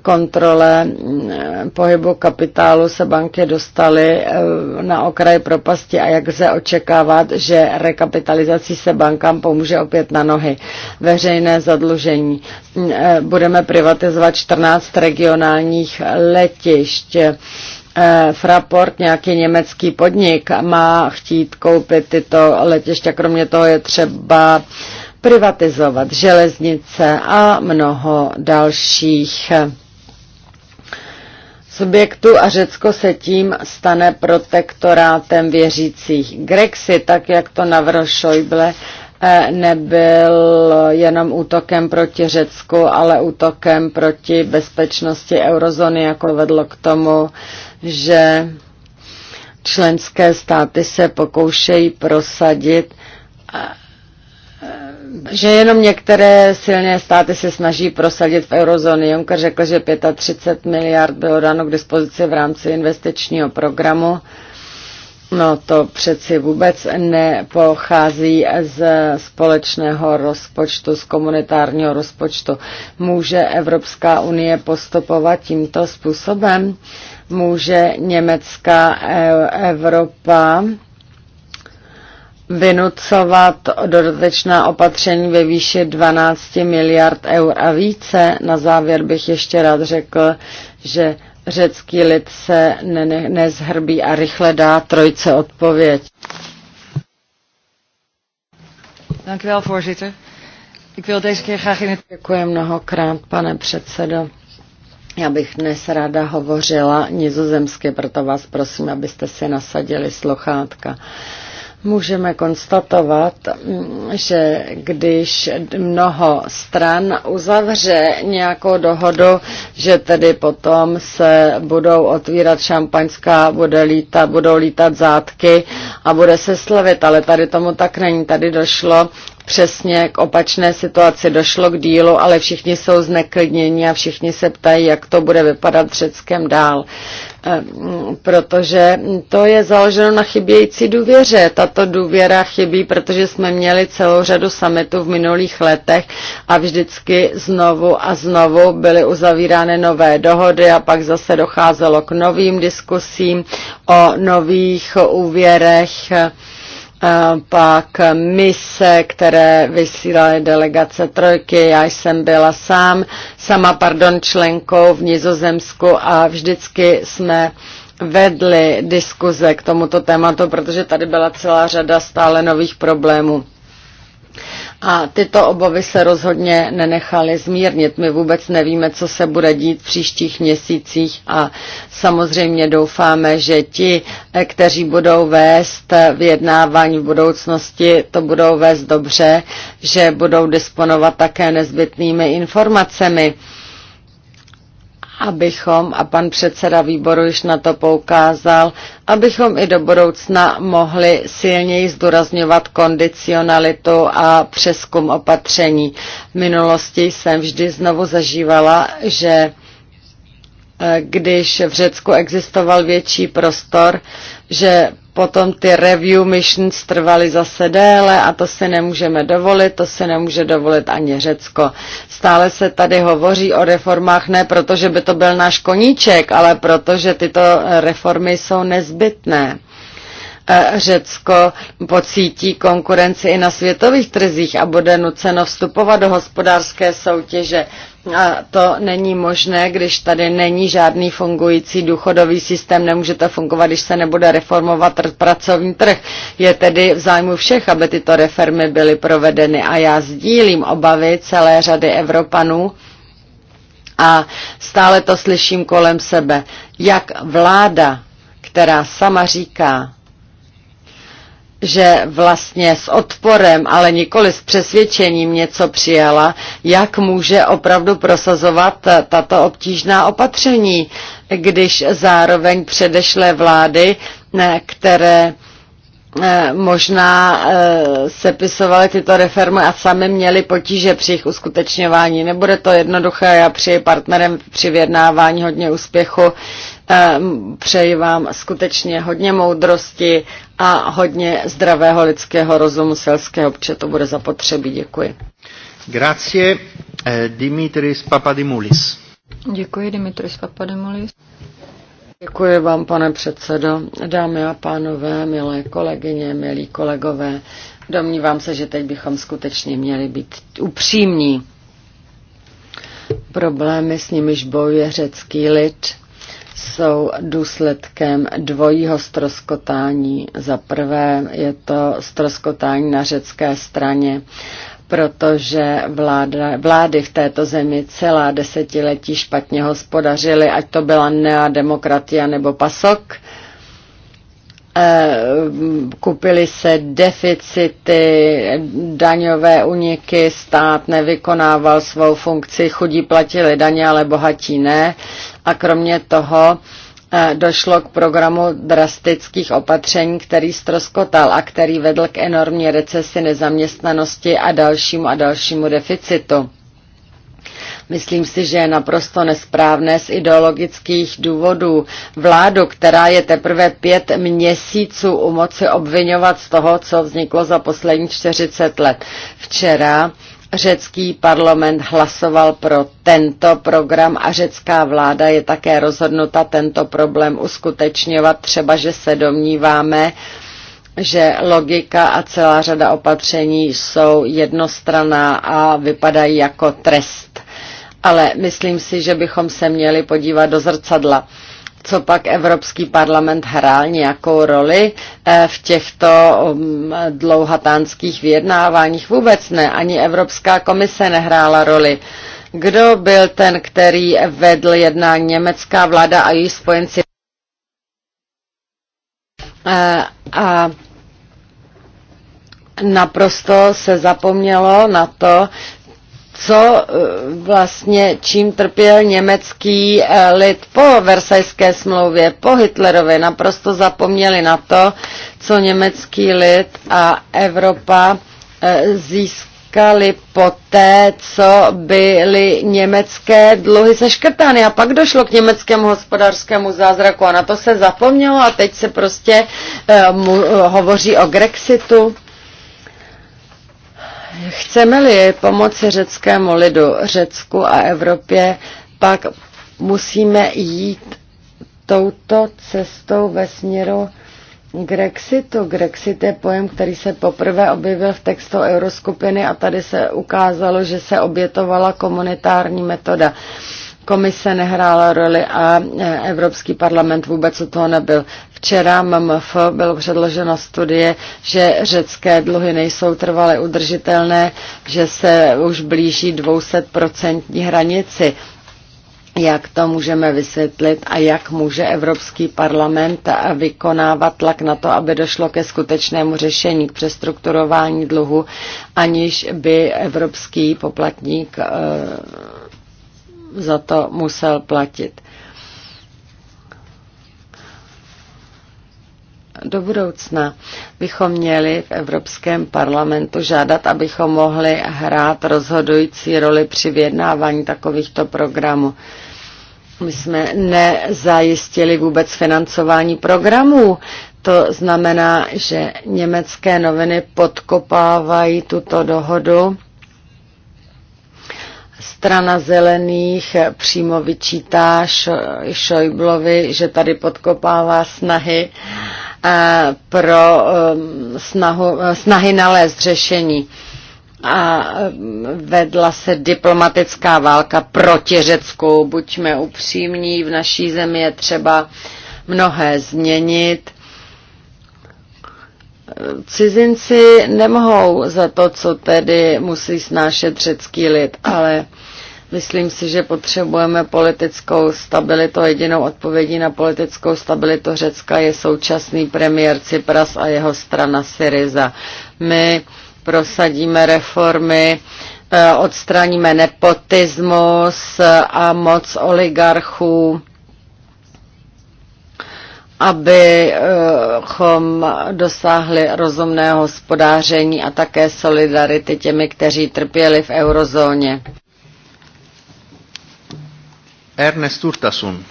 kontrole mm, pohybu kapitálu se banky dostaly eh, na okraj propasti a jak se očekávat, že rekapitalizací se bankám pomůže opět na nohy. Veřejné zadlužení. Mm, eh, budeme privatizovat 14 regionálních letišť. Eh, Fraport, nějaký německý podnik, má chtít koupit tyto letiště. Kromě toho je třeba privatizovat železnice a mnoho dalších subjektu a Řecko se tím stane protektorátem věřících. Grexit, tak jak to navrhl Schäuble, eh, nebyl jenom útokem proti Řecku, ale útokem proti bezpečnosti eurozóny, jako vedlo k tomu, že členské státy se pokoušejí prosadit eh, že jenom některé silné státy se snaží prosadit v eurozóně. Juncker řekl, že 35 miliard bylo dáno k dispozici v rámci investičního programu. No to přeci vůbec nepochází z společného rozpočtu, z komunitárního rozpočtu. Může Evropská unie postupovat tímto způsobem? Může Německá e, Evropa vynucovat dodatečná opatření ve výši 12 miliard eur a více. Na závěr bych ještě rád řekl, že řecký lid se ne- ne- nezhrbí a rychle dá trojce odpověď. Děkuji mnohokrát, pane předsedo. Já bych dnes ráda hovořila nizozemsky, proto vás prosím, abyste si nasadili sluchátka. Uh, Můžeme konstatovat, že když mnoho stran uzavře nějakou dohodu, že tedy potom se budou otvírat šampaňská, bude lítat, budou lítat zátky a bude se slavit, ale tady tomu tak není. Tady došlo přesně k opačné situaci došlo k dílu, ale všichni jsou zneklidněni a všichni se ptají, jak to bude vypadat Řeckem dál. Ehm, protože to je založeno na chybějící důvěře. Tato důvěra chybí, protože jsme měli celou řadu summitů v minulých letech a vždycky znovu a znovu byly uzavírány nové dohody a pak zase docházelo k novým diskusím o nových úvěrech pak mise, které vysílaly delegace trojky. Já jsem byla sám, sama pardon, členkou v Nizozemsku a vždycky jsme vedli diskuze k tomuto tématu, protože tady byla celá řada stále nových problémů. A tyto obavy se rozhodně nenechaly zmírnit. My vůbec nevíme, co se bude dít v příštích měsících a samozřejmě doufáme, že ti, eh, kteří budou vést eh, vyjednávání v budoucnosti, to budou vést dobře, že budou disponovat také nezbytnými informacemi abychom, a pan předseda výboru již na to poukázal, abychom i do budoucna mohli silněji zdůrazňovat kondicionalitu a přeskum opatření. V minulosti jsem vždy znovu zažívala, že eh, když v Řecku existoval větší prostor, že Potom ty review missions trvaly zase déle a to si nemůžeme dovolit, to si nemůže dovolit ani Řecko. Stále se tady hovoří o reformách ne proto, že by to byl náš koníček, ale protože tyto reformy jsou nezbytné. E, Řecko pocítí konkurenci i na světových trzích a bude nuceno vstupovat do hospodářské soutěže. A to není možné, když tady není žádný fungující důchodový systém, nemůže to fungovat, když se nebude reformovat pracovní trh. Je tedy v zájmu všech, aby tyto reformy byly provedeny a já sdílím obavy celé řady Evropanů, a stále to slyším kolem sebe, jak vláda, která sama říká, že vlastně s odporem, ale nikoli s přesvědčením něco přijala, jak může opravdu prosazovat tato obtížná opatření, když zároveň předešlé vlády, které Eh, možná eh, sepisovali tyto reformy a sami měli potíže při jejich uskutečňování. Nebude to jednoduché, já přeji partnerem při vyjednávání hodně úspěchu, eh, přeji vám skutečně hodně moudrosti a hodně zdravého lidského rozumu selského, protože to bude zapotřebí. Děkuji. Grazie, Dimitris Papadimulis. Děkuji, Dimitris Papadimulis. Děkuji vám, pane předsedo. Dámy a pánové, milé kolegyně, milí kolegové, domnívám se, že teď bychom skutečně měli být upřímní. Problémy, s nimiž bojuje řecký lid, jsou důsledkem dvojího stroskotání. Za prvé je to stroskotání na řecké straně protože vláda, vlády v této zemi celá desetiletí špatně hospodařily, ať to byla Nea Demokratia nebo PASOK. Eh, kupily se deficity, daňové uniky, stát nevykonával svou funkci, chudí platili daně, ale bohatí ne. A kromě toho Eh, došlo k programu drastických opatření, který stroskotal a který vedl k enormní recesi nezaměstnanosti a dalšímu a dalšímu deficitu. Myslím si, že je naprosto nesprávné z ideologických důvodů vládu, která je teprve pět měsíců u moci obvinovat z toho, co vzniklo za poslední 40 let. Včera Řecký parlament hlasoval pro tento program a řecká vláda je také rozhodnuta tento problém uskutečňovat, třeba že se domníváme, že logika a celá řada opatření jsou jednostraná a vypadají jako trest. Ale myslím si, že bychom se měli podívat do zrcadla co pak Evropský parlament hrál nějakou roli eh, v těchto mm, dlouhatánských vyjednáváních? Vůbec ne, ani Evropská komise nehrála roli. Kdo byl ten, který vedl jednání německá vláda a její spojenci? A, eh, a naprosto se zapomnělo na to, co eh, vlastně čím trpěl německý eh, lid po Versajské smlouvě, po Hitlerovi. Naprosto zapomněli na to, co německý lid a Evropa eh, získali poté, co byly německé dluhy seškrtány. A pak došlo k německému hospodářskému zázraku a na to se zapomnělo a teď se prostě uh, mu, uh, hovoří o Grexitu. Chceme-li pomoci řeckému lidu, Řecku a Evropě, pak musíme jít touto cestou ve směru Grexitu. Grexit je pojem, který se poprvé objevil v textu euroskupiny a tady se ukázalo, že se obětovala komunitární metoda komise nehrála roli a e, Evropský parlament vůbec o toho nebyl. Včera MMF bylo předloženo studie, že řecké dluhy nejsou trvale udržitelné, že se už blíží 200% hranici. Jak to můžeme vysvětlit a jak může Evropský parlament vykonávat tlak na to, aby došlo ke skutečnému řešení, k přestrukturování dluhu, aniž by evropský poplatník e, za to musel platit. do budoucna bychom měli v Evropském parlamentu žádat, abychom mohli hrát rozhodující roli při vyjednávání takovýchto programů. My jsme nezajistili vůbec financování programů. To znamená, že německé noviny podkopávají tuto dohodu Strana zelených přímo vyčítá Šojblovi, že tady podkopává snahy eh, pro eh, snahu, eh, snahy nalézt řešení a vedla se diplomatická válka proti Řecku. Buďme upřímní, v naší zemi je třeba mnohé změnit cizinci nemohou za to, co tedy musí snášet řecký lid, ale myslím si, že potřebujeme politickou stabilitu. Jedinou odpovědí na politickou stabilitu Řecka je současný premiér Cypras a jeho strana Syriza. My prosadíme reformy, eh, odstraníme nepotismus a moc oligarchů abychom dosáhli rozumného hospodáření a také solidarity těmi, kteří trpěli v eurozóně. Ernest Urtasun.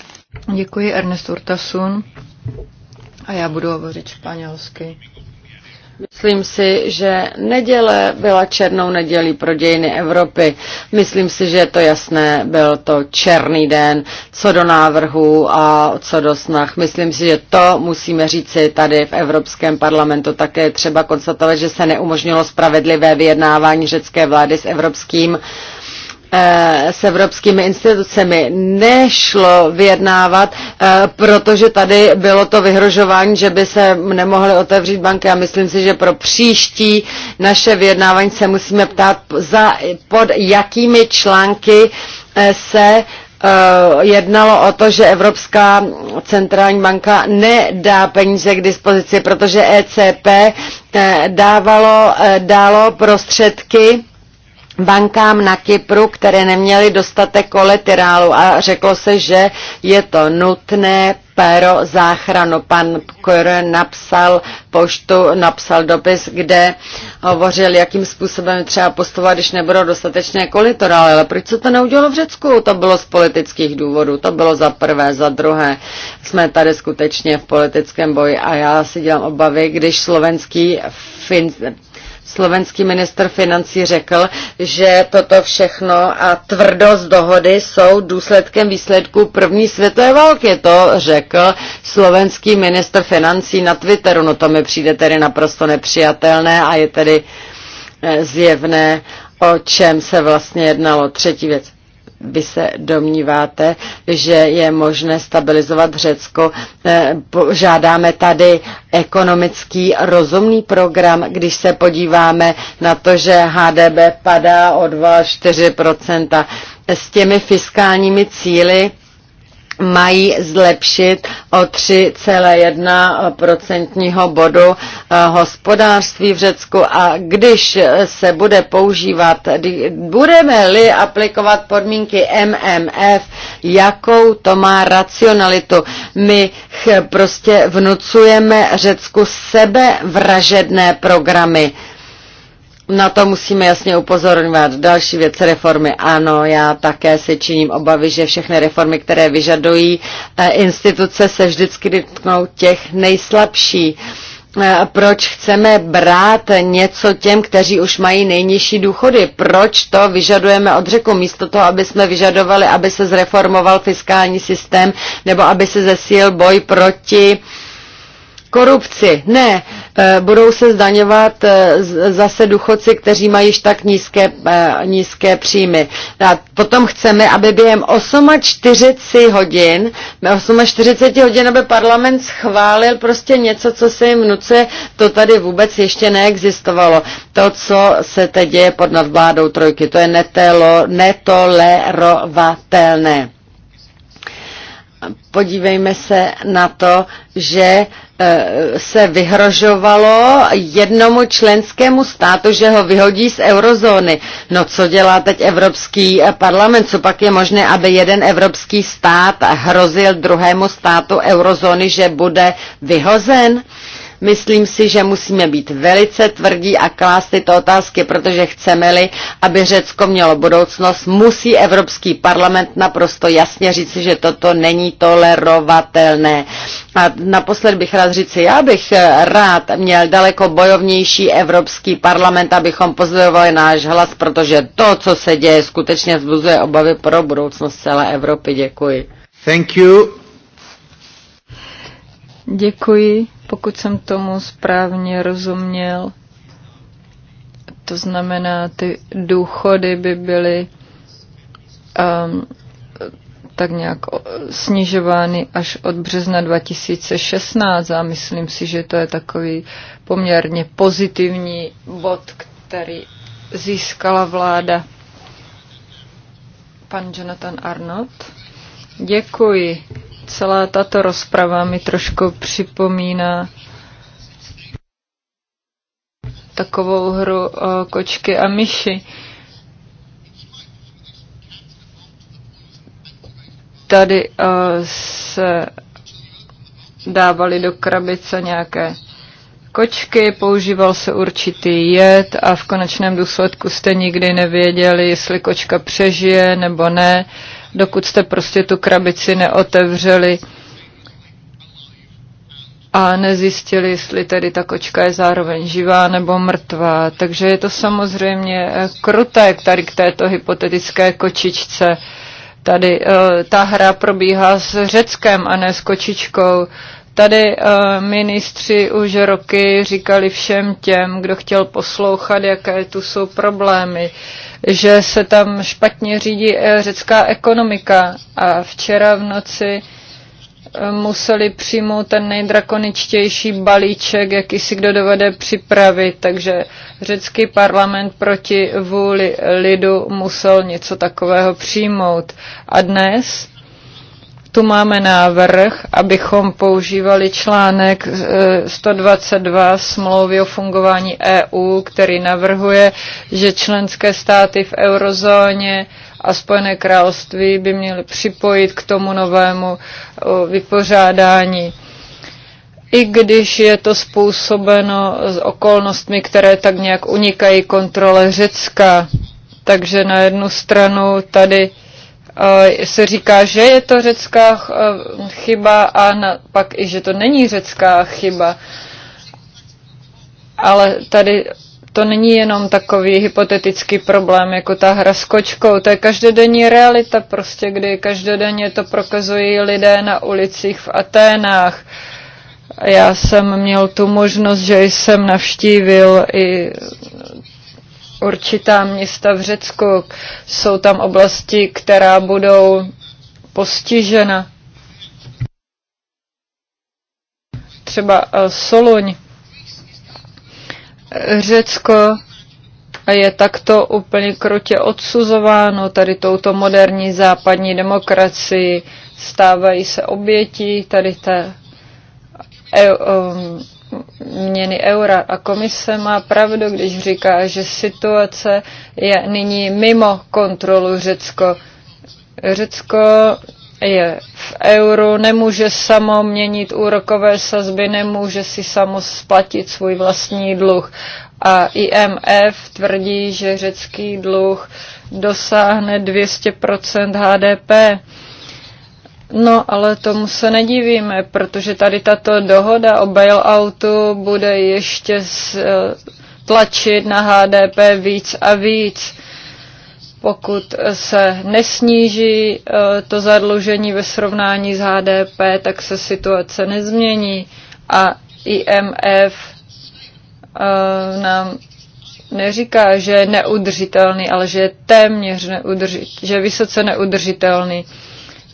Děkuji, Ernest Urtasun. A já budu hovořit španělsky. Myslím si, že neděle byla černou nedělí pro dějiny Evropy. Myslím si, že je to jasné, byl to černý den, co do návrhů a co do snah. Myslím si, že to musíme říci tady v Evropském parlamentu. Také třeba konstatovat, že se neumožnilo spravedlivé vyjednávání řecké vlády s Evropským uh, Eh, s evropskými institucemi. Nešlo vyjednávat, eh, protože tady bylo to vyhrožování, že by se nemohly otevřít banky a myslím si, že pro příští naše vyjednávání se musíme ptát, za, pod jakými články eh, se jednalo o to, že Evropská centrální banka nedá peníze k dispozici, protože ECP dávalo, dalo prostředky bankám na Kypru, které neměly dostatek koletirálu a řeklo se, že je to nutné pro záchranu. Pan Kr napsal poštu, napsal dopis, kde hovořil, jakým způsobem třeba postovat, když nebudou dostatečné kolitorály. Ale proč se to neudělalo v Řecku? To bylo z politických důvodů. To bylo za prvé, za druhé. Jsme tady skutečně v politickém boji a já si dělám obavy, když slovenský fin, slovenský minister financí řekl, že toto všechno a tvrdost dohody jsou důsledkem výsledků první světové války. To řekl slovenský minister financí na Twitteru. No to mi přijde tedy naprosto nepřijatelné a je tedy eh, zjevné, o čem se vlastně jednalo. Třetí věc vy se domníváte, že je možné stabilizovat Řecko. Eh, žádáme tady ekonomický rozumný program, když se podíváme na to, že HDB padá o 2-4 s těmi fiskálními cíly mají zlepšit o 3,1% bodu eh, hospodářství v Řecku a když se bude používat, budeme-li aplikovat podmínky MMF, jakou to má racionalitu. My prostě vnucujeme Řecku sebevražedné programy. Na to musíme jasně upozorňovat. Další věc reformy. Ano, já také si činím obavy, že všechny reformy, které vyžadují eh, instituce, se vždycky dotknou těch nejslabší eh, proč chceme brát něco těm, kteří už mají nejnižší důchody? Proč to vyžadujeme od řeku místo toho, aby jsme vyžadovali, aby se zreformoval fiskální systém nebo aby se zesíl boj proti uh, korupci. Ne, eh, budou se zdaňovat eh, zase duchoci, kteří mají již tak nízké, eh, nízké příjmy. A potom chceme, aby během 48 hodin, 48 hodin, aby parlament schválil prostě něco, co se jim vnuce, to tady vůbec ještě neexistovalo. To, co se teď děje pod nadvládou trojky, to je netelo, netolerovatelné podívejme se na to, že Eh, se vyhrožovalo jednomu členskému státu, že ho vyhodí z eurozóny. No co dělá teď Evropský eh, parlament? Co pak je možné, aby jeden evropský stát hrozil druhému státu eurozóny, že bude vyhozen? Myslím si, že musíme být velice tvrdí a klást tyto otázky, protože chceme-li, aby Řecko mělo budoucnost, musí Evropský parlament naprosto jasně říci, že toto není tolerovatelné. A naposled bych rád říci, já bych rád měl daleko bojovnější Evropský parlament, abychom pozorovali náš hlas, protože to, co se děje, skutečně vzbuzuje obavy pro budoucnost celé Evropy. Děkuji. Thank you. Děkuji pokud jsem tomu správně rozuměl. To znamená, ty důchody by byly um, tak nějak snižovány až od března 2016 a myslím si, že to je takový poměrně pozitivní bod, který získala vláda. Pan Jonathan Arnott. Děkuji celá tato rozprava mi trošku připomíná takovou hru o kočky a myši. Tady o, eh, se dávali do krabice nějaké kočky, používal se určitý jed a v konečném důsledku jste nikdy nevěděli, jestli kočka přežije nebo ne dokud jste prostě tu krabici neotevřeli a nezjistili, jestli tedy ta kočka je zároveň živá nebo mrtvá. Takže je to samozřejmě eh, kruté tady k této hypotetické kočičce. Tady eh, ta hra probíhá s Řeckem a ne s kočičkou. Tady eh, ministři už roky říkali všem těm, kdo chtěl poslouchat, jaké tu jsou problémy, že se tam špatně řídí eh, řecká ekonomika. A včera v noci eh, museli přijmout ten nejdrakoničtější balíček, jaký si kdo dovede připravit. Takže řecký parlament proti vůli lidu musel něco takového přijmout. A dnes tu máme návrh, abychom používali článek 122 eh, smlouvy o fungování EU, který navrhuje, že členské státy v eurozóně a Spojené království by měly připojit k tomu novému eh, vypořádání i když je to způsobeno s okolnostmi, které tak nějak unikají kontrole Řecka. Takže na jednu stranu tady Eh, se říká, že je to řecká eh, chyba a na, pak i, že to není řecká chyba. Ale tady to není jenom takový hypotetický problém, jako ta hra s kočkou. To je každodenní realita prostě, kdy každodenně to prokazují lidé na ulicích v Aténách. Já jsem měl tu možnost, že jsem navštívil i určitá města v Řecku. Jsou tam oblasti, která budou postižena. Třeba eh, Soluň. Řecko je takto úplně krutě odsuzováno tady touto moderní západní demokracii. Stávají se oběti tady té eh, um, měny eura. A komise má pravdu, když říká, že situace je nyní mimo kontrolu Řecko. Řecko je v euru, nemůže samo měnit úrokové sazby, nemůže si samo splatit svůj vlastní dluh. A IMF tvrdí, že řecký dluh dosáhne 200 HDP. No, ale tomu se nedivíme, protože tady tato dohoda o bailoutu bude ještě eh, tlačit na HDP víc a víc. Pokud se nesníží eh, to zadlužení ve srovnání s HDP, tak se situace nezmění a IMF eh, nám neříká, že je neudržitelný, ale že je téměř neudržitelný, že je vysoce neudržitelný.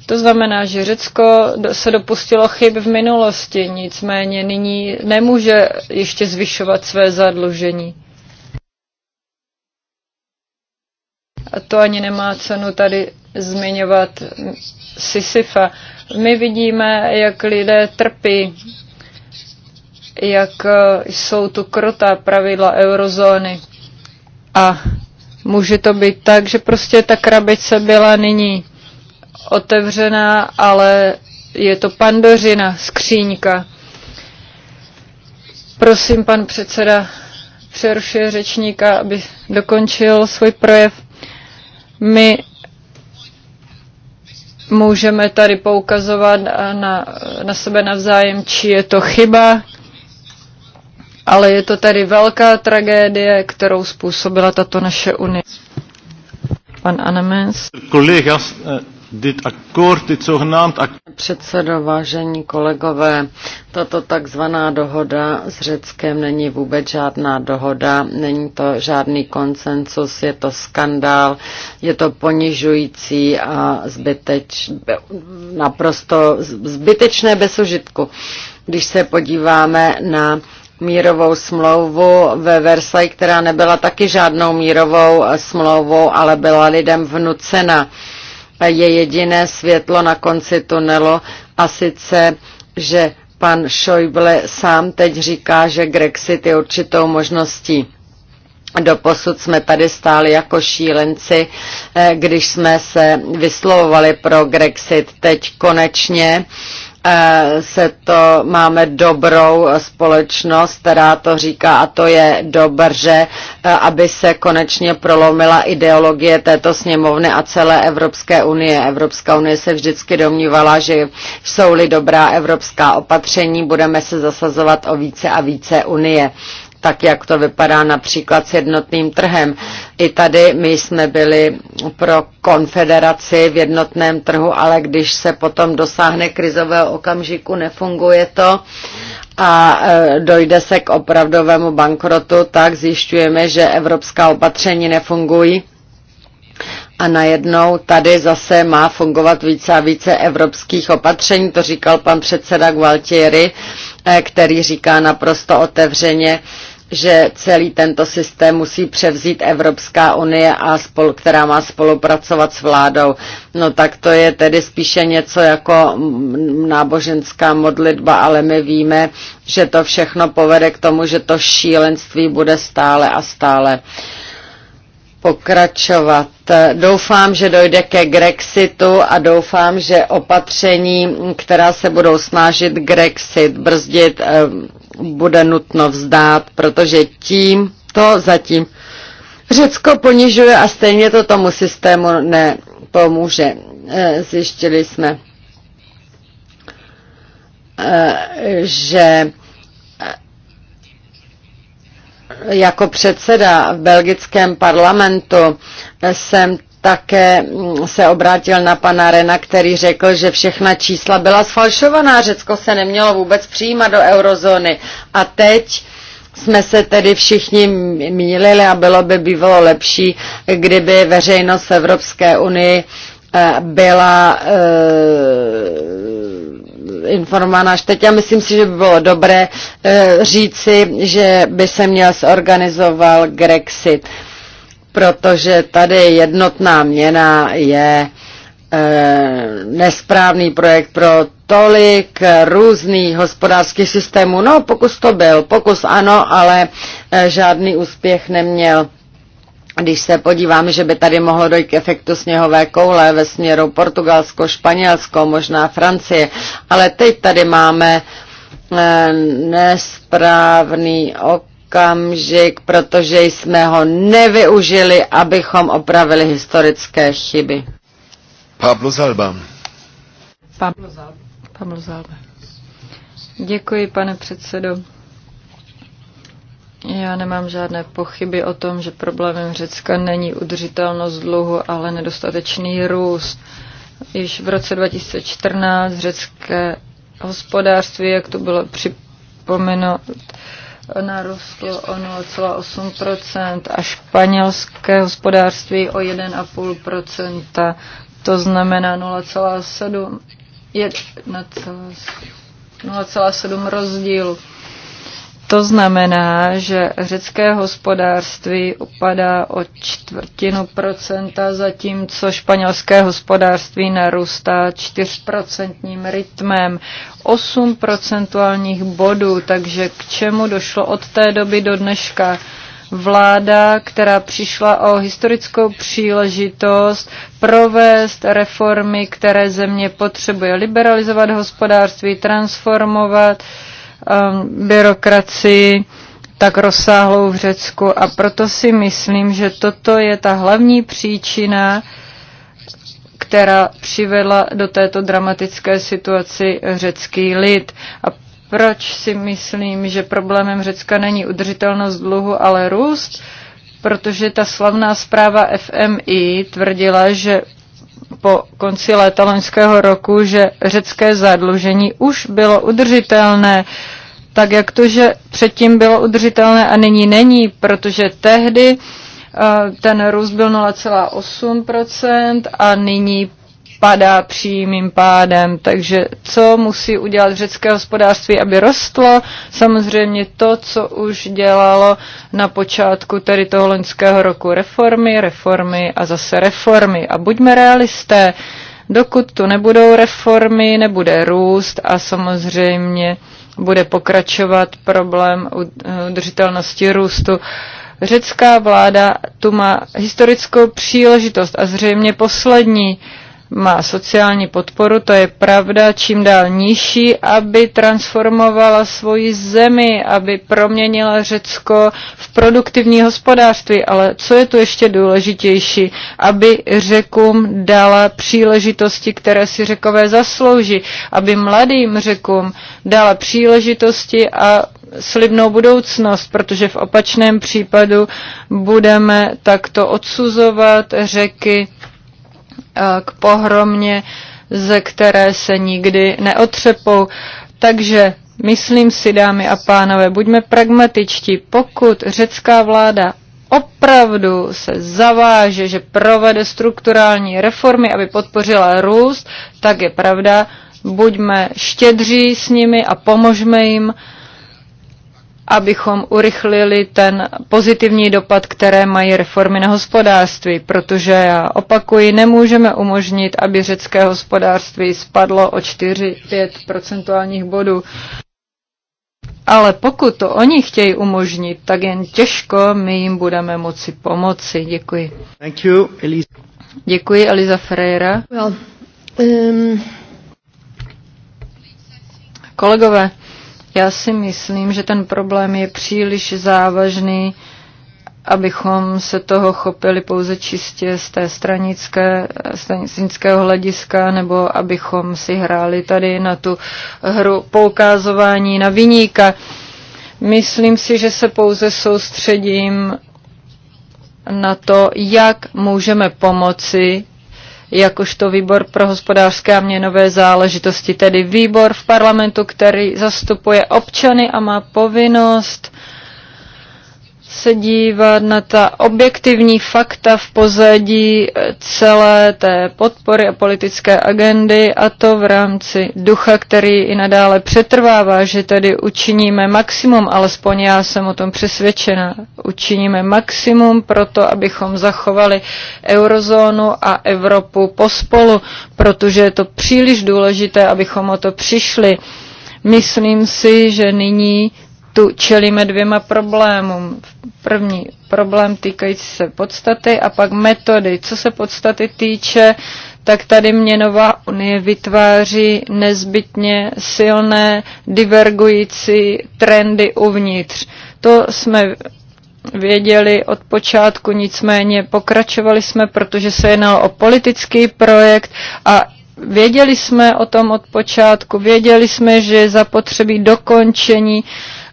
To znamená, že Řecko se dopustilo chyb v minulosti, nicméně nyní nemůže ještě zvyšovat své zadlužení. A to ani nemá cenu tady zmiňovat Sisyfa. My vidíme, jak lidé trpí, jak eh, jsou tu krotá pravidla eurozóny. A může to být tak, že prostě ta krabice byla nyní otevřená, ale je to pandořina, skříňka. Prosím, pan předseda přerušuje řečníka, aby dokončil svůj projev. My můžeme tady poukazovat na, na sebe navzájem, či je to chyba, ale je to tady velká tragédie, kterou způsobila tato naše unie. Pan Anemens. Kolegas, eh, Předsedo, vážení kolegové, tato takzvaná dohoda s Řeckem není vůbec žádná dohoda, není to žádný konsensus, je to skandál, je to ponižující a zbyteč, naprosto zbytečné bez užitku. Když se podíváme na mírovou smlouvu ve Versailles, která nebyla taky žádnou mírovou smlouvou, ale byla lidem vnucena je jediné světlo na konci tunelu a sice, že pan Schäuble sám teď říká, že Grexit je určitou možností. Doposud jsme tady stáli jako šílenci, eh, když jsme se vyslovovali pro Grexit. Teď konečně Eh, se to máme dobrou společnost, která to říká a to je dobře, eh, aby se konečně prolomila ideologie této sněmovny a celé Evropské unie. Evropská unie se vždycky domnívala, že jsou-li dobrá evropská opatření, budeme se zasazovat o více a více unie tak jak to vypadá například s jednotným trhem. I tady my jsme byli pro konfederaci v jednotném trhu, ale když se potom dosáhne krizového okamžiku, nefunguje to a e, dojde se k opravdovému bankrotu, tak zjišťujeme, že evropská opatření nefungují. A najednou tady zase má fungovat více a více evropských opatření, to říkal pan předseda Gualtieri, e, který říká naprosto otevřeně, že celý tento systém musí převzít Evropská unie, a spol, která má spolupracovat s vládou. No tak to je tedy spíše něco jako náboženská modlitba, ale my víme, že to všechno povede k tomu, že to šílenství bude stále a stále pokračovat. Doufám, že dojde ke Grexitu a doufám, že opatření, která se budou snažit Grexit brzdit, bude nutno vzdát, protože tím to zatím Řecko ponižuje a stejně to tomu systému nepomůže. E, Zjištili jsme, e, že e, jako předseda v belgickém parlamentu jsem také mm, se obrátil na pana Rena, který řekl, že všechna čísla byla sfalšovaná, Řecko se nemělo vůbec přijímat do eurozóny. A teď jsme se tedy všichni mílili a bylo by bývalo lepší, kdyby veřejnost v Evropské unii eh, byla eh, informována až teď. Já myslím si, že by bylo dobré eh, říci, že by se měl zorganizoval Grexit protože tady jednotná měna je e, nesprávný projekt pro tolik různých hospodářských systémů. No, pokus to byl, pokus ano, ale e, žádný úspěch neměl. Když se podíváme, že by tady mohlo dojít k efektu sněhové koule ve směru Portugalsko, Španělsko, možná Francie, ale teď tady máme e, nesprávný ok okamžik, protože jsme ho nevyužili, abychom opravili historické chyby. Pablo Zalba. Pablo Zalba. Pablo Zalba. Děkuji, pane předsedo. Já nemám žádné pochyby o tom, že problémem Řecka není udržitelnost dluhu, ale nedostatečný růst. Již v roce 2014 řecké hospodářství, jak to bylo připomeno, narostlo o 0,8% a španělské hospodářství o 1,5%. To znamená 0,7 1,7 rozdílu. To znamená, že řecké hospodářství upadá o čtvrtinu procenta, zatímco španělské hospodářství narůstá čtyřprocentním rytmem 8 procentuálních bodů. Takže k čemu došlo od té doby do dneška? Vláda, která přišla o historickou příležitost provést reformy, které země potřebuje, liberalizovat hospodářství, transformovat uh, Um, byrokracii tak rozsáhlou v Řecku. A proto si myslím, že toto je ta hlavní příčina, která přivedla do této dramatické situaci řecký lid. A proč si myslím, že problémem Řecka není udržitelnost dluhu, ale růst? Protože ta slavná zpráva FMI tvrdila, že po konci léta loňského roku, že řecké zadlužení už bylo udržitelné. Tak jak to, že předtím bylo udržitelné a nyní není, protože tehdy eh, ten růst byl 0,8% a nyní padá přímým pádem. Takže co musí udělat řecké hospodářství, aby rostlo? Samozřejmě to, co už dělalo na počátku tedy toho loňského roku. Reformy, reformy a zase reformy. A buďme realisté, dokud tu nebudou reformy, nebude růst a samozřejmě bude pokračovat problém udržitelnosti růstu. Řecká vláda tu má historickou příležitost a zřejmě poslední má sociální podporu, to je pravda, čím dál nižší, aby transformovala svoji zemi, aby proměnila Řecko v produktivní hospodářství. Ale co je tu ještě důležitější? Aby Řekům dala příležitosti, které si Řekové zaslouží, aby mladým Řekům dala příležitosti a slibnou budoucnost, protože v opačném případu budeme takto odsuzovat řeky k pohromě, ze které se nikdy neotřepou. Takže myslím si, dámy a pánové, buďme pragmatičtí. Pokud řecká vláda opravdu se zaváže, že provede strukturální reformy, aby podpořila růst, tak je pravda, buďme štědří s nimi a pomožme jim abychom urychlili ten pozitivní dopad, které mají reformy na hospodářství, protože já opakuji, nemůžeme umožnit, aby řecké hospodářství spadlo o 4-5 procentuálních bodů. Ale pokud to oni chtějí umožnit, tak jen těžko my jim budeme moci pomoci. Děkuji. Thank you, Elisa. Děkuji, Eliza Ferreira. Well, um... Kolegové, já si myslím, že ten problém je příliš závažný, abychom se toho chopili pouze čistě z té stranické, stranického hlediska, nebo abychom si hráli tady na tu hru poukázování na vyníka. Myslím si, že se pouze soustředím na to, jak můžeme pomoci jakožto výbor pro hospodářské a měnové záležitosti, tedy výbor v parlamentu, který zastupuje občany a má povinnost se dívat na ta objektivní fakta v pozadí eh, celé té podpory a politické agendy a to v rámci ducha, který i nadále přetrvává, že tady učiníme maximum, alespoň já jsem o tom přesvědčena, učiníme maximum pro to, abychom zachovali eurozónu a Evropu pospolu, protože je to příliš důležité, abychom o to přišli. Myslím si, že nyní tu čelíme dvěma problémům. První problém týkající se podstaty a pak metody. Co se podstaty týče, tak tady měnová unie vytváří nezbytně silné divergující trendy uvnitř. To jsme věděli od počátku, nicméně pokračovali jsme, protože se jednalo o politický projekt a věděli jsme o tom od počátku, věděli jsme, že je zapotřebí dokončení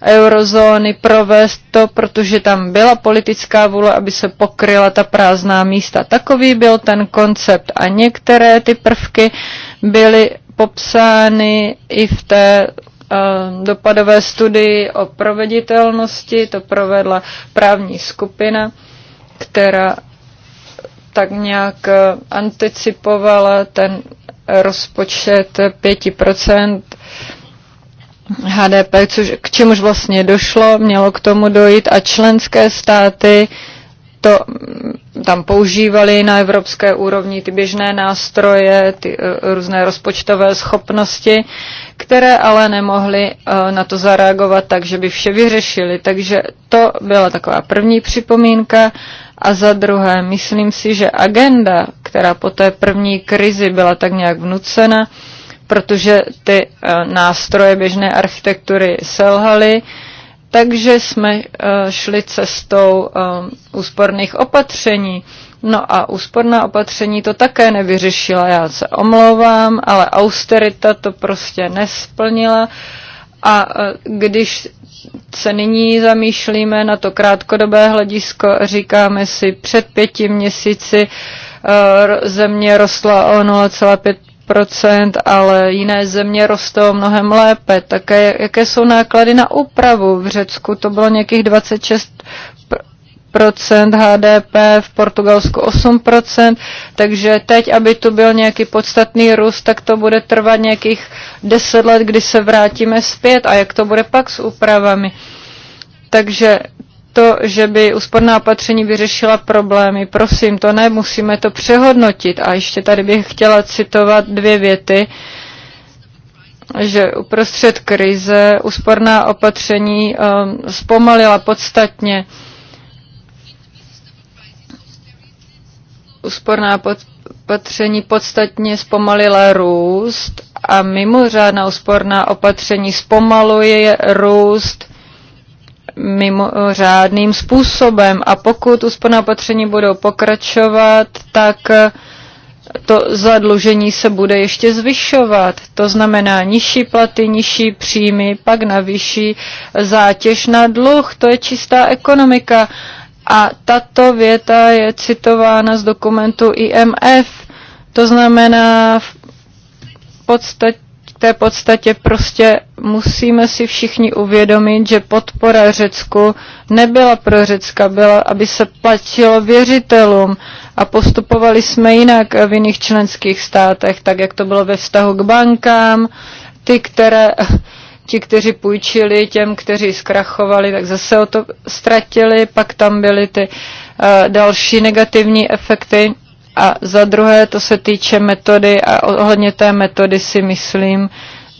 eurozóny provést to, protože tam byla politická vůle, aby se pokryla ta prázdná místa. Takový byl ten koncept a některé ty prvky byly popsány i v té eh, dopadové studii o proveditelnosti, to provedla právní skupina, která tak nějak eh, anticipovala ten rozpočet 5%, HDP, což, k čemuž vlastně došlo, mělo k tomu dojít a členské státy to mm, tam používali na evropské úrovni ty běžné nástroje, ty e, různé rozpočtové schopnosti, které ale nemohly e, na to zareagovat tak, že by vše vyřešili. Takže to byla taková první připomínka. A za druhé, myslím si, že agenda, která po té první krizi byla tak nějak vnucena, protože ty eh, nástroje běžné architektury selhaly, takže jsme eh, šli cestou eh, úsporných opatření. No a úsporná opatření to také nevyřešila, já se omlouvám, ale austerita to prostě nesplnila. A když se nyní zamýšlíme na to krátkodobé hledisko, říkáme si před pěti měsíci, země rostla o ale jiné země rostou mnohem lépe. Také jaké jsou náklady na úpravu? V Řecku to bylo nějakých 26 HDP, v Portugalsku 8 takže teď, aby tu byl nějaký podstatný růst, tak to bude trvat nějakých 10 let, kdy se vrátíme zpět a jak to bude pak s úpravami. Takže to, že by úsporná opatření vyřešila problémy. Prosím, to ne, musíme to přehodnotit. A ještě tady bych chtěla citovat dvě věty, že uprostřed krize úsporná opatření um, zpomalila podstatně. Úsporná pod, opatření podstatně zpomalila růst a mimořádná úsporná opatření zpomaluje růst mimořádným způsobem. A pokud úsporná opatření budou pokračovat, tak eh, to zadlužení se bude ještě zvyšovat. To znamená nižší platy, nižší příjmy, pak na vyšší zátěž na dluh. To je čistá ekonomika. A tato věta je citována z dokumentu IMF. To znamená v podstatě té podstatě prostě musíme si všichni uvědomit, že podpora Řecku nebyla pro Řecka, byla, aby se platilo věřitelům a postupovali jsme jinak v jiných členských státech, tak jak to bylo ve vztahu k bankám, ty, které, (laughs) ti, kteří půjčili těm, kteří zkrachovali, tak zase o to ztratili, pak tam byly ty uh, další negativní efekty a za druhé, to se týče metody a ohledně té metody si myslím,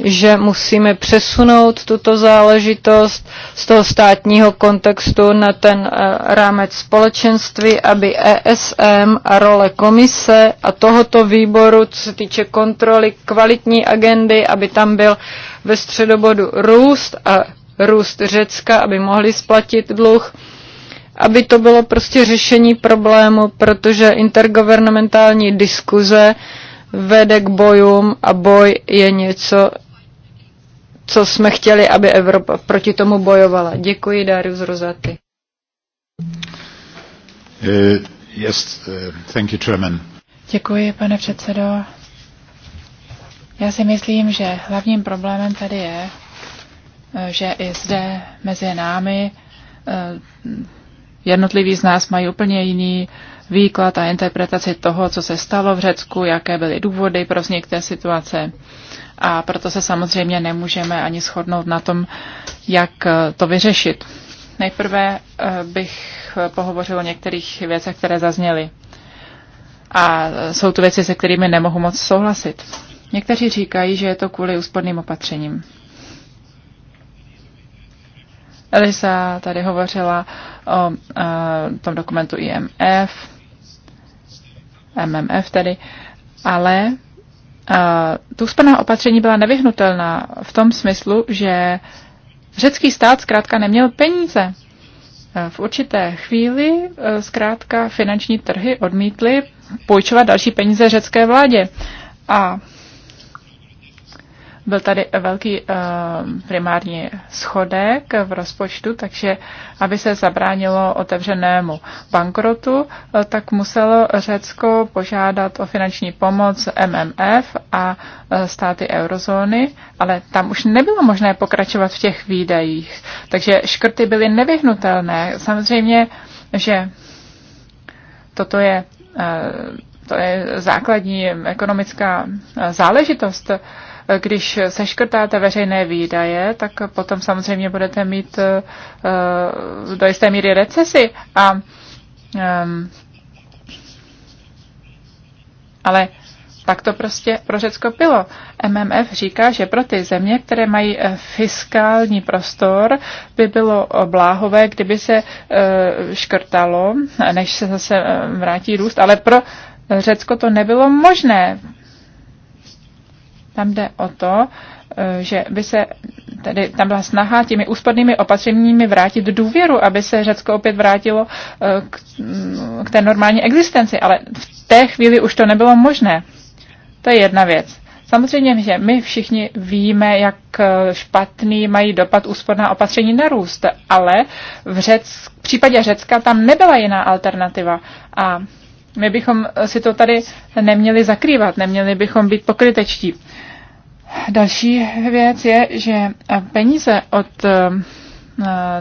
že musíme přesunout tuto záležitost z toho státního kontextu na ten eh, rámec společenství, aby ESM a role komise a tohoto výboru, co se týče kontroly kvalitní agendy, aby tam byl ve středobodu růst a růst Řecka, aby mohli splatit dluh aby to bylo prostě řešení problému, protože intergovernmentální diskuze vede k bojům a boj je něco, co jsme chtěli, aby Evropa proti tomu bojovala. Děkuji, Darius Rozaty. Uh, eh, yes, uh, thank you, Chairman. Děkuji, pane předsedo. Já si myslím, že hlavním problémem tady je, eh, že i zde mezi námi jednotliví z nás mají úplně jiný výklad a interpretaci toho, co se stalo v Řecku, jaké byly důvody pro vznik té situace. A proto se samozřejmě nemůžeme ani shodnout na tom, jak eh, to vyřešit. Nejprve eh, bych eh, pohovořil o některých věcech, které zazněly. A jsou to věci, se kterými nemohu moc souhlasit. Někteří říkají, že je to kvůli úsporným opatřením. Elisa tady hovořila o eh, tom dokumentu IMF, MMF tedy, ale eh, tu úsporná opatření byla nevyhnutelná v tom smyslu, že řecký stát zkrátka neměl peníze. Eh, v určité chvíli zkrátka finanční trhy odmítly půjčovat další peníze řecké vládě. A byl tady velký eh, primární schodek v rozpočtu, takže aby se zabránilo otevřenému bankrotu, eh, tak muselo Řecko požádat o finanční pomoc MMF a eh, státy eurozóny, ale tam už nebylo možné pokračovat v těch výdajích. Takže škrty byly nevyhnutelné. Samozřejmě, že toto je to je základní ekonomická záležitost, když seškrtáte veřejné výdaje, tak potom samozřejmě budete mít eh, do jisté míry recesi. A, ehm, ale tak to prostě pro Řecko bylo. MMF říká, že pro ty země, které mají eh, fiskální prostor, by bylo eh, bláhové, kdyby se škrtalo, než se zase vrátí růst, ale pro Řecko to nebylo možné. Tam jde o to, eh, že by se, tedy tam byla snaha těmi úspornými opatřeními vrátit důvěru, aby se Řecko opět vrátilo eh, k, mm, k té normální existenci, ale v té chvíli už to nebylo možné. To je jedna věc. Samozřejmě, že my všichni víme, jak eh, špatný mají dopad úsporná opatření na růst, ale v, Řec, v případě Řecka tam nebyla jiná alternativa. A my bychom si to tady neměli zakrývat, neměli bychom být pokrytečtí. Další věc je, že peníze od eh,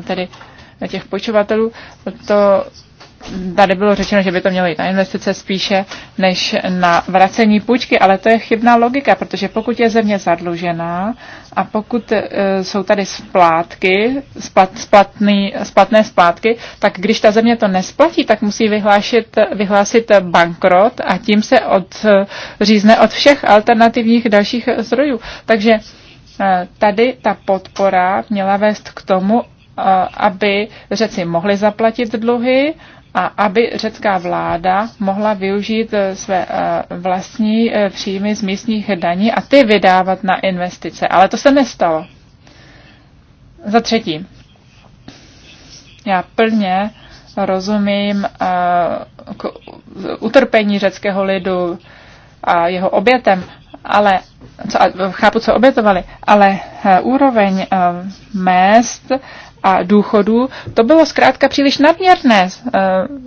tedy těch počovatelů, to tady bylo řečeno, že by to mělo jít na investice spíše než na vracení půjčky, ale to je chybná logika, protože pokud je země zadlužená a pokud e, jsou tady splátky, splat, splatný, splatné splátky, tak když ta země to nesplatí, tak musí vyhlášit, vyhlásit bankrot a tím se odřízne od všech alternativních dalších zdrojů. Takže e, tady ta podpora měla vést k tomu, e, aby řeci mohli zaplatit dluhy, a aby řecká vláda mohla využít eh, své eh, vlastní eh, příjmy z místních daní a ty vydávat na investice. Ale to se nestalo. Za třetí, já plně rozumím k utrpení řeckého lidu a jeho obětem, ale co, chápu, co obětovali, ale úroveň mest a důchodů, to bylo zkrátka příliš nadměrné eh,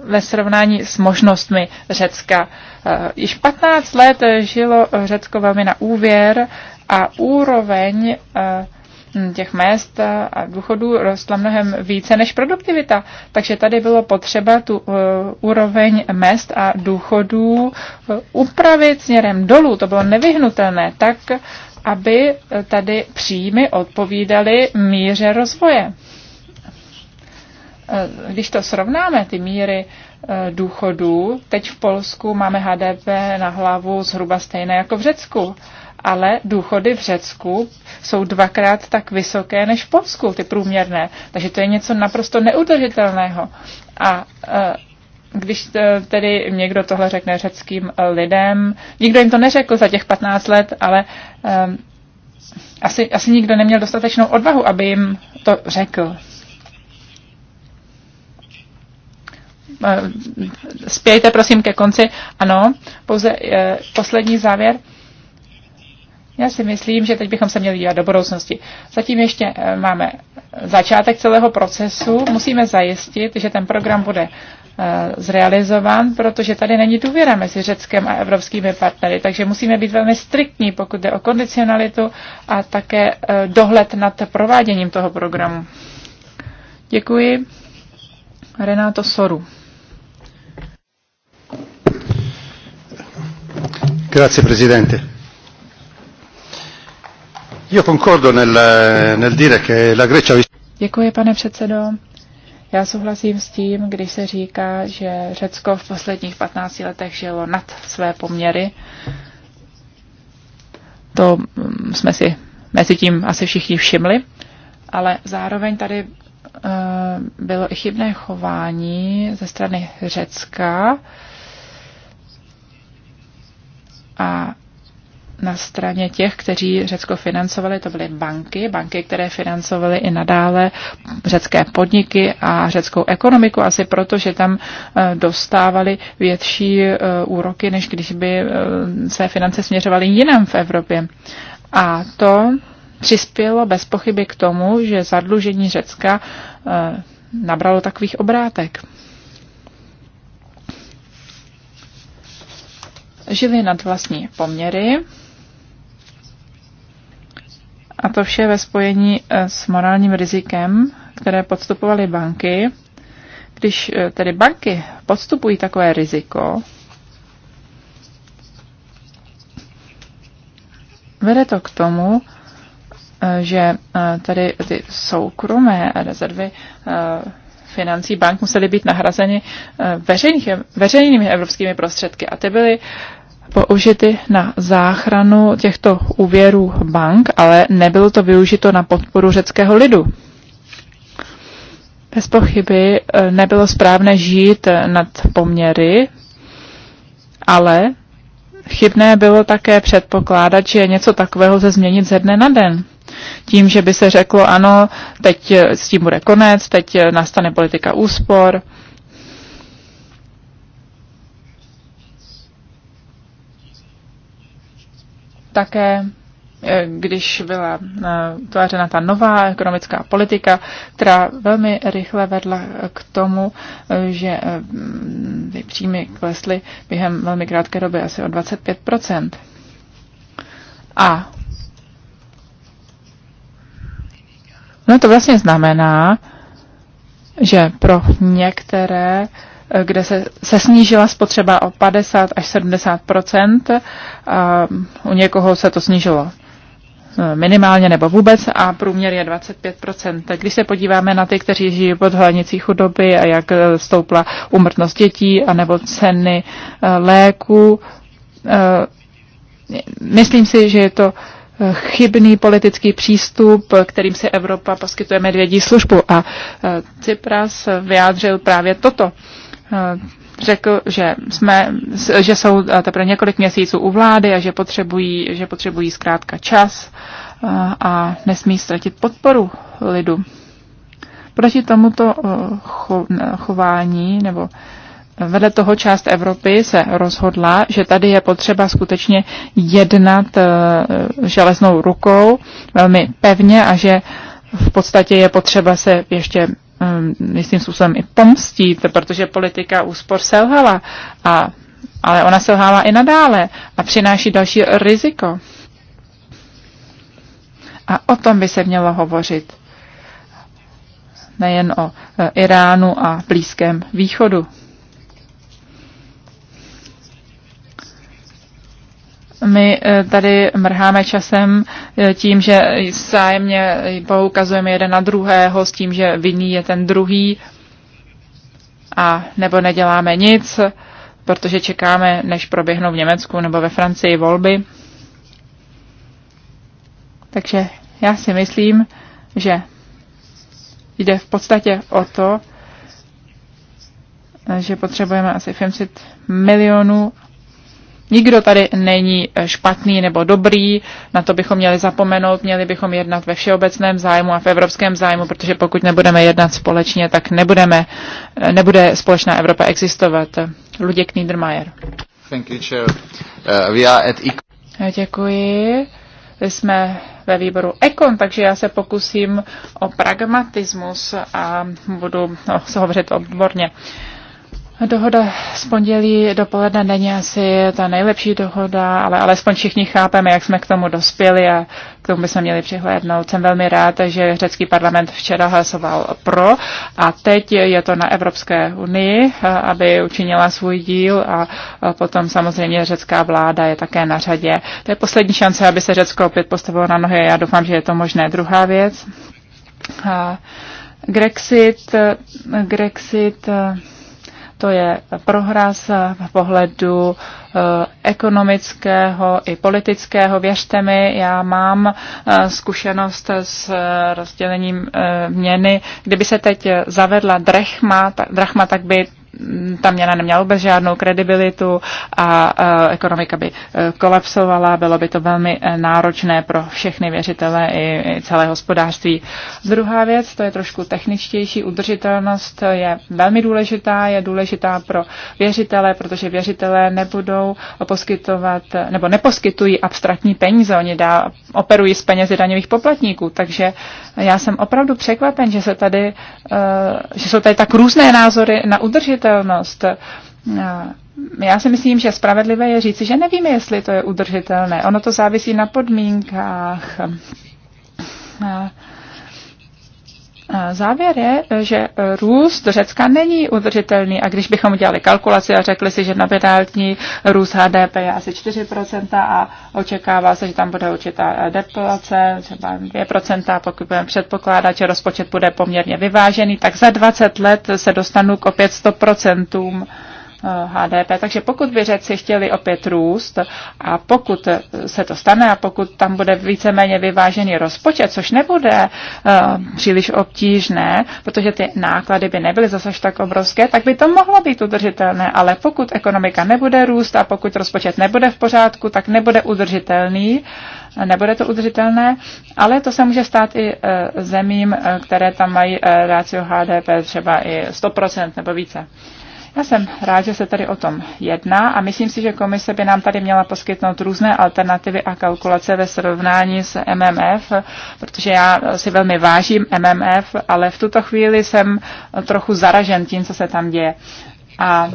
ve srovnání s možnostmi Řecka. Eh, již 15 let žilo Řecko velmi na úvěr a úroveň eh, těch mest a důchodů rostla mnohem více než produktivita. Takže tady bylo potřeba tu úroveň mest a důchodů upravit směrem dolů. To bylo nevyhnutelné tak, aby tady příjmy odpovídaly míře rozvoje. Eh, když to srovnáme, ty míry eh, důchodů, teď v Polsku máme HDP na hlavu zhruba stejné jako v Řecku, ale důchody v Řecku jsou dvakrát tak vysoké než v Polsku, ty průměrné. Takže to je něco naprosto neudržitelného. A eh, když tedy někdo tohle řekne řeckým lidem, nikdo jim to neřekl za těch 15 let, ale asi, asi nikdo neměl dostatečnou odvahu, aby jim to řekl. Eh, spějte prosím ke konci. Ano, pouze eh, poslední závěr. Já si myslím, že teď bychom se měli dívat do budoucnosti. Zatím ještě eh, máme začátek celého procesu. Musíme zajistit, že ten program bude zrealizován, protože tady není důvěra mezi Řeckem a evropskými partnery, takže musíme být velmi striktní, pokud jde o kondicionalitu a také dohled nad prováděním toho programu. Děkuji. Renato Soru. Grazie Presidente. Io concordo nel, nel dire che la Grecia... Děkuji, pane předsedo. Já souhlasím s tím, když se říká, že Řecko v posledních 15 letech žilo nad své poměry. To mm, jsme si mezi tím asi všichni všimli, ale zároveň tady eh, bylo i chybné chování ze strany Řecka a na straně těch, kteří Řecko financovali, to byly banky, banky, které financovaly i nadále řecké podniky a řeckou ekonomiku, asi proto, že tam e, dostávali větší e, úroky, než když by e, své finance směřovaly jinam v Evropě. A to přispělo bez pochyby k tomu, že zadlužení Řecka nabralo takových obrátek. žili nad vlastní poměry. A to vše ve spojení eh, s morálním rizikem, které podstupovaly banky. Když eh, tedy banky podstupují takové riziko, vede to k tomu, eh, že tady ty soukromé rezervy financí bank musely být nahrazeny eh, veřejných, veřejnými evropskými prostředky a ty byly použity na záchranu těchto úvěrů bank, ale nebylo to využito na podporu řeckého lidu. Bez pochyby eh, nebylo správné žít eh, nad poměry, ale chybné bylo také předpokládat, že něco takového se změnit ze dne na den. Tím, že by se řeklo, ano, teď eh, s tím bude konec, teď eh, nastane politika úspor. Také eh, když byla tvářena ta nová ekonomická politika, která velmi rychle vedla k tomu, že mm, ty příjmy klesly během velmi krátké doby asi o 25 A No to vlastně znamená, že pro některé, eh, kde se, se snížila spotřeba o 50 až 70 a eh, u někoho se to snížilo eh, minimálně nebo vůbec a průměr je 25%. Tak když se podíváme na ty, kteří žijí pod hranicí chudoby a jak stoupla umrtnost dětí a nebo ceny léků, myslím si, že je to Eh, chybný politický přístup, kterým se Evropa poskytuje medvědí službu. A Cypras eh, vyjádřil právě toto. Eh, řekl, že, jsme, že jsou teprve několik měsíců u vlády a že potřebují, že potřebují zkrátka čas a nesmí ztratit podporu lidu. Proti tomuto chování nebo vedle toho část Evropy se rozhodla, že tady je potřeba skutečně jednat eh, železnou rukou velmi pevně a že v podstatě je potřeba se ještě eh, jistým způsobem i pomstit, protože politika úspor selhala, a, ale ona selhává i nadále a přináší další riziko. A o tom by se mělo hovořit. Nejen o eh, Iránu a Blízkém východu. my eh, tady mrháme časem eh, tím, že zájemně poukazujeme jeden na druhého s tím, že vinný je ten druhý a nebo neděláme nic, protože čekáme, než proběhnou v Německu nebo ve Francii volby. Takže já si myslím, že jde v podstatě o to, že potřebujeme asi 500 milionů Nikdo tady není eh, špatný nebo dobrý, na to bychom měli zapomenout, měli bychom jednat ve všeobecném zájmu a v evropském zájmu, protože pokud nebudeme jednat společně, tak nebudeme, eh, nebude společná Evropa existovat. Luděk Niedermayer. Thank you, chair. Uh, we are at... E eh, děkuji. Jsme ve výboru Ekon, takže já se pokusím o pragmatismus a budu no, hovořit odborně. Uh, Dohoda z pondělí dopoledne není asi ta nejlepší dohoda, ale alespoň všichni chápeme, jak jsme k tomu dospěli a k tomu bychom měli přihlédnout. Jsem velmi rád, že řecký parlament včera hlasoval pro a teď je to na Evropské unii, aby učinila svůj díl a potom samozřejmě řecká vláda je také na řadě. To je poslední šance, aby se Řecko opět postavilo na nohy já doufám, že je to možné. Druhá věc. Grexit, Grexit, to je prohra z pohledu eh, ekonomického i politického. Věřte mi, já mám eh, zkušenost s eh, rozdělením měny. Kdyby se teď zavedla drachma, drachma tak by ta měna neměla vůbec žádnou kredibilitu a ekonomika by e, kolapsovala, bylo by to velmi e, náročné pro všechny věřitele i celé hospodářství. Druhá věc, to je trošku techničtější, udržitelnost je velmi důležitá, je důležitá pro věřitele, protože věřitelé nebudou poskytovat, nebo neposkytují abstraktní peníze, oni dá, operují s penězi daňových poplatníků, takže já jsem opravdu překvapen, že, se tady, e, že jsou tady tak různé názory na udržitelnost udržitelnost. Já si myslím, že spravedlivé je říci, že nevíme, jestli to je udržitelné. Ono to závisí na podmínkách. Závěr je, že růst Řecka není udržitelný a když bychom udělali kalkulaci a řekli si, že nominální růst HDP je asi 4% a očekává se, že tam bude určitá deplace, třeba 2%, pokud budeme předpokládat, že rozpočet bude poměrně vyvážený, tak za 20 let se dostanu k opět 100%. HDP. Eh, Takže pokud by řeci chtěli opět růst a pokud se to stane a pokud tam bude víceméně vyvážený rozpočet, což nebude eh, příliš obtížné, protože ty náklady by nebyly zase tak obrovské, tak by to mohlo být udržitelné, ale pokud ekonomika nebude růst a pokud rozpočet nebude v pořádku, tak nebude udržitelný nebude to udržitelné, ale to se může stát i eh, zemím, které tam mají rácio HDP třeba i 100% nebo více. Já jsem rád, že se tady o tom jedná a myslím si, že komise by nám tady měla poskytnout různé alternativy a kalkulace ve srovnání s MMF, protože já si velmi vážím MMF, ale v tuto chvíli jsem trochu zaražen tím, co se tam děje. A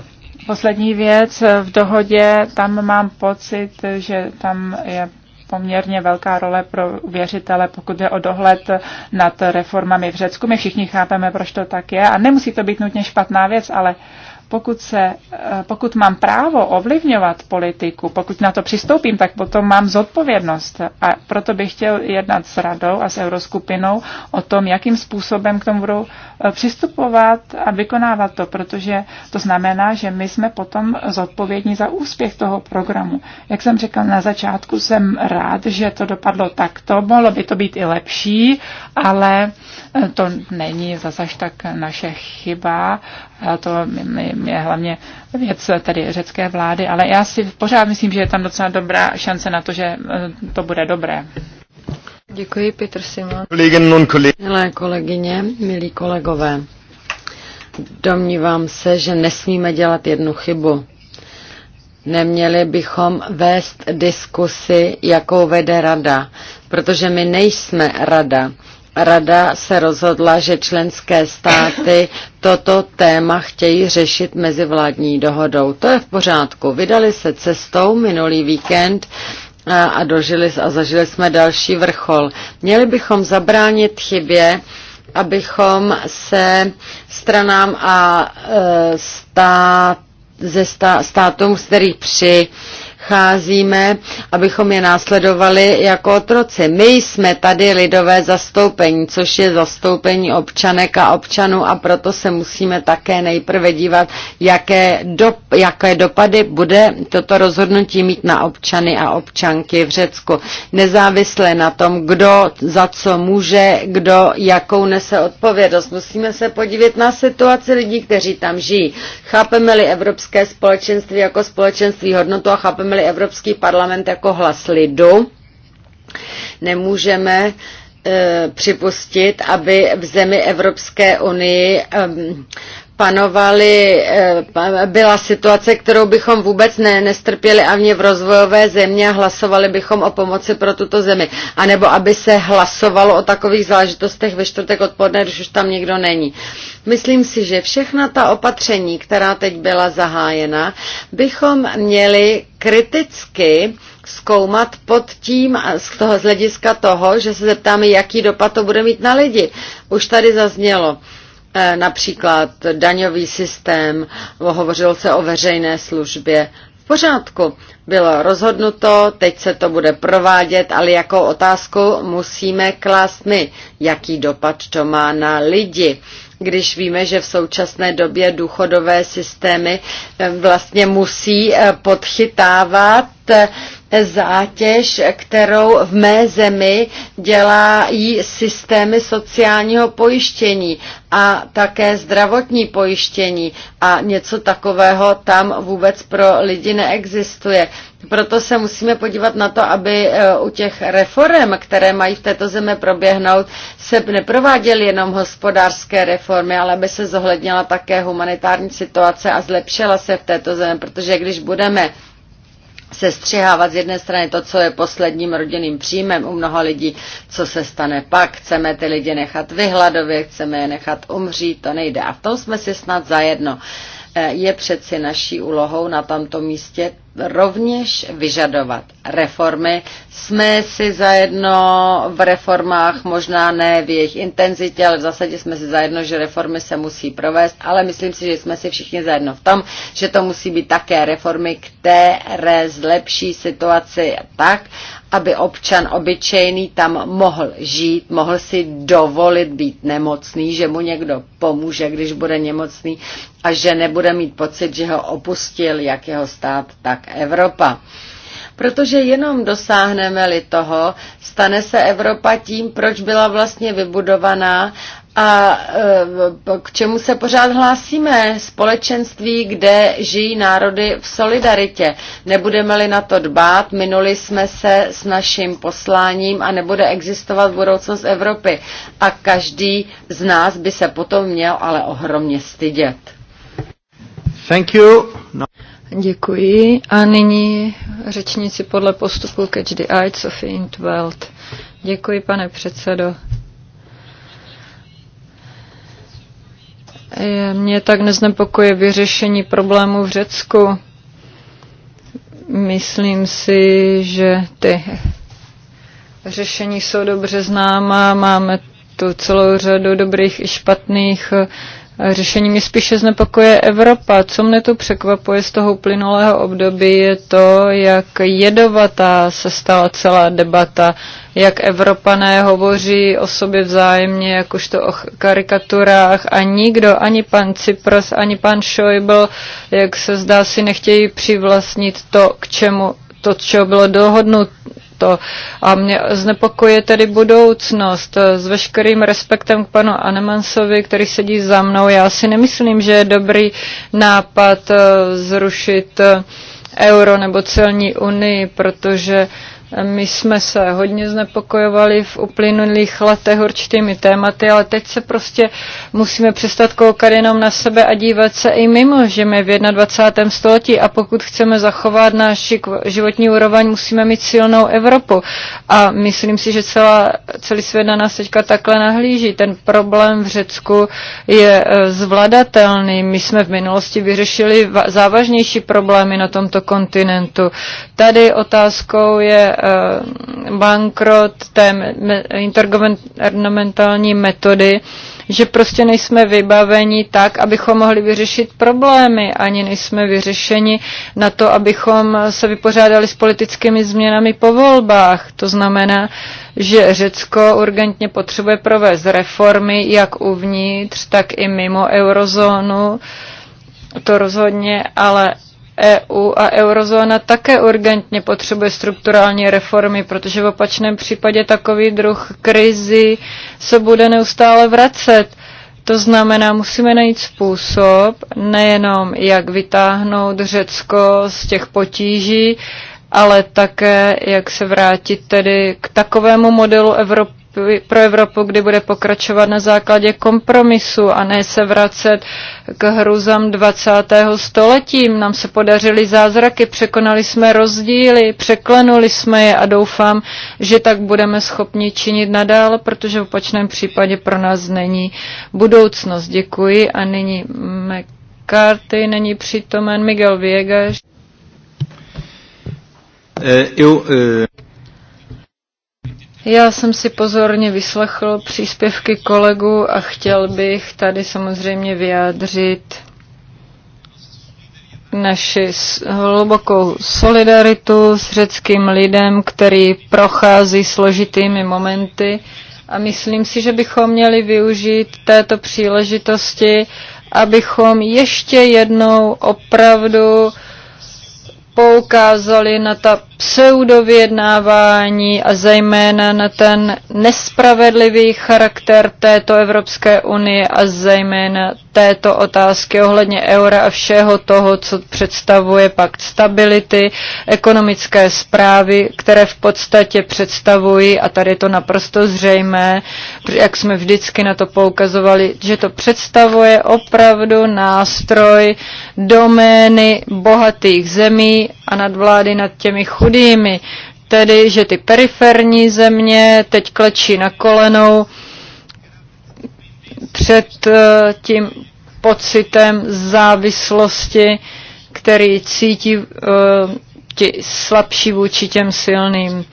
poslední věc, v dohodě tam mám pocit, že tam je poměrně velká role pro věřitele, pokud je o dohled nad reformami v Řecku. My všichni chápeme, proč to tak je a nemusí to být nutně špatná věc, ale uh, pokud, se, eh, pokud mám právo ovlivňovat politiku, pokud na to přistoupím, tak potom mám zodpovědnost. A proto bych chtěl jednat s radou a s euroskupinou o tom, jakým způsobem k tomu budou eh, přistupovat a vykonávat to, protože to znamená, že my jsme potom zodpovědní za úspěch toho programu. Jak jsem řekl na začátku, jsem rád, že to dopadlo takto. Mohlo by to být i lepší, ale eh, to není zase tak naše chyba to je hlavně věc tady řecké vlády, ale já si pořád myslím, že je tam docela dobrá šance na to, že eh, to bude dobré. Děkuji, Petr Simon. Milé kolegyně, milí kolegové, domnívám se, že nesmíme dělat jednu chybu. Neměli bychom vést diskusy, jakou vede rada, protože my nejsme rada. Rada se rozhodla, že členské státy toto téma chtějí řešit mezivládní dohodou. To je v pořádku. Vydali se cestou minulý víkend a dožili a zažili jsme další vrchol. Měli bychom zabránit chybě, abychom se stranám a e, stát, ze stá, státům, z kterých při cházíme, abychom je následovali jako otroci. My jsme tady lidové zastoupení, což je zastoupení občanek a občanů a proto se musíme také nejprve dívat, jaké, dop, jaké dopady bude toto rozhodnutí mít na občany a občanky v Řecku. Nezávisle na tom, kdo za co může, kdo jakou nese odpovědnost. Musíme se podívat na situaci lidí, kteří tam žijí. Chápeme-li Evropské společenství jako společenství hodnotu a chápeme oznámili Evropský parlament jako hlas lidu, nemůžeme e, připustit, aby v zemi Evropské unii panovaly, eh, byla situace, kterou bychom vůbec ne, nestrpěli a v rozvojové země a hlasovali bychom o pomoci pro tuto zemi. A nebo aby se hlasovalo o takových záležitostech ve čtvrtek odpoledne, když už tam někdo není. Myslím si, že všechna ta opatření, která teď byla zahájena, bychom měli kriticky zkoumat pod tím z, toho, z hlediska toho, že se zeptáme, jaký dopad to bude mít na lidi. Už tady zaznělo Eh, například daňový systém, hovořilo se o veřejné službě. V pořádku, bylo rozhodnuto, teď se to bude provádět, ale jako otázku musíme klást my, jaký dopad to má na lidi když víme, že v současné době důchodové systémy eh, vlastně musí eh, podchytávat zátěž, kterou v mé zemi dělají systémy sociálního pojištění a také zdravotní pojištění a něco takového tam vůbec pro lidi neexistuje. Proto se musíme podívat na to, aby e, u těch reform, které mají v této zemi proběhnout, se neprováděly jenom hospodářské reformy, ale aby se zohlednila také humanitární situace a zlepšila se v této zemi, protože když budeme se střihávat z jedné strany to, co je posledním rodinným příjmem u mnoha lidí, co se stane pak, chceme ty lidi nechat vyhladovět, chceme je nechat umřít, to nejde. A v tom jsme si snad zajedno. jedno je přeci naší úlohou na tomto místě rovněž vyžadovat reformy. Jsme si zajedno v reformách, možná ne v jejich intenzitě, ale v zásadě jsme si zajedno, že reformy se musí provést, ale myslím si, že jsme si všichni zajedno v tom, že to musí být také reformy, které zlepší situaci tak, aby občan obyčejný tam mohl žít, mohl si dovolit být nemocný, že mu někdo pomůže, když bude nemocný a že nebude mít pocit, že ho opustil jak jeho stát, tak Evropa. Protože jenom dosáhneme-li toho, stane se Evropa tím, proč byla vlastně vybudovaná a e, k čemu se pořád hlásíme? Společenství, kde žijí národy v solidaritě. Nebudeme-li na to dbát, minuli jsme se s naším posláním a nebude existovat budoucnost Evropy. A každý z nás by se potom měl ale ohromně stydět. Thank you. No. Děkuji. A nyní řečníci podle postupu Catch the Eye, Sophie Intveld. Děkuji, pane předsedo. Mě tak neznepokuje vyřešení problémů v Řecku. Myslím si, že ty řešení jsou dobře známá. Máme tu celou řadu dobrých i špatných Řešení mě spíše znepokoje Evropa. Co mne tu překvapuje z toho uplynulého období je to, jak jedovatá se stala celá debata, jak Evropané hovoří o sobě vzájemně, jakožto o karikaturách a nikdo, ani pan Cypros, ani pan Schäuble, jak se zdá, si nechtějí přivlastnit to, k čemu to, čeho bylo dohodnuto to. A mě znepokoje tedy budoucnost. S veškerým respektem k panu Anemansovi, který sedí za mnou, já si nemyslím, že je dobrý nápad eh, zrušit eh, euro nebo celní unii, protože my jsme se hodně znepokojovali v uplynulých letech určitými tématy, ale teď se prostě musíme přestat koukat jenom na sebe a dívat se i mimo, že jsme v 21. století a pokud chceme zachovat náš životní úroveň, musíme mít silnou Evropu. A myslím si, že celá, celý svět na nás teďka takhle nahlíží. Ten problém v Řecku je e, zvladatelný. My jsme v minulosti vyřešili závažnější problémy na tomto kontinentu. Tady otázkou je Eh, bankrot té intergovernmentální metody, že prostě nejsme vybaveni tak, abychom mohli vyřešit problémy, ani nejsme vyřešeni na to, abychom se vypořádali s politickými změnami po volbách. To znamená, že Řecko urgentně potřebuje provést reformy jak uvnitř, tak i mimo eurozónu. To rozhodně, ale EU a eurozóna také urgentně potřebuje strukturální reformy, protože v opačném případě takový druh krizi se bude neustále vracet. To znamená, musíme najít způsob nejenom, jak vytáhnout Řecko z těch potíží, ale také, jak se vrátit tedy k takovému modelu Evropy, pro Evropu, kdy bude pokračovat na základě kompromisu a ne se vracet k hruzám 20. století. Nám se podařily zázraky, překonali jsme rozdíly, překlenuli jsme je a doufám, že tak budeme schopni činit nadále, protože v opačném případě pro nás není budoucnost. Děkuji a nyní McCarthy, není přítomen Miguel Viegas. Eh, eu, eh, já jsem si pozorně vyslechl příspěvky kolegu a chtěl bych tady samozřejmě vyjádřit naši hlubokou solidaritu s řeckým lidem, který prochází složitými momenty a myslím si, že bychom měli využít této příležitosti, abychom ještě jednou opravdu poukázali na ta pseudovědnávání a zejména na ten nespravedlivý charakter této Evropské unie a zejména této otázky ohledně eura a všeho toho, co představuje pakt stability, ekonomické zprávy, které v podstatě představují, a tady je to naprosto zřejmé, jak jsme vždycky na to poukazovali, že to představuje opravdu nástroj domény bohatých zemí a nadvlády nad těmi chudými. Tedy, že ty periferní země teď klečí na kolenou, před eh, tím pocitem závislosti, který cítí uh, ti slabší vůči těm silným.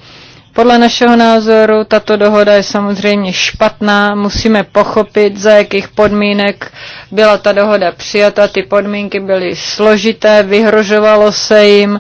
Podle našeho názoru tato dohoda je samozřejmě špatná. Musíme pochopit, za jakých podmínek byla ta dohoda přijata. Ty podmínky byly složité, vyhrožovalo se jim.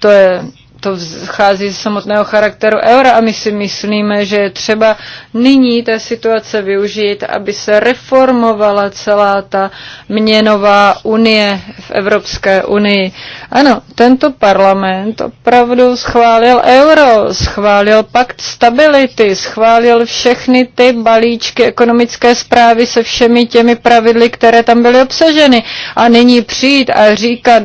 To je to vzchází z samotného charakteru eura a my si myslíme, že je třeba nyní té situace využít, aby se reformovala celá ta měnová unie v Evropské unii. Ano, tento parlament opravdu schválil euro, schválil pakt stability, schválil všechny ty balíčky ekonomické zprávy se všemi těmi pravidly, které tam byly obsaženy. A nyní přijít a říkat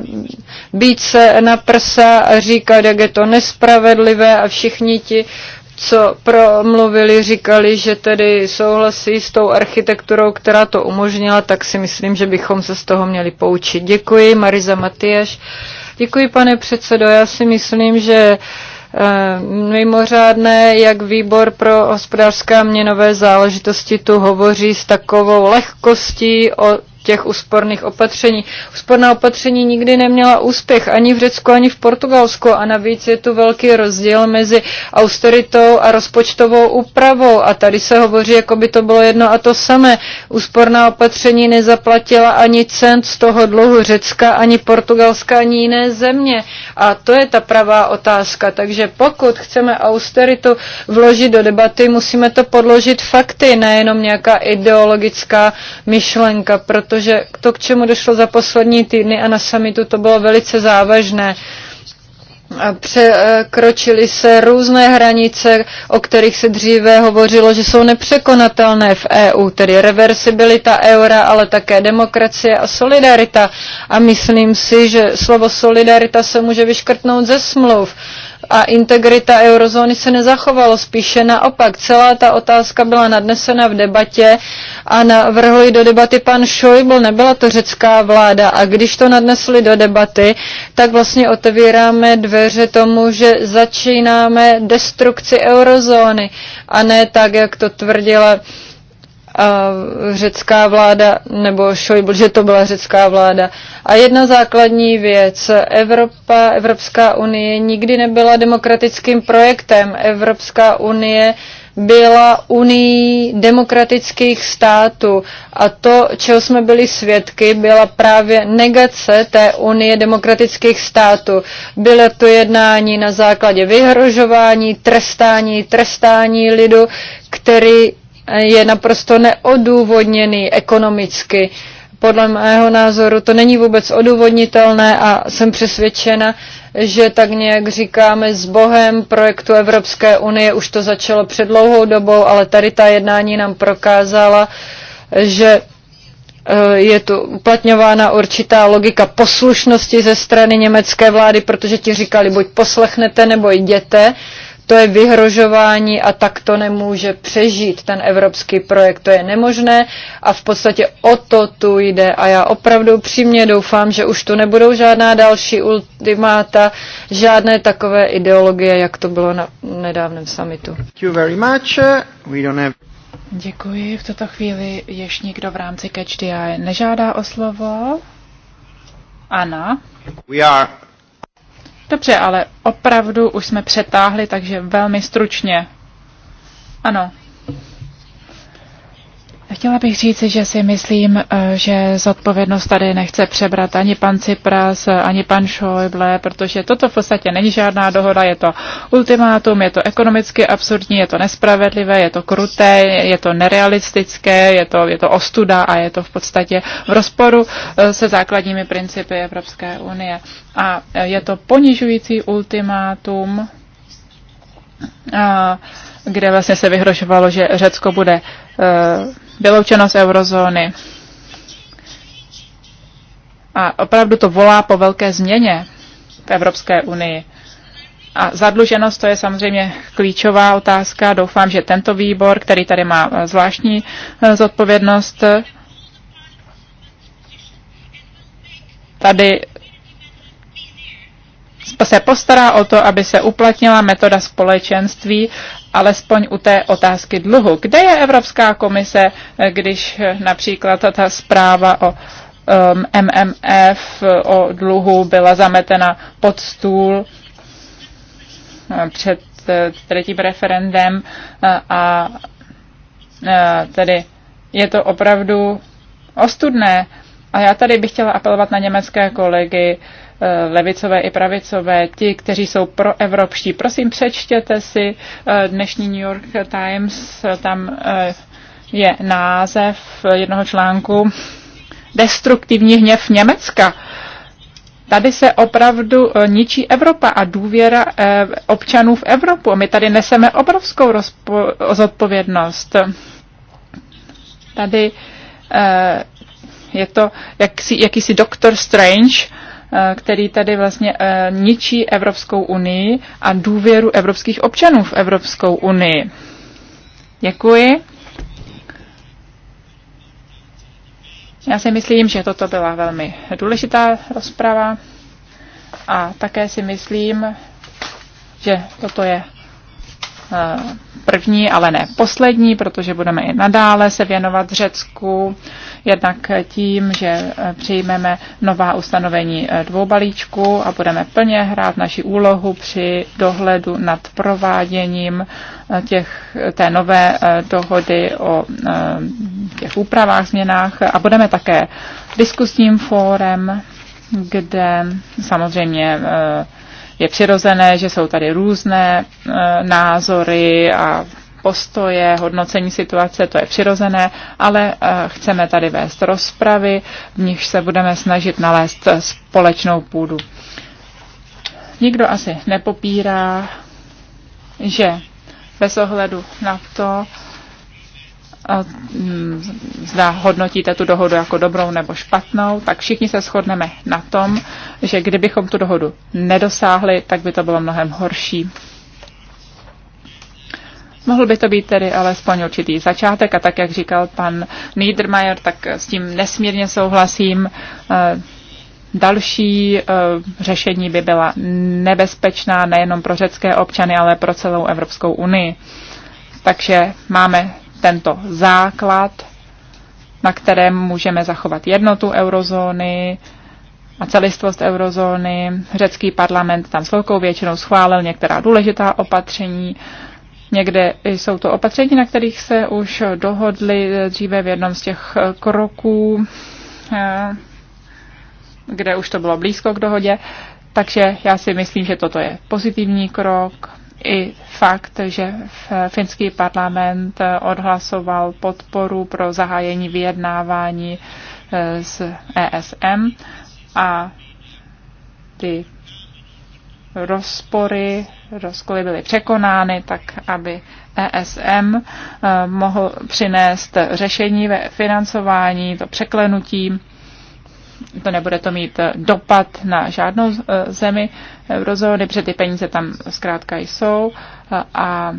být se na prsa a říkat, jak je to nespravedlivé a všichni ti, co promluvili, říkali, že tedy souhlasí s tou architekturou, která to umožnila, tak si myslím, že bychom se z toho měli poučit. Děkuji, Mariza Matyáš. Děkuji, pane předsedo. Já si myslím, že eh, mimořádné, jak výbor pro hospodářské a měnové záležitosti tu hovoří s takovou lehkostí o těch úsporných opatření. Úsporná opatření nikdy neměla úspěch ani v Řecku, ani v Portugalsku a navíc je tu velký rozdíl mezi austeritou a rozpočtovou úpravou a tady se hovoří, jako by to bylo jedno a to samé. Úsporná opatření nezaplatila ani cent z toho dluhu Řecka, ani Portugalska, ani jiné země a to je ta pravá otázka. Takže pokud chceme austeritu vložit do debaty, musíme to podložit fakty, nejenom nějaká ideologická myšlenka, proto protože to, k čemu došlo za poslední týdny a na samitu, to bylo velice závažné. Překročily se různé hranice, o kterých se dříve hovořilo, že jsou nepřekonatelné v EU, tedy reversibilita eura, ale také demokracie a solidarita. A myslím si, že slovo solidarita se může vyškrtnout ze smluv a integrita eurozóny se nezachovalo, spíše naopak. Celá ta otázka byla nadnesena v debatě a navrhli do debaty pan Šojbl, nebyla to řecká vláda. A když to nadnesli do debaty, tak vlastně otevíráme dveře tomu, že začínáme destrukci eurozóny a ne tak, jak to tvrdila uh, řecká vláda, nebo Šojbl, že to byla řecká vláda. A jedna základní věc, Evropa, Evropská unie nikdy nebyla demokratickým projektem. Evropská unie byla unii demokratických států a to, čeho jsme byli svědky, byla právě negace té unie demokratických států. Bylo to jednání na základě vyhrožování, trestání, trestání lidu, který je naprosto neodůvodněný ekonomicky. Podle mého názoru to není vůbec odůvodnitelné a jsem přesvědčena, že tak nějak říkáme s Bohem projektu Evropské unie, už to začalo před dlouhou dobou, ale tady ta jednání nám prokázala, že eh, je tu uplatňována určitá logika poslušnosti ze strany německé vlády, protože ti říkali, buď poslechnete nebo jděte to je vyhrožování a tak to nemůže přežít ten evropský projekt. To je nemožné a v podstatě o to tu jde. A já opravdu přímě doufám, že už tu nebudou žádná další ultimáta, žádné takové ideologie, jak to bylo na nedávném summitu. Děkuji. V tuto chvíli ještě někdo v rámci Catch the Eye nežádá o slovo. Anna? We are Dobře, ale opravdu už jsme přetáhli, takže velmi stručně. Ano, Chtěla bych říct, že si myslím, eh, že zodpovědnost tady nechce přebrat ani pan Cipras, eh, ani pan Schäuble, protože toto v podstatě není žádná dohoda, je to ultimátum, je to ekonomicky absurdní, je to nespravedlivé, je to kruté, je to nerealistické, je to, je to ostuda a je to v podstatě v rozporu eh, se základními principy Evropské unie. A je to ponižující ultimátum, kde vlastně se vyhrožovalo, že Řecko bude vyloučeno z eurozóny. A opravdu to volá po velké změně v Evropské unii. A zadluženost to je samozřejmě klíčová otázka. Doufám, že tento výbor, který tady má eh, zvláštní eh, zodpovědnost, tady se postará o to, aby se uplatnila metoda společenství, alespoň u té otázky dluhu. Kde je Evropská komise, eh, když eh, například ta zpráva o um, MMF, eh, o dluhu byla zametena pod stůl před třetím referendem a tedy je to opravdu ostudné. A já tady bych chtěla apelovat na německé kolegy, Eh, levicové i pravicové, ti, kteří jsou proevropští. Prosím, přečtěte si eh, dnešní New York Times, eh, tam je název jednoho článku Destruktivní hněv Německa. Tady se opravdu ničí Evropa a důvěra občanů v Evropu. My tady neseme obrovskou rozpo- zodpovědnost. Tady je to jaksi, jakýsi doktor Strange, Eh, který tady vlastně eh, ničí Evropskou unii a důvěru evropských občanů v Evropskou unii. Děkuji. Já si myslím, že toto byla velmi důležitá rozprava a také si myslím, že toto je Eh, první, ale ne poslední, protože budeme i nadále se věnovat Řecku, jednak tím, že eh, přijmeme nová ustanovení eh, dvou a budeme plně hrát naši úlohu při dohledu nad prováděním těch, té nové dohody o těch úpravách, změnách a budeme také diskusním fórem, kde samozřejmě je přirozené, že jsou tady různé e, názory a postoje, hodnocení situace, to je přirozené, ale e, chceme tady vést rozpravy, v nich se budeme snažit nalézt společnou půdu. Nikdo asi nepopírá, že bez ohledu na to, Mm, zda hodnotíte tu dohodu jako dobrou nebo špatnou, tak všichni se shodneme na tom, že kdybychom tu dohodu nedosáhli, tak by to bylo mnohem horší. Mohl by to být tedy alespoň určitý začátek a tak, jak říkal pan Niedermayer, tak s tím nesmírně souhlasím. E, další e, řešení by byla nebezpečná nejenom pro řecké občany, ale pro celou Evropskou unii. Takže máme tento základ, na kterém můžeme zachovat jednotu eurozóny a celistvost eurozóny. Řecký parlament tam s velkou většinou schválil některá důležitá opatření. Někde jsou to opatření, na kterých se už dohodli dříve v jednom z těch kroků, eh, kde už to bylo blízko k dohodě. Takže já si myslím, že toto je pozitivní krok i fakt, že finský parlament eh, odhlasoval podporu pro zahájení vyjednávání eh, s ESM a ty rozpory, rozkoly byly překonány, tak aby ESM eh, mohl přinést řešení ve financování, to překlenutí to nebude to mít eh, dopad na žádnou eh, zemi eurozóny, protože ty peníze tam zkrátka jsou eh, a,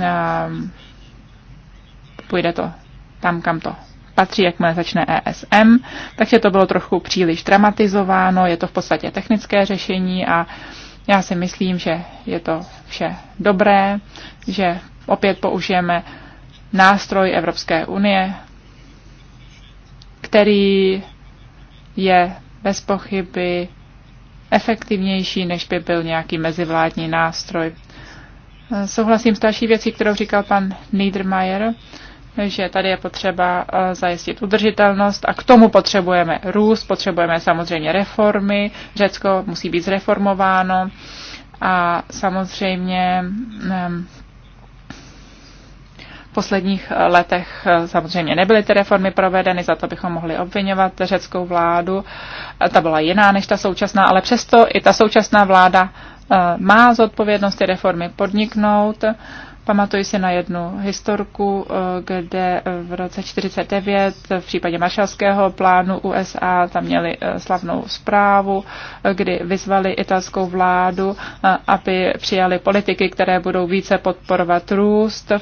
a půjde to tam, kam to patří, jakmile začne ESM. Takže to bylo trochu příliš dramatizováno, je to v podstatě technické řešení a já si myslím, že je to vše dobré, že opět použijeme nástroj Evropské unie, který je bez pochyby efektivnější, než by byl nějaký mezivládní nástroj. Souhlasím s další věcí, kterou říkal pan Niedermayer, že tady je potřeba eh, zajistit udržitelnost a k tomu potřebujeme růst, potřebujeme samozřejmě reformy, Řecko musí být zreformováno a samozřejmě v posledních eh, letech eh, samozřejmě nebyly ty reformy provedeny, za to bychom mohli obvinovat řeckou vládu. Eh, ta byla jiná než ta současná, ale přesto i ta současná vláda má zodpovědnost ty reformy podniknout. Pamatuji si na jednu historku, kde v roce 49 v případě Marshallského plánu USA tam měli slavnou zprávu, kdy vyzvali italskou vládu, aby přijali politiky, které budou více podporovat růst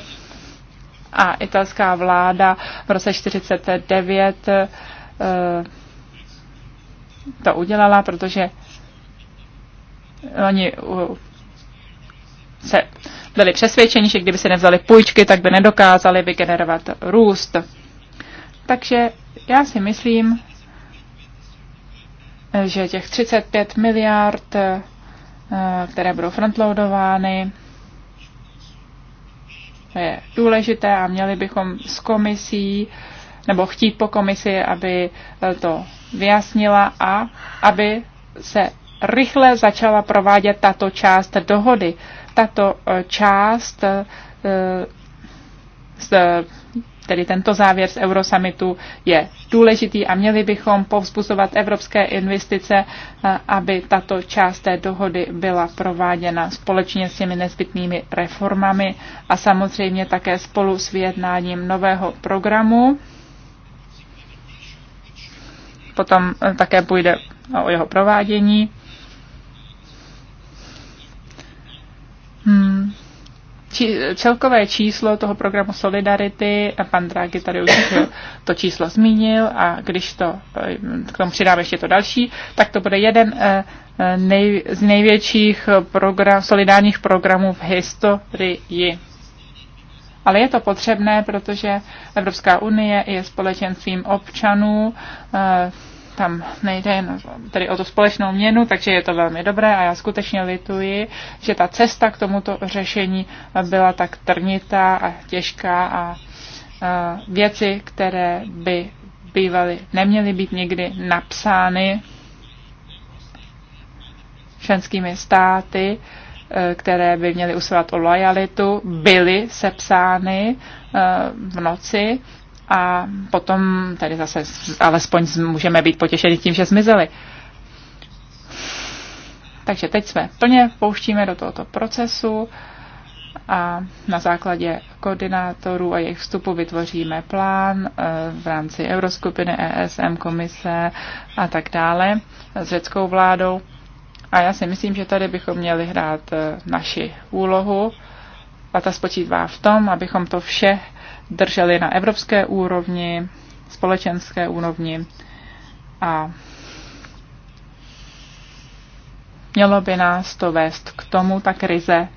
a italská vláda v roce 49 eh, to udělala, protože oni se byli přesvědčeni, že kdyby si nevzali půjčky, tak by nedokázali vygenerovat růst. Takže já si myslím, že těch 35 miliard, eh, které budou frontloadovány, je důležité a měli bychom s komisí nebo chtít po komisi, aby eh, to vyjasnila a aby se rychle začala provádět tato část dohody. Tato eh, část eh, tedy tento závěr z Eurosamitu je důležitý a měli bychom povzbuzovat evropské investice, eh, aby tato část té dohody byla prováděna společně s těmi nezbytnými reformami a samozřejmě také spolu s vyjednáním nového programu. Potom eh, také půjde o jeho provádění. Hmm či, celkové číslo toho programu Solidarity, a pan Draghi tady už to číslo zmínil a když to eh, k tomu přidáme ještě to další, tak to bude jeden eh, eh, nej, z největších program, solidárních programů v historii. Ale je to potřebné, protože Evropská unie je společenstvím občanů, tam nejde jen tedy o tu společnou měnu, takže je to velmi dobré a já skutečně lituji, že ta cesta k tomuto řešení byla tak trnitá a těžká a věci, které by bývaly, neměly být někdy napsány členskými státy, e, které by měly usilovat o lojalitu, byly sepsány e, v noci a potom tady zase alespoň můžeme být potěšeni tím, že zmizely. Takže teď jsme plně pouštíme do tohoto procesu a na základě koordinátorů a jejich vstupu vytvoříme plán eh, v rámci Euroskupiny, ESM, komise a tak dále s řeckou vládou. A já si myslím, že tady bychom měli hrát eh, naši úlohu a ta spočívá v tom, abychom to vše drželi na evropské úrovni, společenské úrovni a mělo by nás to vést k tomu ta krize,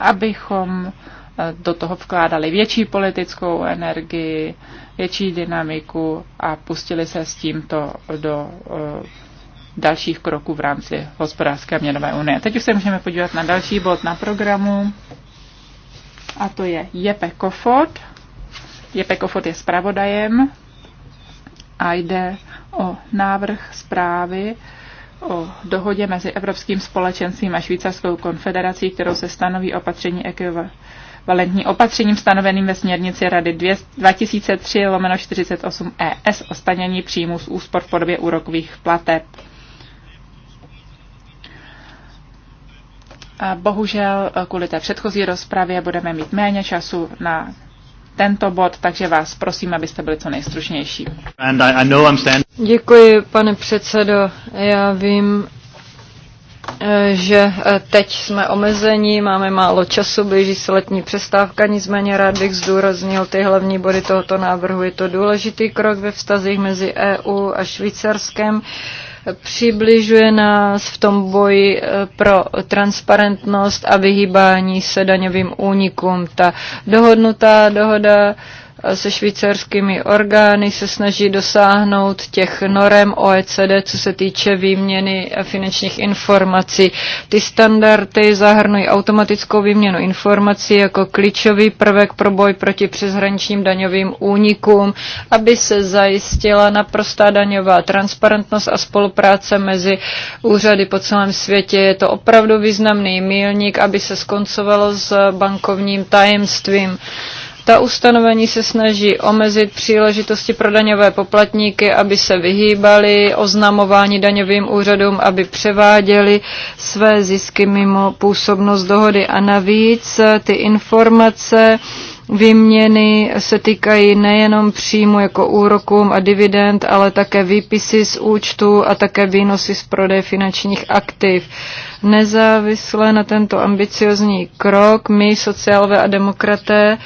abychom eh, do toho vkládali větší politickou energii, větší dynamiku a pustili se s tímto do eh, dalších kroků v rámci hospodářské měnové unie. Teď už se můžeme podívat na další bod na programu a to je Jepe Kofod. Jepe je zpravodajem a jde o návrh zprávy o dohodě mezi Evropským společenstvím a Švýcarskou konfederací, kterou se stanoví opatření ekvivalentní opatřením stanoveným ve směrnici Rady 2003 lomeno 48 ES o stanění příjmů z úspor v podobě úrokových plateb. Bohužel eh, kvůli té předchozí rozpravě budeme mít méně času na tento bod, takže vás prosím, abyste byli co nejstručnější. Děkuji, pane předsedo. Já vím, eh, že eh, teď jsme omezení, máme málo času, blíží se letní přestávka, nicméně rád bych zdůraznil ty hlavní body tohoto návrhu. Je to důležitý krok ve vztazích mezi EU a Švýcarskem. Přibližuje nás v tom boji eh, pro transparentnost a vyhýbání se daňovým únikům. Ta dohodnutá dohoda se švýcarskými orgány se snaží dosáhnout těch norem OECD, co se týče výměny finančních informací. Ty standardy zahrnují automatickou výměnu informací jako klíčový prvek pro boj proti přeshraničním daňovým únikům, aby se zajistila naprostá daňová transparentnost a spolupráce mezi úřady po celém světě. Je to opravdu významný milník, aby se skoncovalo s bankovním tajemstvím. Ta ustanovení se snaží omezit příležitosti pro daňové poplatníky, aby se vyhýbali oznamování daňovým úřadům, aby převáděli své zisky mimo působnost dohody. A navíc eh, ty informace, Výměny se týkají nejenom příjmu jako úrokům a dividend, ale také výpisy z účtu a také výnosy z prodeje finančních aktiv. Nezávisle na tento ambiciozní krok my, sociálové a demokraté,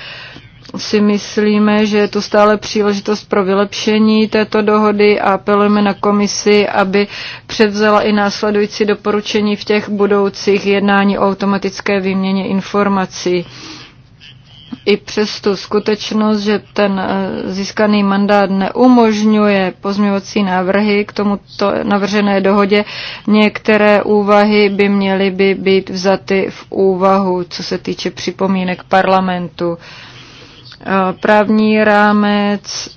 si myslíme, že je to stále příležitost pro vylepšení této dohody a apelujeme na komisi, aby převzala i následující doporučení v těch budoucích jednání o automatické výměně informací. I přes tu skutečnost, že ten eh, získaný mandát neumožňuje pozměvací návrhy k tomuto navržené dohodě, některé úvahy by měly by být vzaty v úvahu, co se týče připomínek parlamentu. Uh, Právní rámec,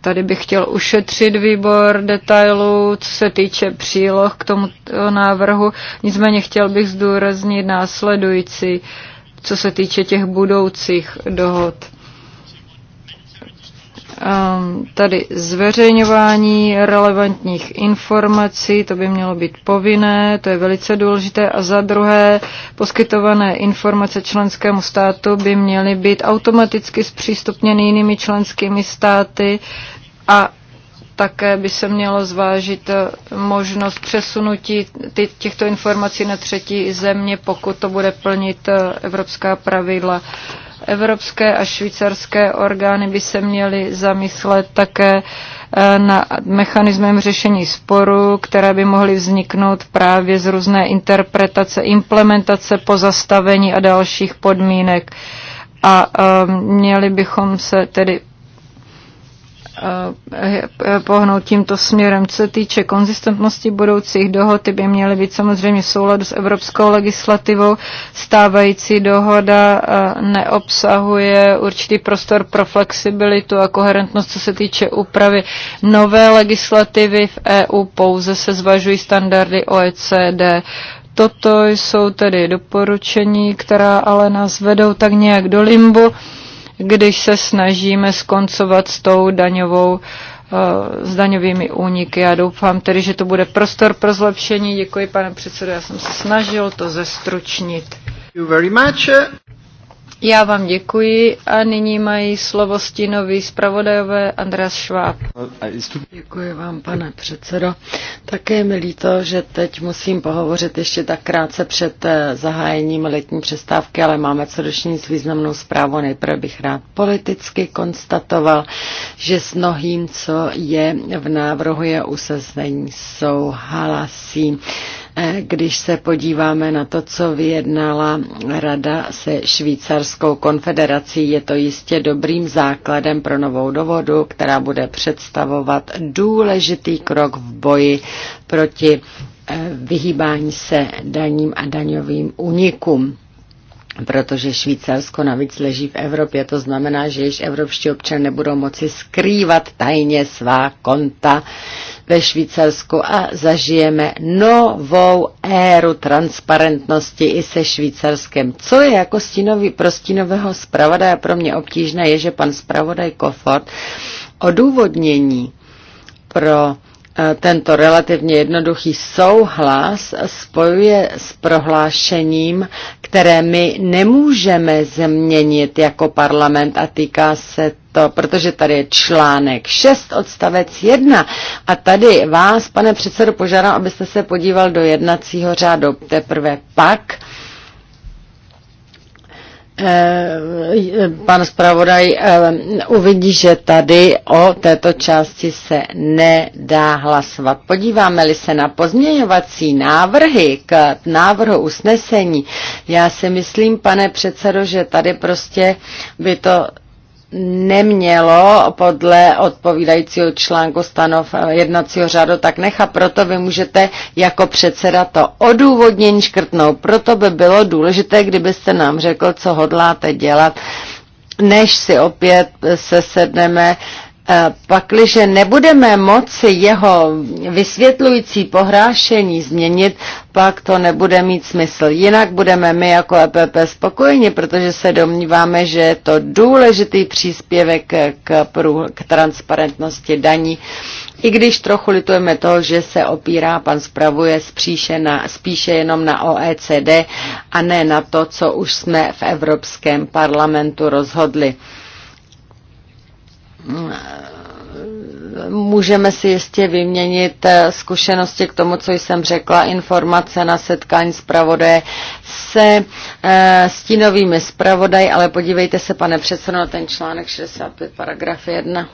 tady bych chtěl ušetřit výbor detailů, co se týče příloh k tomu návrhu, nicméně chtěl bych zdůraznit následující, co se týče těch budoucích dohod. Ehm, tady zveřejňování relevantních informací, to by mělo být povinné, to je velice důležité. A za druhé, poskytované informace členskému státu by měly být automaticky zpřístupněny jinými členskými státy a také by se mělo zvážit eh, možnost přesunutí těchto informací na třetí země, pokud to bude plnit eh, evropská pravidla. Uh, Evropské a švýcarské orgány by se měly zamyslet také eh, na mechanismem řešení sporu, které by mohly vzniknout právě z různé interpretace, implementace, pozastavení a dalších podmínek a eh, měli bychom se tedy Eh, eh, pohnout tímto směrem. Co se týče konzistentnosti budoucích dohod, ty by měly být samozřejmě souladu s evropskou legislativou. Stávající dohoda eh, neobsahuje určitý prostor pro flexibilitu a koherentnost, co se týče úpravy nové legislativy v EU. Pouze se zvažují standardy OECD. Toto jsou tedy doporučení, která ale nás vedou tak nějak do limbu když se snažíme skoncovat s tou daňovou eh, s daňovými úniky. Já doufám tedy, že to bude prostor pro zlepšení. Děkuji, pane předsedo, já jsem se snažil to zestručnit. Já vám děkuji a nyní mají slovo stínový zpravodajové Andreas Schwab. Děkuji vám, pane předsedo. Také mi líto, že teď musím pohovořit ještě tak krátce před eh, zahájením letní přestávky, ale máme co dočinit s významnou zprávou. Nejprve bych rád politicky konstatoval, že s mnohým, co je v návrhu, je usazení souhlasím. Eh, když se podíváme na to, co vyjednala Rada se Švýcarskou konfederací, je to jistě dobrým základem pro novou dohodu, která bude představovat důležitý krok v boji proti eh, vyhýbání se daním a daňovým únikům protože Švýcarsko navíc leží v Evropě, to znamená, že již evropští občané nebudou moci skrývat tajně svá konta ve Švýcarsku a zažijeme novou éru transparentnosti i se Švýcarskem. Co je jako stínový, pro stínového zpravodaje pro mě obtížné, je, že pan zpravodaj Kofort odůvodnění pro E, tento relativně jednoduchý souhlas spojuje s prohlášením, které my nemůžeme změnit jako parlament a týká se to, protože tady je článek 6 odstavec 1 a tady vás, pane předsedo, požádám, abyste se podíval do jednacího řádu. Teprve pak Eh, pan zpravodaj eh, uvidí, že tady o této části se nedá hlasovat. Podíváme-li se na pozměňovací návrhy k návrhu usnesení, já si myslím, pane předsedo, že tady prostě by to nemělo podle odpovídajícího článku stanov jednacího řádu tak nechá, proto vy můžete jako předseda to odůvodnění škrtnout. Proto by bylo důležité, kdybyste nám řekl, co hodláte dělat, než si opět se sesedneme Eh, pakliže nebudeme moci jeho vysvětlující pohrášení změnit, pak to nebude mít smysl. Jinak budeme my jako EPP spokojeni, protože se domníváme, že je to důležitý příspěvek k, prů, k transparentnosti daní. I když trochu litujeme toho, že se opírá pan zpravuje spíše, na, spíše jenom na OECD a ne na to, co už jsme v Evropském parlamentu rozhodli můžeme si jistě vyměnit eh, zkušenosti k tomu, co jsem řekla, informace na setkání zpravodaje se eh, stínovými zpravodaj, ale podívejte se, pane předsedo, na ten článek 65, paragraf 1.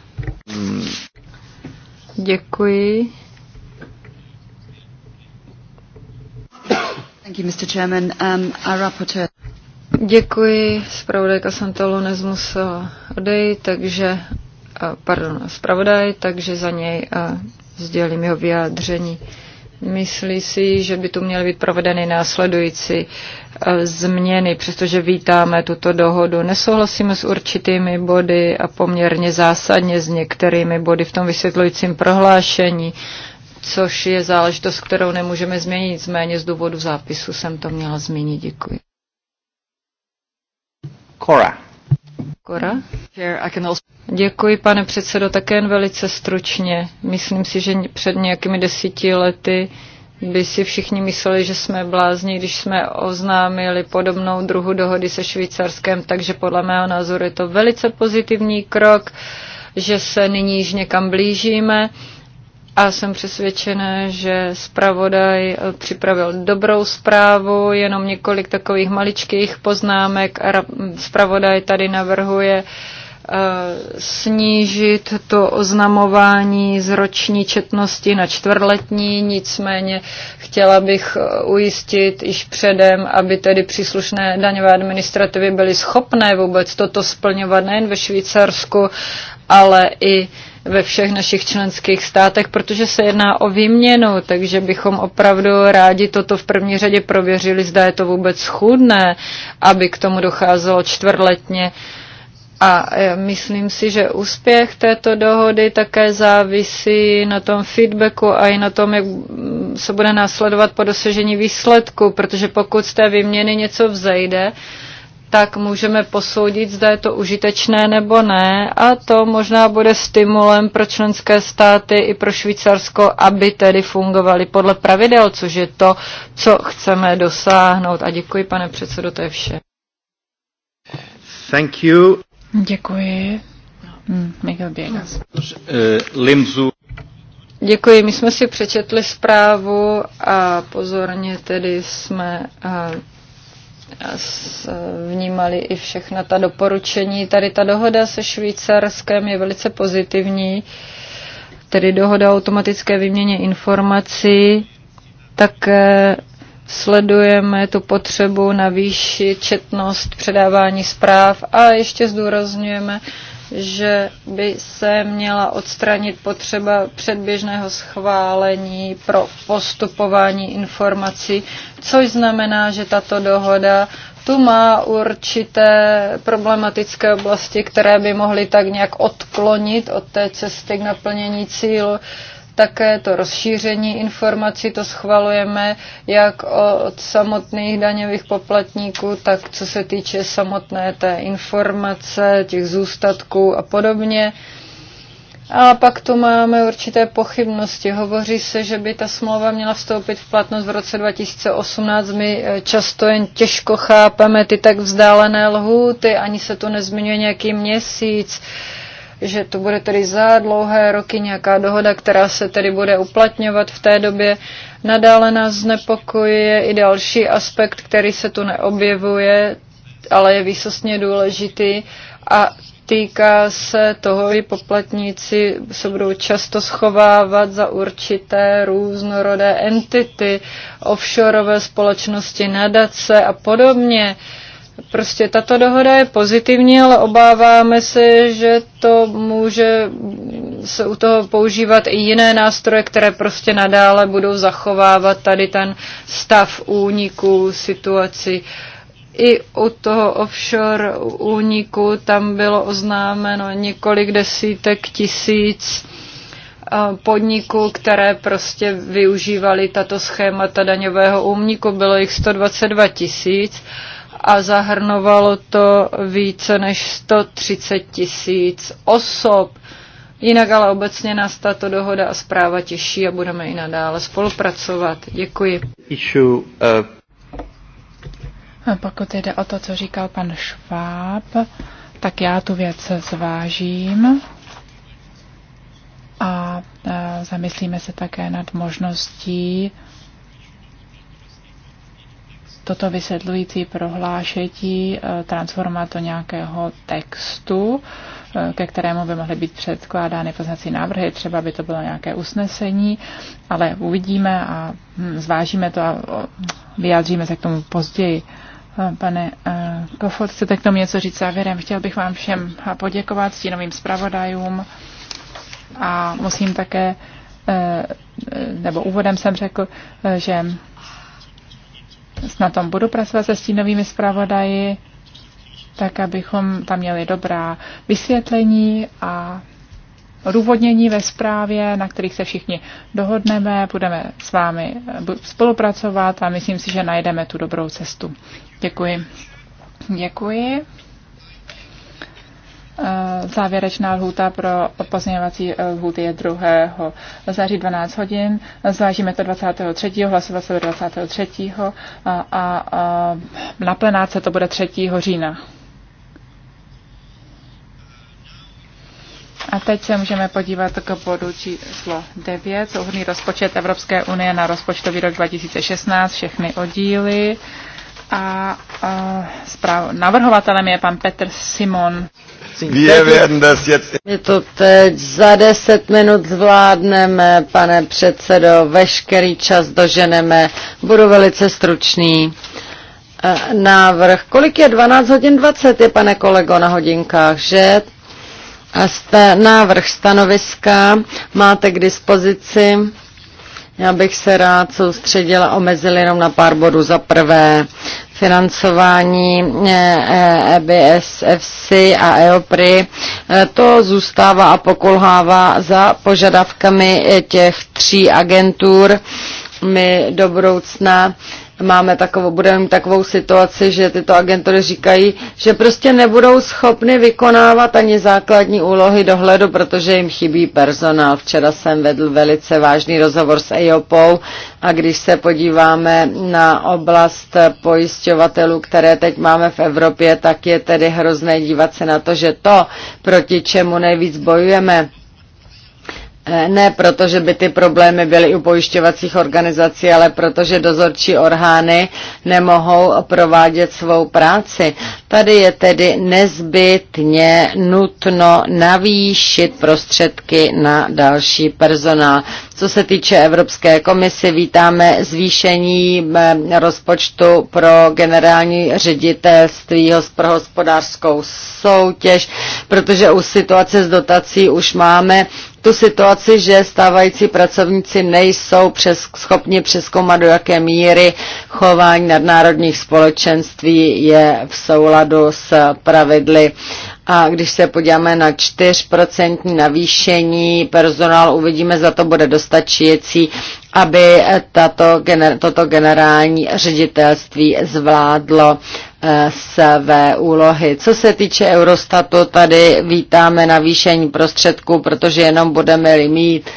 Děkuji. Thank you, Mr. Chairman. Um, our rapporteur... Děkuji. Zpravodajka Santalo nezmusela eh, odejít, takže Eh, pardon, zpravodaj, takže za něj eh, sdělím jeho vyjádření. Myslí si, že by tu měly být provedeny následující eh, změny, přestože vítáme tuto dohodu. Nesouhlasíme s určitými body a poměrně zásadně s některými body v tom vysvětlujícím prohlášení, což je záležitost, kterou nemůžeme změnit. Nicméně z důvodu zápisu jsem to měla zmínit. Děkuji. Cora. Kora? Děkuji, pane předsedo, také jen velice stručně. Myslím si, že před nějakými desíti lety by si všichni mysleli, že jsme blázni, když jsme oznámili podobnou druhu dohody se Švýcarskem, takže podle mého názoru je to velice pozitivní krok, že se nyní již někam blížíme a jsem přesvědčená, že zpravodaj eh, připravil dobrou zprávu, jenom několik takových maličkých poznámek. Zpravodaj tady navrhuje eh, snížit to oznamování z roční četnosti na čtvrtletní, nicméně chtěla bych eh, ujistit již předem, aby tedy příslušné daňové administrativy byly schopné vůbec toto splňovat nejen ve Švýcarsku, ale i ve všech našich členských státech, protože se jedná o výměnu, takže bychom opravdu rádi toto v první řadě prověřili, zda je to vůbec schůdné, aby k tomu docházelo čtvrtletně. A e, myslím si, že úspěch této dohody také závisí na tom feedbacku a i na tom, jak se bude následovat po dosažení výsledku, protože pokud z té výměny něco vzejde, tak můžeme posoudit, zda je to užitečné nebo ne. A to možná bude stimulem pro členské státy i pro Švýcarsko, aby tedy fungovaly podle pravidel, což je to, co chceme dosáhnout. A děkuji, pane předsedo, to je vše. Thank you. Děkuji. Hmm, Miguel eh, Limzu. Děkuji. My jsme si přečetli zprávu a pozorně tedy jsme eh, Eh, vnímali i všechna ta doporučení. Tady ta dohoda se Švýcarskem je velice pozitivní, tedy dohoda o automatické výměně informací, Tak eh, sledujeme tu potřebu navýšit četnost předávání zpráv a ještě zdůrazňujeme že by se měla odstranit potřeba předběžného schválení pro postupování informací, což znamená, že tato dohoda tu má určité problematické oblasti, které by mohly tak nějak odklonit od té cesty k naplnění cílu. Také to rozšíření informací, to schvalujeme jak od samotných daňových poplatníků, tak co se týče samotné té informace, těch zůstatků a podobně. A pak tu máme určité pochybnosti. Hovoří se, že by ta smlouva měla vstoupit v platnost v roce 2018. My eh, často jen těžko chápeme ty tak vzdálené lhůty, ani se tu nezmiňuje nějaký měsíc. Uh, že to bude tedy za dlouhé roky nějaká dohoda, která se tedy bude uplatňovat v té době. Nadále nás znepokojuje i další aspekt, který se tu neobjevuje, ale je výsostně důležitý a týká se toho, že poplatníci se budou často schovávat za určité různorodé entity, offshoreové společnosti, nadace a podobně. Uh, Prostě tato dohoda je pozitivní, ale obáváme se, že to může se u toho používat i jiné nástroje, které prostě nadále budou zachovávat tady ten stav úniku, situaci. I u toho offshore úniku tam bylo oznámeno několik desítek tisíc eh, podniků, které prostě využívali tato schémata daňového úniku. Bylo jich 122 tisíc a zahrnovalo to více než 130 tisíc osob. Jinak ale obecně nás tato dohoda a zpráva těší a budeme i nadále spolupracovat. Děkuji. Uh, a pokud jde o to, co říkal pan Šváb, tak já tu věc zvážím a zamyslíme se také nad možností toto vysvětlující prohlášení eh, transformovat do nějakého textu, eh, ke kterému by mohly být předkládány poznací návrhy, třeba by to bylo nějaké usnesení, ale uvidíme a hm, zvážíme to a vyjádříme se k tomu později. Eh, pane Kofot, chcete k tomu něco říct závěrem? Chtěl bych vám všem poděkovat, stínovým zpravodajům a musím také, nebo úvodem jsem řekl, že na tom budu pracovat se stínovými zpravodaji, tak abychom tam měli dobrá vysvětlení a odůvodnění ve zprávě, na kterých se všichni dohodneme, budeme s vámi eh, spolupracovat a myslím si, že najdeme tu dobrou cestu. Děkuji. Děkuji. Eh, závěrečná lhůta pro pozměňovací eh, lhůty je 2. září 12 hodin. Zvážíme to 23. hlasovat se 23. A, a, a na plenáce to bude 3. října. A teď se můžeme podívat k bodu číslo 9, souhrný rozpočet Evropské unie na rozpočtový rok 2016, všechny oddíly. A, a navrhovatelem je pan Petr Simon prosím. werden My to teď za deset minut zvládneme, pane předsedo, veškerý čas doženeme. Budu velice stručný. Eh, návrh, kolik je 12 hodin 20, je pane kolego na hodinkách, že? A návrh stanoviska máte k dispozici já bych se rád soustředila, omezil jenom na pár bodů. Za prvé, financování EBSFC eh, eh, e a EOPRI, eh, to zůstává a pokulhává za požadavkami těch tří agentur. My do budoucna máme takovou, budeme takovou situaci, že tyto agentury říkají, že prostě nebudou schopny vykonávat ani základní úlohy dohledu, protože jim chybí personál. Včera jsem vedl velice vážný rozhovor s EOPou a když se podíváme na oblast pojišťovatelů, které teď máme v Evropě, tak je tedy hrozné dívat se na to, že to, proti čemu nejvíc bojujeme, Eh, ne proto, že by ty problémy byly u pojišťovacích organizací, ale protože dozorčí orgány nemohou provádět svou práci. Tady je tedy nezbytně nutno navýšit prostředky na další personál. Co se týče Evropské komise, vítáme zvýšení eh, rozpočtu pro generální ředitelství pro hospodářskou soutěž, protože u situace s dotací už máme tu situaci, že stávající pracovníci nejsou přes, schopni přeskoumat, do jaké míry chování nadnárodních společenství je v souladu s pravidly a když se podíváme na 4% navýšení personálu, uvidíme, za to bude dostačující, aby tato, toto generální ředitelství zvládlo eh, své úlohy. Co se týče Eurostatu, tady vítáme navýšení prostředků, protože jenom budeme mít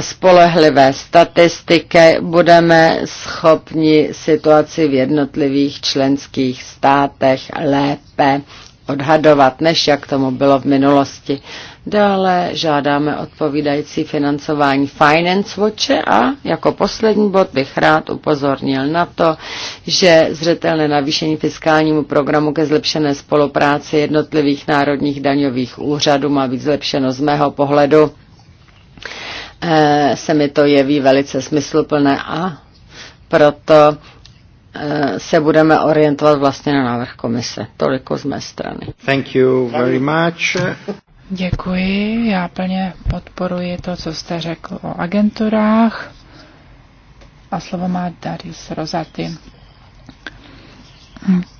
spolehlivé statistiky, budeme schopni situaci v jednotlivých členských státech lépe odhadovat, než jak tomu bylo v minulosti. Dále žádáme odpovídající financování Finance Watche a jako poslední bod bych rád upozornil na to, že zřetelné navýšení fiskálnímu programu ke zlepšené spolupráci jednotlivých národních daňových úřadů má být zlepšeno z mého pohledu. Eh, se mi to jeví velice smysluplné a proto Eh, se budeme orientovat vlastně na návrh komise. Toliko z mé strany. Thank you very much. Děkuji, já plně podporuji to, co jste řekl o agenturách. A slovo má Darius Rozaty.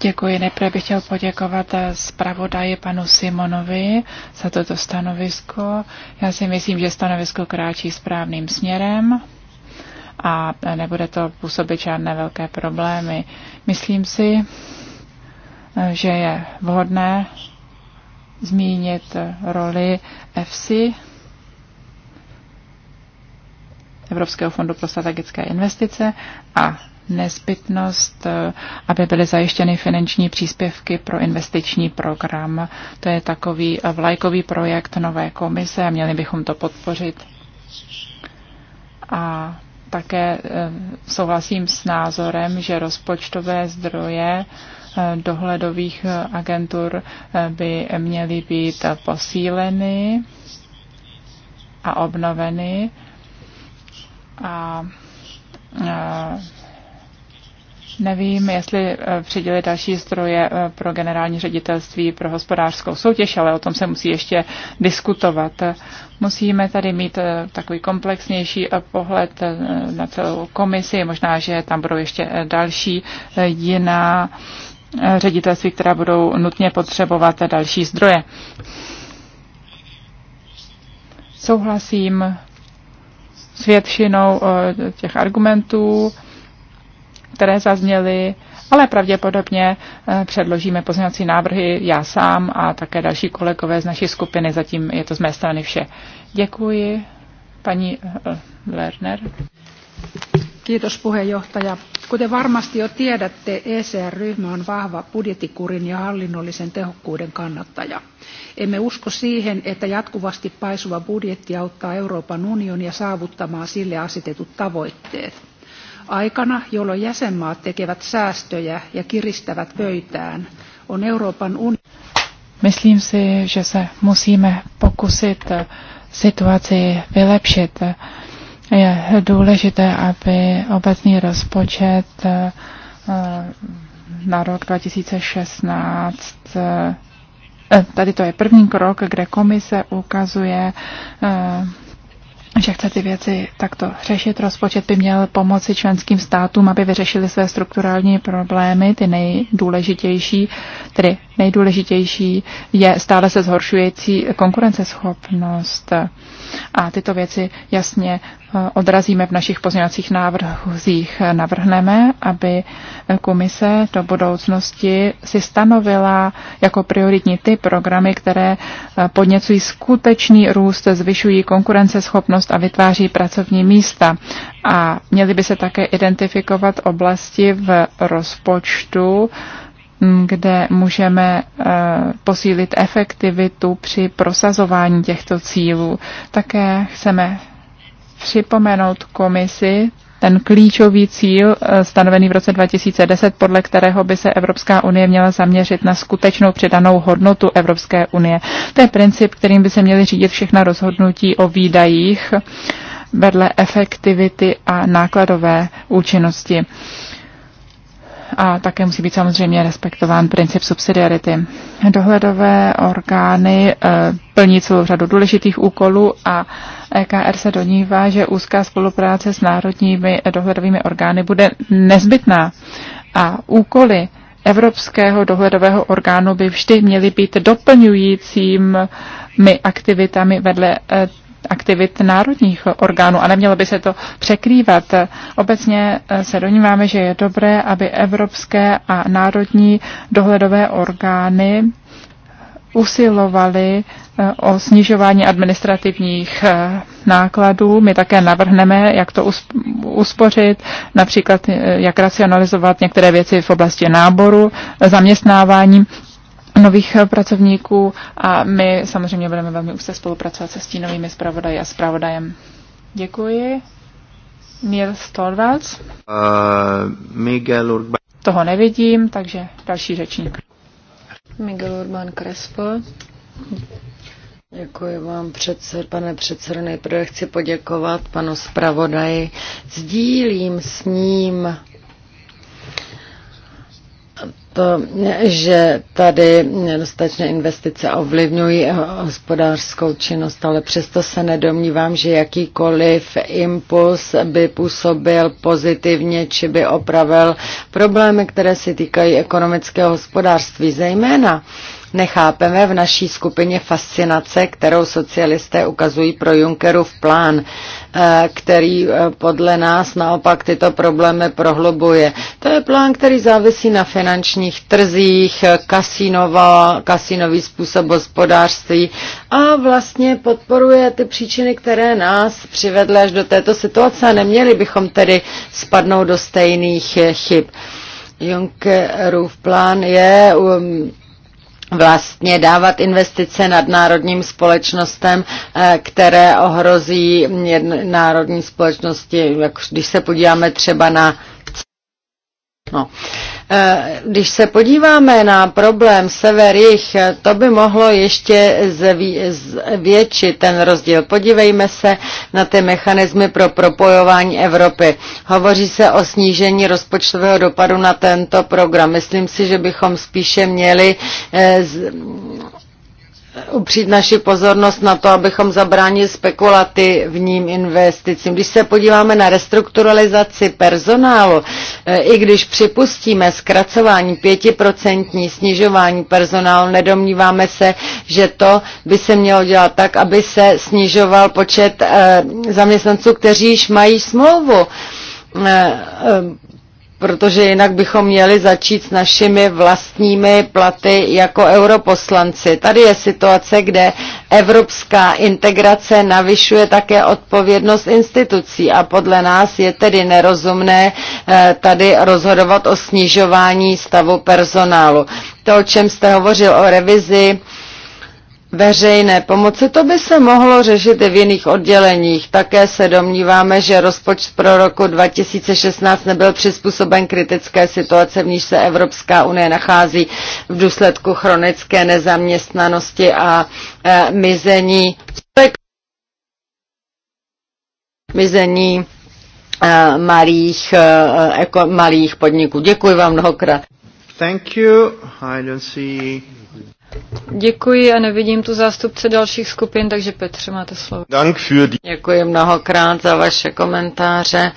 Děkuji. Nejprve bych chtěl poděkovat zpravodaji panu Simonovi za toto stanovisko. Já si myslím, že stanovisko kráčí správným směrem a nebude to působit žádné velké problémy. Myslím si, že je vhodné zmínit roli EFSI, Evropského fondu pro strategické investice a nezbytnost, aby byly zajištěny finanční příspěvky pro investiční program. To je takový vlajkový projekt nové komise a měli bychom to podpořit. A také eh, souhlasím s názorem, že rozpočtové zdroje eh, dohledových eh, agentur by měly být posíleny a obnoveny. A Nevím, jestli eh, přidělit další zdroje eh, pro generální ředitelství pro hospodářskou soutěž, ale o tom se musí ještě diskutovat. Musíme tady mít eh, takový komplexnější pohled na celou komisi. Možná, že tam budou ještě další jiná ředitelství, která budou nutně potřebovat další zdroje. Souhlasím s většinou těch argumentů které zazněly, ale pravděpodobně eh, předložíme pozměňovací návrhy já sám a také další kolegové z naší skupiny. Zatím je to z mé strany vše. Děkuji, paní eh, Lerner. Kiitos puheenjohtaja. Kuten varmasti jo tiedätte, ECR-ryhmä on vahva budjettikurin ja hallinnollisen tehokkuuden kannattaja. Emme usko siihen, että jatkuvasti paisuva budjetti auttaa Euroopan unionia saavuttamaan sille asetetut tavoitteet. Aikana, jolloin jäsenmaat tekevät säästöjä ja kiristävät pöytään, on Euroopan unioni. Myslím si, že se musíme pokusit situaci vylepšit. Je důležité, aby obecný rozpočet eh, na rok 2016 eh, Tady to je první krok, kde komise ukazuje eh, že chce ty věci takto řešit. Rozpočet by měl pomoci členským státům, aby vyřešili své strukturální problémy, ty nejdůležitější, tedy nejdůležitější je stále se zhoršující konkurenceschopnost. A tyto věci jasně eh, odrazíme v našich pozměňovacích návrhzích. Navrhneme, aby komise do budoucnosti si stanovila jako prioritní ty programy, které eh, podněcují skutečný růst, zvyšují konkurenceschopnost a vytváří pracovní místa. A měly by se také identifikovat oblasti v rozpočtu, kde můžeme e, posílit efektivitu při prosazování těchto cílů. Také chceme připomenout komisi ten klíčový cíl e, stanovený v roce 2010, podle kterého by se Evropská unie měla zaměřit na skutečnou přidanou hodnotu Evropské unie. To je princip, kterým by se měly řídit všechna rozhodnutí o výdajích vedle efektivity a nákladové účinnosti a také musí být samozřejmě respektován princip subsidiarity. Dohledové orgány e, plní celou řadu důležitých úkolů a EKR se donívá, že úzká spolupráce s národními dohledovými orgány bude nezbytná a úkoly Evropského dohledového orgánu by vždy měly být doplňujícími aktivitami vedle e, aktivit národních orgánů a nemělo by se to překrývat. Obecně eh, se domníváme, že je dobré, aby evropské a národní dohledové orgány eh, usilovali eh, o snižování administrativních nákladů. My také navrhneme, jak to uspořit, například jak racionalizovat některé věci v oblasti náboru, zaměstnávání nových eh, pracovníků a my samozřejmě budeme velmi úzce spolupracovat se stínovými zpravodaji a zpravodajem. Děkuji. Neil Storvalds. Uh, eh, Miguel Urban. Toho nevidím, takže další řečník. Miguel Urban Crespo. Děkuji vám, předsed, pane předsedo. Nejprve chci poděkovat panu zpravodaji. Sdílím s ním to, že tady nedostatečné investice ovlivňují hospodářskou činnost, ale přesto se nedomnívám, že jakýkoliv impuls by působil pozitivně či by opravil problémy, které se týkají ekonomického hospodářství, zejména Nechápeme v naší skupině fascinace, kterou socialisté ukazují pro Junckerův plán, eh, který eh, podle nás naopak tyto problémy prohlubuje. To je plán, který závisí na finančních trzích, kasinova, kasinový způsob hospodářství a vlastně podporuje ty příčiny, které nás přivedly až do této situace a neměli bychom tedy spadnout do stejných chyb. Junckerův plán je um, vlastně dávat investice nadnárodním společnostem, eh, které ohrozí národní společnosti. Jak když se podíváme třeba na no, Eh, když se podíváme na problém sever-jih, eh, to by mohlo ještě zvětšit ten rozdíl. Podívejme se na ty mechanismy pro propojování Evropy. Hovoří se o snížení rozpočtového dopadu na tento program. Myslím si, že bychom spíše měli eh, upřít naši pozornost na to, abychom zabránili spekulativním investicím. Když se podíváme na restrukturalizaci personálu, eh, i když připustíme zkracování 5% snižování personálu, nedomníváme se, že to by se mělo dělat tak, aby se snižoval počet eh, zaměstnanců, kteří již mají smlouvu eh, protože jinak bychom měli začít s našimi vlastními platy jako europoslanci. Tady je situace, kde evropská integrace navyšuje také odpovědnost institucí a podle nás je tedy nerozumné eh, tady rozhodovat o snižování stavu personálu. To, o čem jste hovořil o revizi veřejné pomoci. To by se mohlo řešit i v jiných odděleních. Také se domníváme, že rozpočet pro roku 2016 nebyl přizpůsoben kritické situace, v níž se Evropská unie nachází v důsledku chronické nezaměstnanosti a e, mizení, mizení e, malých, e, malých podniků. Děkuji vám mnohokrát. Thank you. I don't see Děkuji a nevidím tu zástupce dalších skupin, takže Petře, máte slovo. Děkuji mnohokrát za vaše komentáře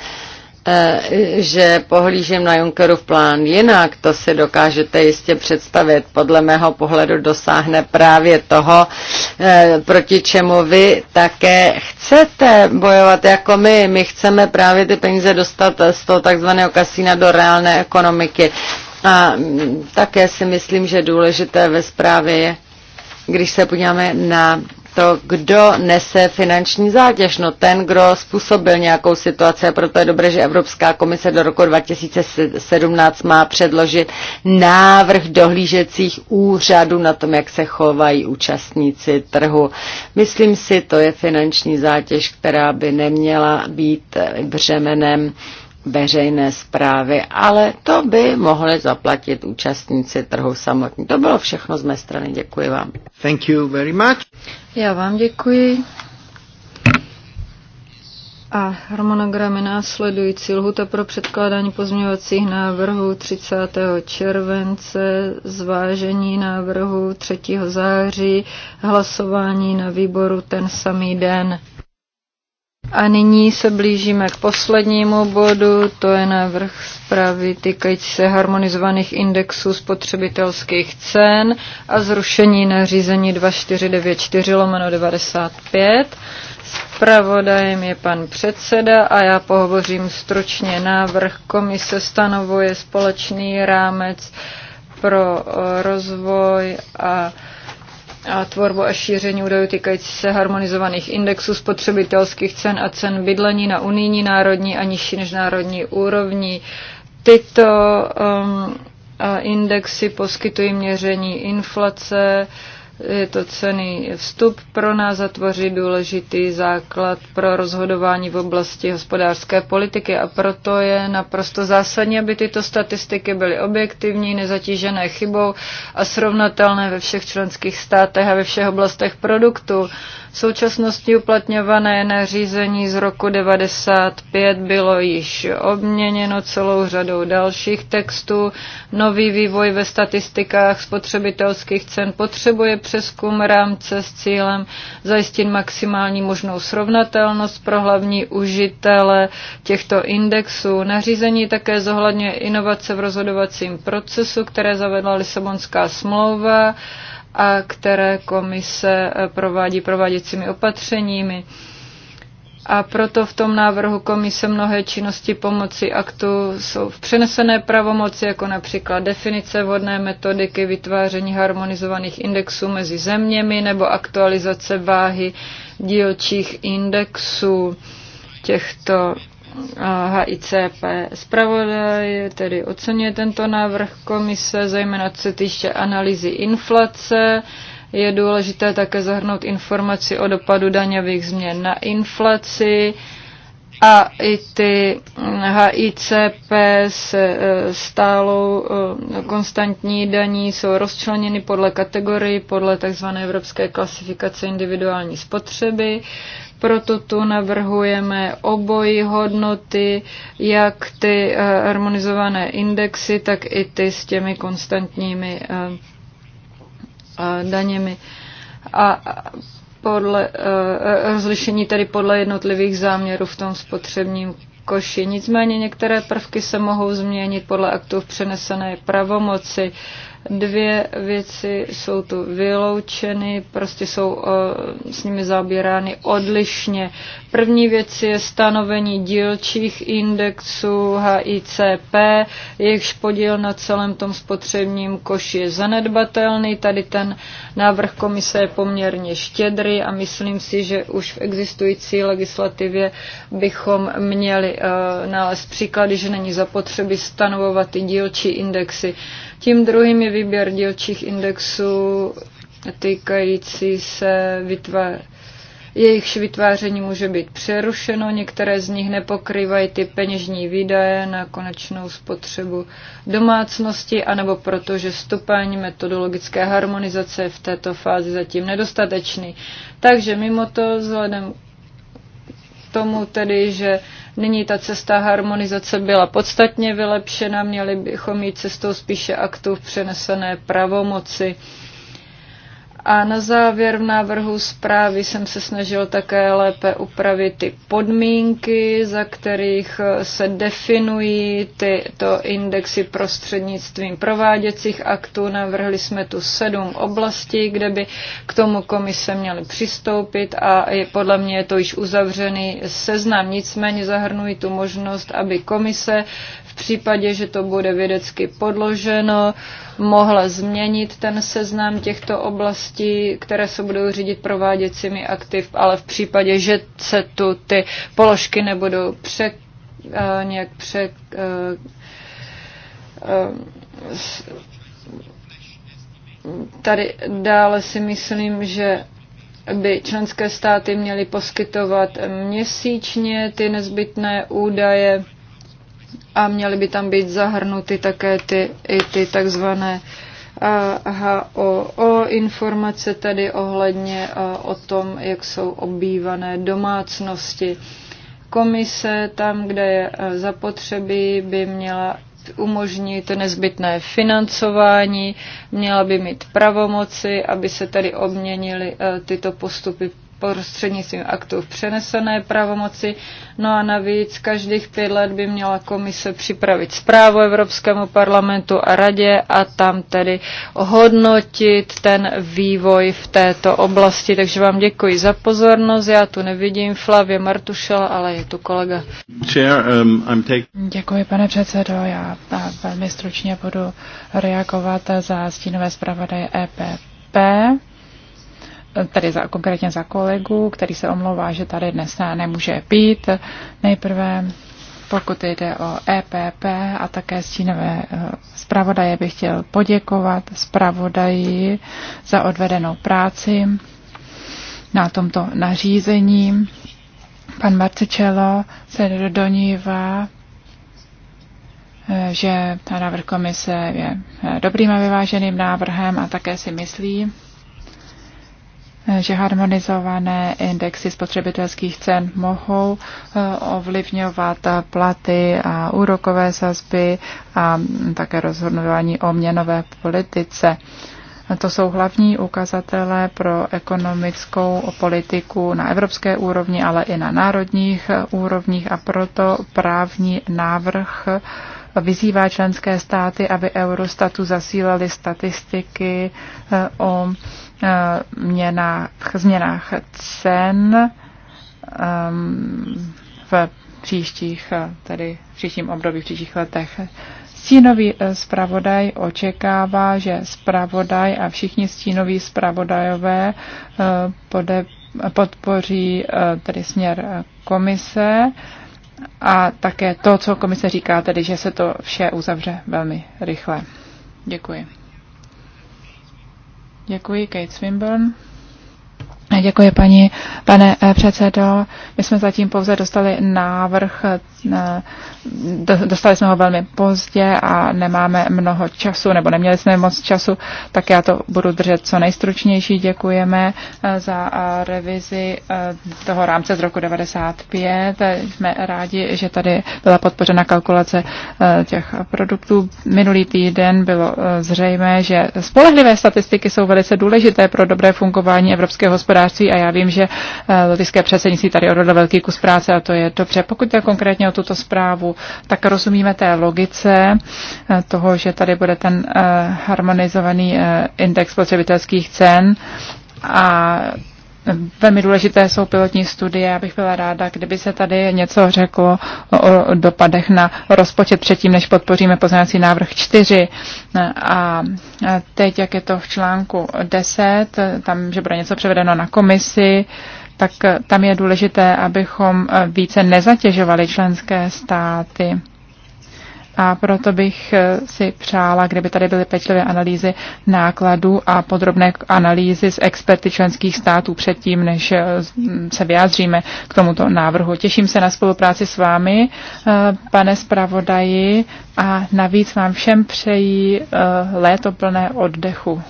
eh, že pohlížím na Junckerův plán jinak, to si dokážete jistě představit. Podle mého pohledu dosáhne právě toho, eh, proti čemu vy také chcete bojovat jako my. My chceme právě ty peníze dostat z toho takzvaného kasína do reálné ekonomiky. A mm, také si myslím, že důležité ve zprávě je, když se podíváme na to, kdo nese finanční zátěž. No ten, kdo způsobil nějakou situaci a proto je dobré, že Evropská komise do roku 2017 má předložit návrh dohlížecích úřadů na tom, jak se chovají účastníci trhu. Myslím si, to je finanční zátěž, která by neměla být břemenem veřejné zprávy, ale to by mohli zaplatit účastníci trhu samotní. To bylo všechno z mé strany, děkuji vám. Thank you very much. Já vám děkuji. A harmonogram je následující. Lhuta pro předkládání pozměňovacích návrhů 30. července, zvážení návrhu 3. září, hlasování na výboru ten samý den. A nyní se blížíme k poslednímu bodu, to je návrh zprávy týkající se harmonizovaných indexů spotřebitelských cen a zrušení nařízení 2494 lomeno 95. Spravodajem je pan předseda a já pohovořím stručně. Návrh komise stanovuje společný rámec pro rozvoj a a tvorbu a šíření údajů týkající se harmonizovaných indexů spotřebitelských cen a cen bydlení na unijní, národní a nižší než národní úrovni. Tyto um, indexy poskytují měření inflace, uh, je to cený vstup pro nás a tvoří důležitý základ pro rozhodování v oblasti hospodářské politiky a proto je naprosto zásadní, aby tyto statistiky byly objektivní, nezatížené chybou a srovnatelné ve všech členských státech a ve všech oblastech produktu. Současnosti uplatňované nařízení z roku 95 bylo již obměněno celou řadou dalších textů. Nový vývoj ve statistikách spotřebitelských cen potřebuje přeskum rámce s cílem zajistit maximální možnou srovnatelnost pro hlavní užitele těchto indexů. Nařízení také zohledňuje inovace v rozhodovacím procesu, které zavedla Lisabonská smlouva a které komise eh, provádí prováděcími opatřeními. A proto v tom návrhu komise mnohé činnosti pomoci aktu jsou v přenesené pravomoci, jako například definice vodné metodiky, vytváření harmonizovaných indexů mezi zeměmi nebo aktualizace váhy dílčích indexů těchto HICP. Zpravodaj tedy oceňuje tento návrh komise, zejména co týče analýzy inflace. Je důležité také zahrnout informaci o dopadu daňových změn na inflaci a i ty HICP se e, stálou e, konstantní daní jsou rozčleněny podle kategorii, podle tzv. evropské klasifikace individuální spotřeby. Proto tu navrhujeme obojí hodnoty, jak ty eh, harmonizované indexy, tak i ty s těmi konstantními eh, eh, daněmi. A podle rozlišení tedy podle jednotlivých záměrů v tom spotřebním koši. Nicméně některé prvky se mohou změnit podle aktů v přenesené pravomoci. Dvě věci jsou tu vyloučeny, prostě jsou eh, s nimi zabírány odlišně. První věc je stanovení dílčích indexů HICP, jejichž podíl na celém tom spotřebním koši je zanedbatelný. Tady ten návrh komise je poměrně štědrý a myslím si, že už v existující legislativě bychom měli eh, nalézt příklady, že není zapotřebí stanovovat i dílčí indexy. Tím druhým je výběr dílčích indexů týkající se vytváření Jejichž vytváření může být přerušeno, některé z nich nepokrývají ty peněžní výdaje na konečnou spotřebu domácnosti, anebo protože stupeň metodologické harmonizace v této fázi zatím nedostatečný. Takže mimo to, vzhledem tomu tedy, že Nyní ta cesta harmonizace byla podstatně vylepšena, měli bychom jít cestou spíše aktů v přenesené pravomoci. A na závěr v návrhu zprávy jsem se snažil také lépe upravit ty podmínky, za kterých se definují tyto indexy prostřednictvím prováděcích aktů. Navrhli jsme tu sedm oblastí, kde by k tomu komise měly přistoupit a je, podle mě je to již uzavřený seznam. Nicméně zahrnují tu možnost, aby komise případě, že to bude vědecky podloženo, mohla změnit ten seznam těchto oblastí, které se budou řídit prováděcími aktiv, ale v případě, že se tu ty položky nebudou pře, eh, nějak pře, eh, eh, tady dále si myslím, že by členské státy měly poskytovat měsíčně ty nezbytné údaje a měly by tam být zahrnuty také ty, i ty takzvané HOO informace tedy ohledně o tom, jak jsou obývané domácnosti. Komise tam, kde je zapotřebí, by měla umožnit nezbytné financování, měla by mít pravomoci, aby se tady obměnily tyto postupy prostřednictvím aktů v přenesené pravomoci. No a navíc každých pět let by měla komise připravit zprávu Evropskému parlamentu a radě a tam tedy hodnotit ten vývoj v této oblasti. Takže vám děkuji za pozornost. Já tu nevidím Flavě Martušela, ale je tu kolega. Chair, um, I'm take... Děkuji, pane předsedo. Já velmi stručně budu reagovat za stínové zpravodaje EPP tady za, konkrétně za kolegu, který se omlouvá, že tady dnes nemůže být. Nejprve, pokud jde o EPP a také stínové eh, zpravodaje, bych chtěl poděkovat zpravodaji za odvedenou práci na tomto nařízení. Pan Marticello se donívá, eh, že ta návrh komise je eh, dobrým a vyváženým návrhem a také si myslí, že harmonizované indexy spotřebitelských cen mohou eh, ovlivňovat eh, platy a úrokové sazby a také rozhodování o měnové politice. To jsou hlavní ukazatele pro ekonomickou politiku na evropské úrovni, ale i na národních eh, úrovních a proto právní návrh vyzývá členské státy, aby Eurostatu zasílali statistiky o Eh, měnách, změnách cen ehm, v příštích, eh, tedy v příštím období, v příštích letech. Stínový eh, zpravodaj očekává, že zpravodaj a všichni stínoví zpravodajové pode, podpoří tedy směr komise a také to, co komise říká, tedy že se to vše uzavře velmi rychle. Děkuji. Děkuji, Kate Swinburne. Děkuji, paní, pane eh, předsedo. My jsme zatím pouze dostali návrh, eh, dostali jsme ho velmi pozdě a nemáme mnoho času, nebo neměli jsme moc času, tak já to budu držet co nejstručnější. Děkujeme eh, za revizi toho rámce z roku 95. Jsme rádi, že tady byla podpořena kalkulace těch produktů. Minulý týden bylo zřejmé, že spolehlivé statistiky jsou velice důležité pro dobré fungování evropského hospodářství hospodářství a já vím, že eh, lotyšské předsednictví tady odvedlo velký kus práce a to je dobře. Pokud jde konkrétně o tuto zprávu, tak rozumíme té logice eh, toho, že tady bude ten eh, harmonizovaný index spotřebitelských cen a Velmi důležité jsou pilotní studie. Já bych byla ráda, kdyby se tady něco řeklo o dopadech na rozpočet předtím, než podpoříme poznávací návrh 4. A teď, jak je to v článku 10, tam, že bude něco převedeno na komisi, tak tam je důležité, abychom více nezatěžovali členské státy a proto bych eh, si přála, kdyby tady byly pečlivé analýzy nákladů a podrobné analýzy z experty členských států předtím, než eh, se vyjádříme k tomuto návrhu. Těším se na spolupráci s vámi, eh, pane zpravodaji, a navíc vám všem přeji léto plné oddechu.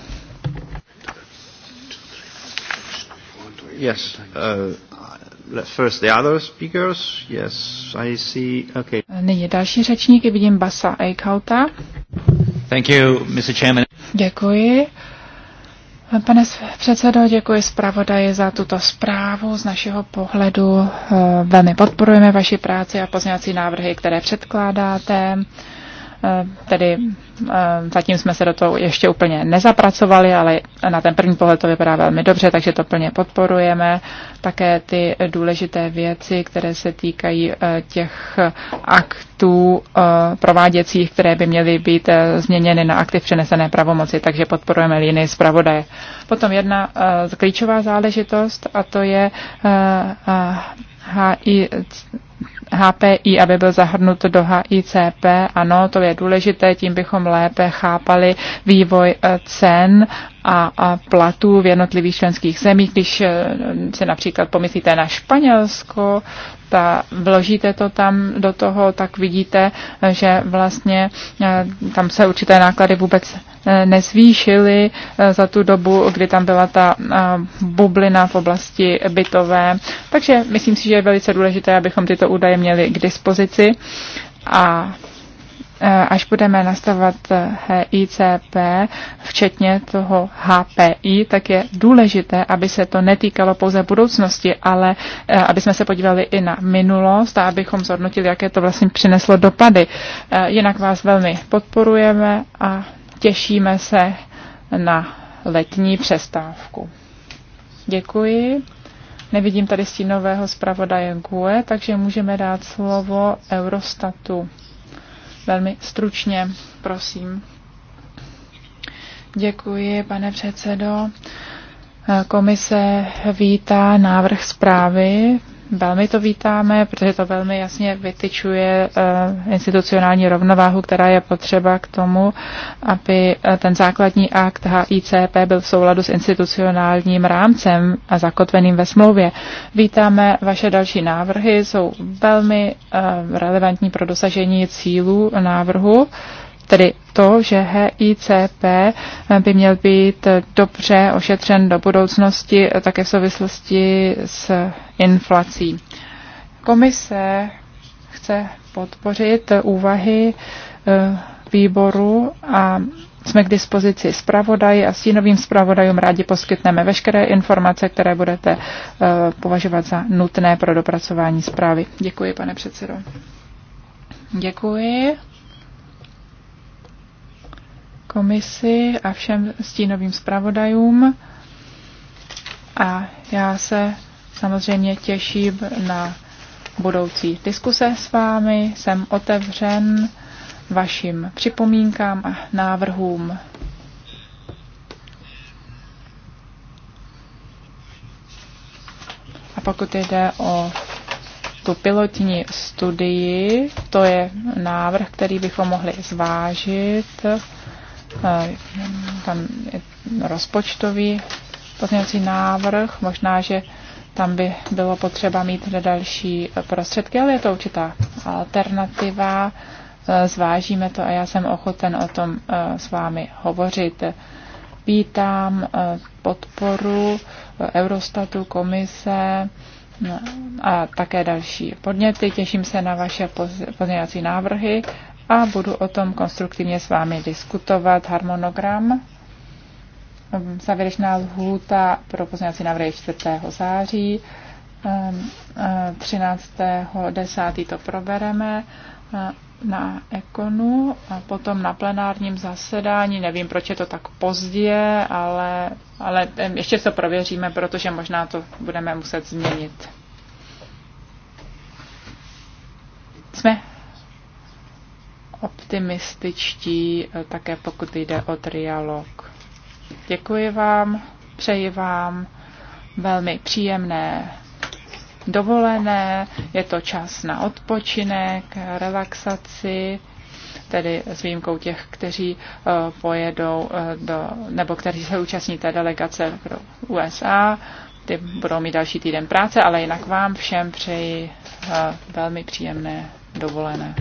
Yes, uh... First the other speakers. Yes, I see. Okay. Nyní další řečník, vidím Basa Eichauta. Thank you, Mr. Chairman. Děkuji. Pane předsedo, děkuji zpravodaji za tuto zprávu. Z našeho pohledu eh, velmi podporujeme vaši práci a pozněvací návrhy, které předkládáte. Eh, tedy eh, zatím jsme se do toho ještě úplně nezapracovali, ale na ten první pohled to vypadá velmi dobře, takže to plně podporujeme. Také ty důležité věci, které se týkají eh, těch aktů prováděcích, které by měly být změněny na akty přenesené pravomoci, takže podporujeme linii zpravodaje. Potom jedna klíčová záležitost a to je HI HPI, aby byl zahrnut do HICP. Ano, to je důležité, tím bychom lépe chápali vývoj eh, cen a platů v jednotlivých členských zemích. Když eh, se například pomyslíte na Španělsko, ta, vložíte to tam do toho, tak vidíte, že vlastně eh, tam se určité náklady vůbec eh, nezvýšily eh, za tu dobu, kdy tam byla ta bublina v oblasti bytové. Takže myslím si, že je velice důležité, abychom tyto údaje měli k dispozici. A Eh, až budeme nastavovat HICP eh, včetně toho HPI, tak je důležité, aby se to netýkalo pouze budoucnosti, ale eh, aby jsme se podívali i na minulost a abychom zhodnotili, jaké to vlastně přineslo dopady. Jinak vás velmi podporujeme a těšíme se na letní přestávku. Děkuji. Nevidím tady stínového zpravodaje GUE, takže můžeme dát slovo Eurostatu. Velmi stručně, prosím. Děkuji, pane předsedo. Komise vítá návrh zprávy Velmi to vítáme, protože to velmi jasně vytyčuje eh, institucionální rovnováhu, která je potřeba k tomu, aby eh, ten základní akt HICP byl v souladu s institucionálním rámcem a zakotveným ve smlouvě. Vítáme vaše další návrhy, jsou velmi eh, relevantní pro dosažení cílů návrhu tedy to, že HICP by měl být dobře ošetřen do budoucnosti také v souvislosti s inflací. Komise chce podpořit úvahy eh, výboru a jsme k dispozici zpravodaji a stínovým zpravodajům rádi poskytneme veškeré informace, které budete eh, považovat za nutné pro dopracování zprávy. Děkuji, pane předsedo. Děkuji komisi a všem stínovým zpravodajům. A já se samozřejmě těším na budoucí diskuse s vámi. Jsem otevřen vašim připomínkám a návrhům. A pokud jde o tu pilotní studii, to je návrh, který bychom mohli zvážit Eh, tam je rozpočtový pozměňovací návrh, možná, že tam by bylo potřeba mít další prostředky, ale je to určitá alternativa, eh, zvážíme to a já jsem ochoten o tom eh, s vámi hovořit. Vítám podporu Eurostatu, komise a také další podněty. Těším se na vaše pozměňovací návrhy a budu o tom konstruktivně s vámi diskutovat. Harmonogram. Závěrečná lhůta pro pozměňovací návrhy 4. září. 13.10. Ehm, eh, to probereme eh, na ekonu a potom na plenárním zasedání. Nevím, proč je to tak pozdě, ale, ale ehm, ještě to prověříme, protože možná to budeme muset změnit. Jsme optimističtí, eh, také pokud jde o trialog. Děkuji vám, přeji vám velmi příjemné dovolené, je to čas na odpočinek, relaxaci, tedy s výjimkou těch, kteří eh, pojedou eh, do, nebo kteří se účastní té delegace pro USA, ty budou mít další týden práce, ale jinak vám všem přeji velmi příjemné dovolené.